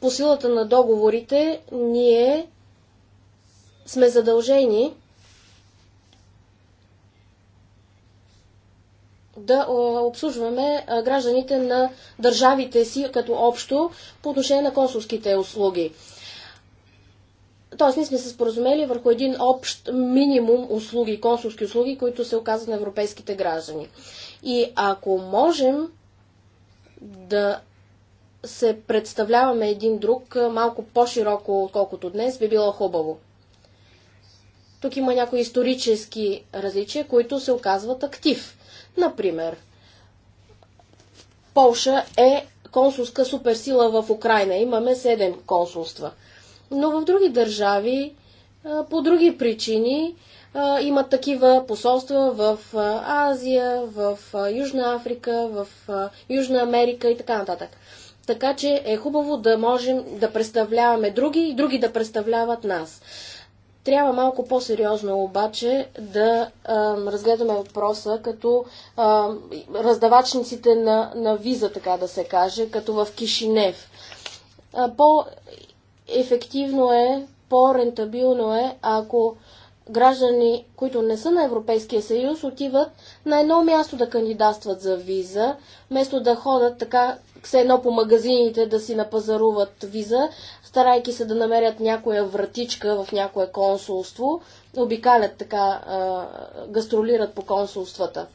По силата на договорите ние сме задължени да обслужваме гражданите на държавите си като общо по отношение на консулските услуги. Тоест, ние сме се споразумели върху един общ минимум услуги, консулски услуги, които се оказват на европейските граждани. И ако можем да се представляваме един друг малко по-широко, отколкото днес, би било хубаво. Тук има някои исторически различия, които се оказват актив. Например, Полша е консулска суперсила в Украина. Имаме 7 консулства – но в други държави по други причини имат такива посолства в Азия, в Южна Африка, в Южна Америка и така нататък. Така че е хубаво да можем да представляваме други и други да представляват нас. Трябва малко по-сериозно обаче да а, разгледаме въпроса като а, раздавачниците на, на виза, така да се каже, като в Кишинев. А, по ефективно е, по-рентабилно е, ако граждани, които не са на Европейския съюз, отиват на едно място да кандидатстват за виза, вместо да ходят така все едно по магазините да си напазаруват виза, старайки се да намерят някоя вратичка в някое консулство, обикалят така, а, гастролират по консулствата.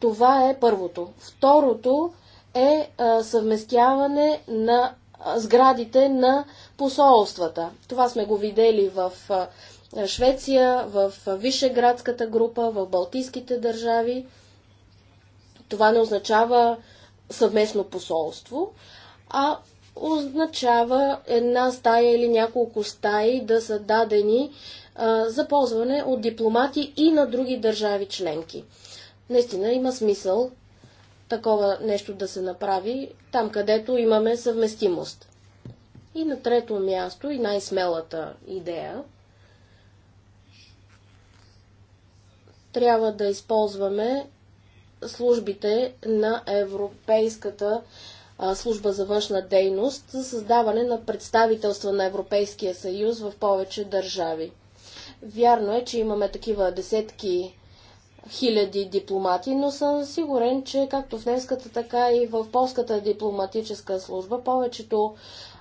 Това е първото. Второто е а, съвместяване на сградите на посолствата. Това сме го видели в Швеция, в Вишеградската група, в Балтийските държави. Това не означава съвместно посолство, а означава една стая или няколко стаи да са дадени за ползване от дипломати и на други държави членки. Наистина има смисъл такова нещо да се направи там, където имаме съвместимост. И на трето място, и най-смелата идея, трябва да използваме службите на Европейската служба за външна дейност за създаване на представителства на Европейския съюз в повече държави. Вярно е, че имаме такива десетки хиляди дипломати, но съм сигурен, че както в немската, така и в полската дипломатическа служба повечето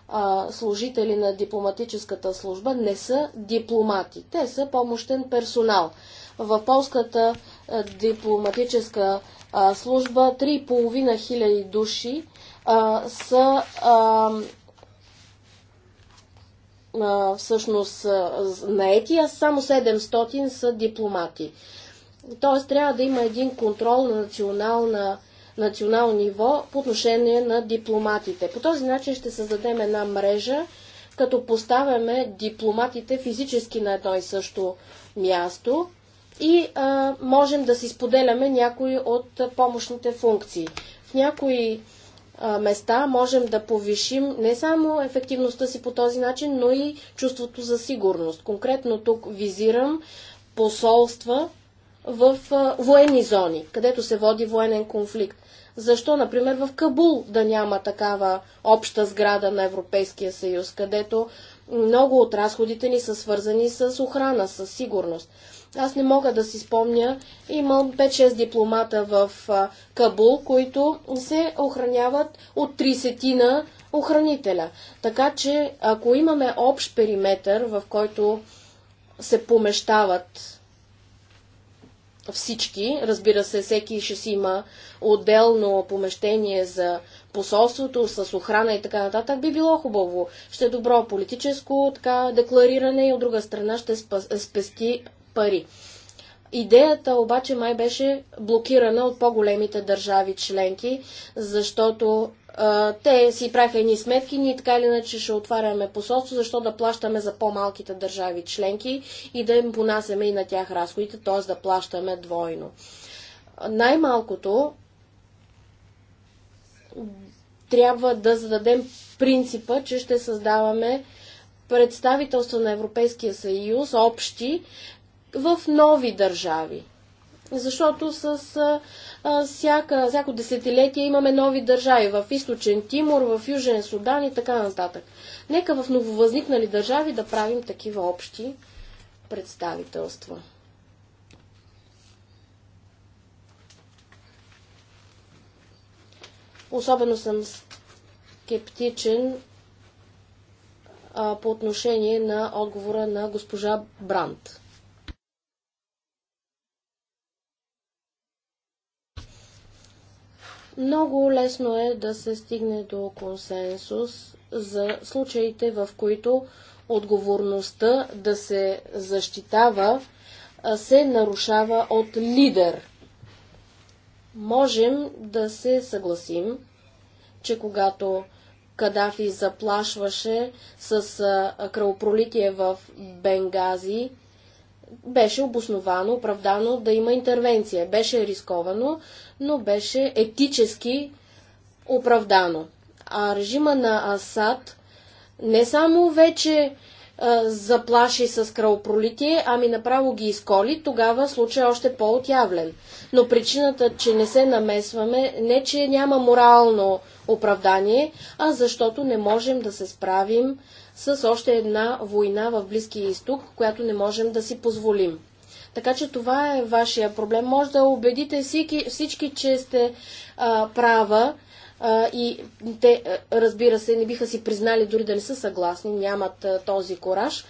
а, служители на дипломатическата служба не са дипломати. Те са помощен персонал. В полската а, дипломатическа а, служба 3,5 хиляди души а, са а, а, всъщност наети, а само 700 са дипломати. Тоест трябва да има един контрол на национална национално ниво по отношение на дипломатите. По този начин ще създадем една мрежа, като поставяме дипломатите физически на едно и също място и а, можем да си споделяме някои от помощните функции. В някои а, места можем да повишим не само ефективността си по този начин, но и чувството за сигурност. Конкретно тук визирам посолства в а, военни зони, където се води военен конфликт. Защо, например, в Кабул да няма такава обща сграда на Европейския съюз, където много от разходите ни са свързани с охрана, с сигурност. Аз не мога да си спомня, имам 5-6 дипломата в Кабул, които се охраняват от на охранителя. Така че, ако имаме общ периметр, в който се помещават всички. Разбира се, всеки ще си има отделно помещение за посолството с охрана и така нататък. Би било хубаво. Ще е добро политическо така, деклариране и от друга страна ще спести пари. Идеята обаче май беше блокирана от по-големите държави членки, защото те си праха едни сметки, ние така или иначе ще отваряме посолство, защо да плащаме за по-малките държави членки и да им понасяме и на тях разходите, т.е. да плащаме двойно. Най-малкото трябва да зададем принципа, че ще създаваме представителства на Европейския съюз, общи, в нови държави защото с а, всяка, всяко десетилетие имаме нови държави в източен Тимор, в Южен Судан и така нататък. Нека в нововъзникнали държави да правим такива общи представителства. Особено съм скептичен а, по отношение на отговора на госпожа Брант. Много лесно е да се стигне до консенсус за случаите, в които отговорността да се защитава се нарушава от лидер. Можем да се съгласим, че когато Кадафи заплашваше с кръвопролитие в Бенгази, беше обосновано, оправдано да има интервенция. Беше рисковано, но беше етически оправдано. А режима на Асад не само вече а, заплаши с кръвопролитие, ами направо ги изколи, тогава случай е още по-отявлен. Но причината, че не се намесваме, не че няма морално оправдание, а защото не можем да се справим с още една война в Близкия изток, която не можем да си позволим. Така че това е вашия проблем. Може да убедите всички, всички че сте а, права а, и те, разбира се, не биха си признали дори да не са съгласни, нямат а, този кораж.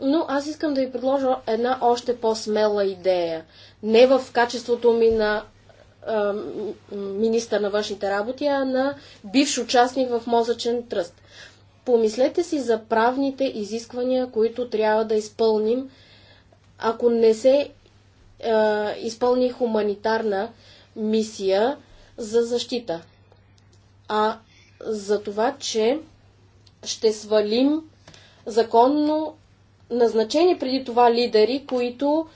Но аз искам да ви предложа една още по-смела идея. Не в качеството ми на министър на външните работи, а на бивш участник в мозъчен тръст. Помислете си за правните изисквания, които трябва да изпълним, ако не се а, изпълни хуманитарна мисия за защита. А за това, че ще свалим законно назначени преди това лидери, които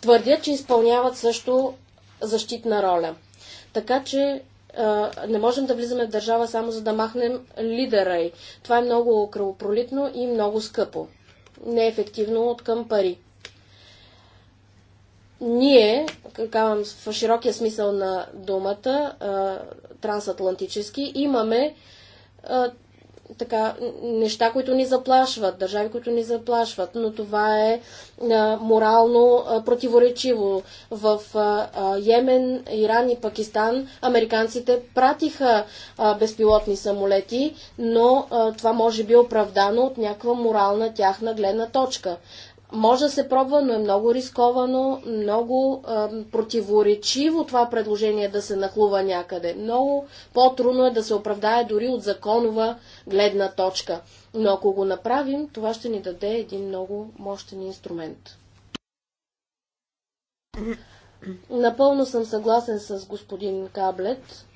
твърдят, че изпълняват също защитна роля. Така че а, не можем да влизаме в държава само за да махнем лидера й. Това е много кръвопролитно и много скъпо. Неефективно от към пари ние, казвам в широкия смисъл на думата, трансатлантически, имаме така, неща, които ни заплашват, държави, които ни заплашват, но това е а, морално а, противоречиво. В а, а, Йемен, Иран и Пакистан американците пратиха а, безпилотни самолети, но а, това може би е оправдано от някаква морална тяхна гледна точка може да се пробва, но е много рисковано, много е, противоречиво това предложение да се нахлува някъде. Много по-трудно е да се оправдае дори от законова гледна точка. Но ако го направим, това ще ни даде един много мощен инструмент. Напълно съм съгласен с господин Каблет,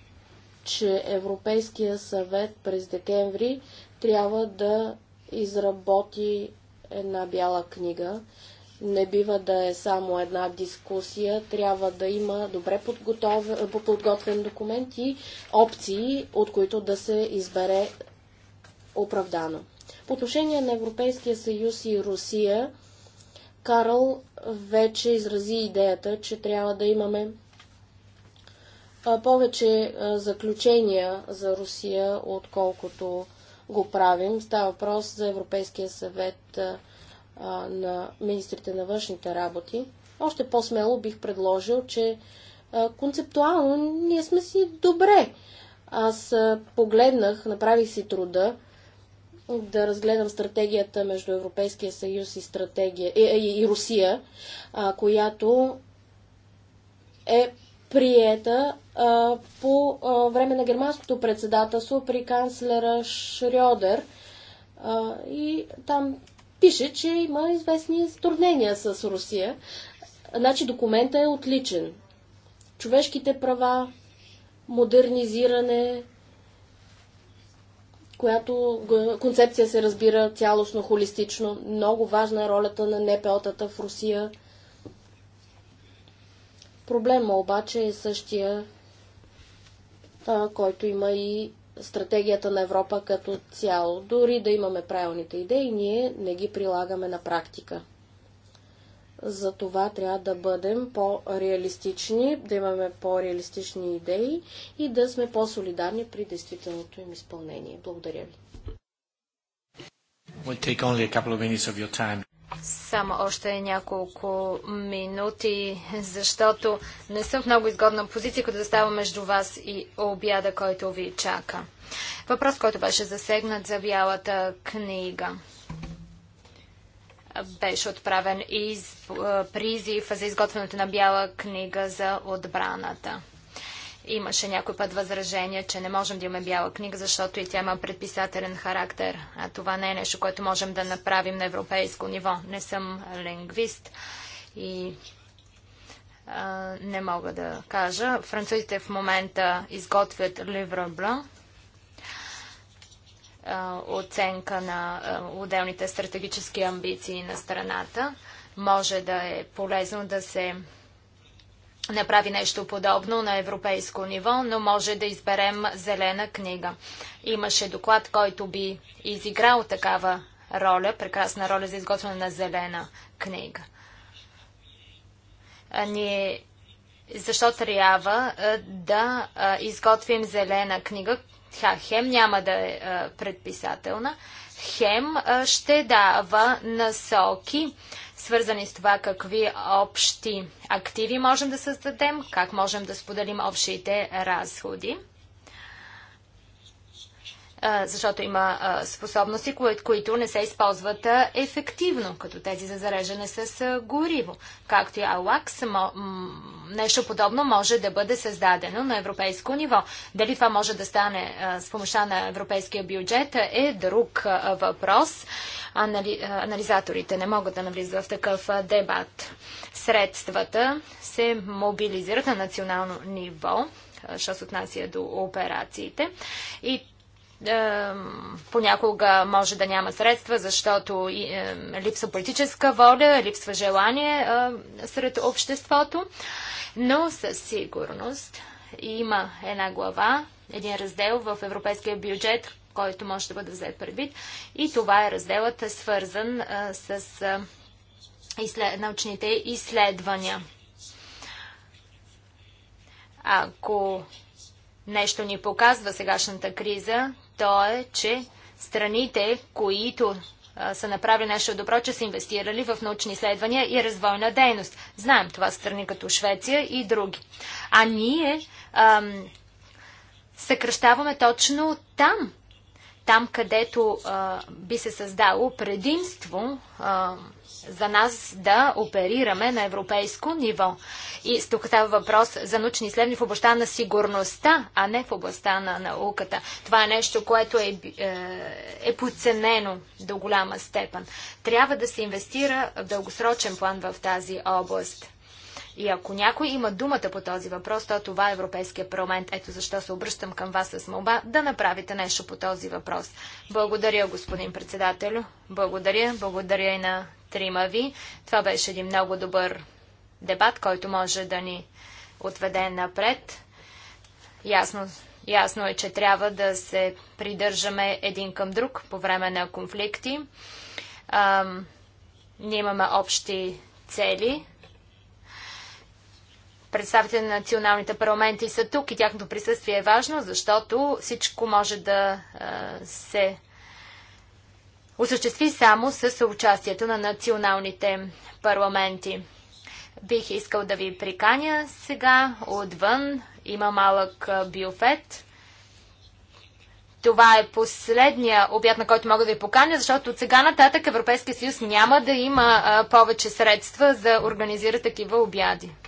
че Европейския съвет през декември трябва да изработи една бяла книга. Не бива да е само една дискусия, трябва да има добре подготов... подготвен документ и опции, от които да се избере оправдано. По отношение на Европейския съюз и Русия, Карл вече изрази идеята, че трябва да имаме повече заключения за Русия, отколкото го правим. Става въпрос за Европейския съвет а, на министрите на външните работи. Още по-смело бих предложил, че а, концептуално ние сме си добре. Аз а, погледнах, направих си труда да разгледам стратегията между Европейския съюз и, стратегия, и, и, и Русия, а, която е приета а, по а, време на германското председателство при канцлера Шрьодер. А, и там пише, че има известни затруднения с Русия. Значи документа е отличен. Човешките права, модернизиране, която концепция се разбира цялостно, холистично. Много важна е ролята на НПО-тата в Русия – Проблема обаче е същия, който има и стратегията на Европа като цяло. Дори да имаме правилните идеи, ние не ги прилагаме на практика. За това трябва да бъдем по-реалистични, да имаме по-реалистични идеи и да сме по-солидарни при действителното им изпълнение. Благодаря ви. We'll take only a couple of minutes of your time. Само още няколко минути, защото не съм в много изгодна позиция, като да става между вас и обяда, който ви чака. Въпрос, който беше засегнат за бялата книга. Беше отправен из, призив за изготвянето на бяла книга за отбраната. Имаше някой път възражение, че не можем да имаме бяла книга, защото и тя има предписателен характер. А това не е нещо, което можем да направим на европейско ниво. Не съм лингвист и а, не мога да кажа. Французите в момента изготвят Livre Blanc, оценка на отделните стратегически амбиции на страната. Може да е полезно да се направи нещо подобно на европейско ниво, но може да изберем зелена книга. Имаше доклад, който би изиграл такава роля, прекрасна роля за изготвяне на зелена книга. ние защо трябва да изготвим зелена книга? Хем няма да е предписателна. Хем ще дава насоки свързани с това какви общи активи можем да създадем, как можем да споделим общите разходи защото има способности, които не се използват ефективно, като тези за зареждане с гориво. Както и АЛАКС, нещо подобно може да бъде създадено на европейско ниво. Дали това може да стане с помощта на европейския бюджет е друг въпрос. Анали... Анализаторите не могат да навлизат в такъв дебат. Средствата се мобилизират на национално ниво що се отнася до операциите. И понякога може да няма средства, защото липсва политическа воля, липсва желание сред обществото, но със сигурност има една глава, един раздел в европейския бюджет, който може да бъде взет предвид. И това е разделът, свързан с изслед... научните изследвания. Ако нещо ни показва сегашната криза, то е, че страните, които са направили нещо добро, че са инвестирали в научни изследвания и развойна дейност. Знаем това страни като Швеция и други. А ние ам, съкръщаваме точно там там, където а, би се създало предимство а, за нас да оперираме на европейско ниво. И тук става въпрос за научни изследвания в областта на сигурността, а не в областта на науката. Това е нещо, което е, е, е подценено до голяма степен. Трябва да се инвестира в дългосрочен план в тази област. И ако някой има думата по този въпрос, то това е Европейския парламент. Ето защо се обръщам към вас с молба да направите нещо по този въпрос. Благодаря, господин председател. Благодаря. Благодаря и на трима ви. Това беше един много добър дебат, който може да ни отведе напред. Ясно, ясно е, че трябва да се придържаме един към друг по време на конфликти. Ам, ние имаме общи цели, представители на националните парламенти са тук и тяхното присъствие е важно, защото всичко може да се осъществи само с участието на националните парламенти. Бих искал да ви приканя сега отвън. Има малък биофет. Това е последния обяд, на който мога да ви поканя, защото от сега нататък Европейския съюз няма да има повече средства за да организира такива обяди.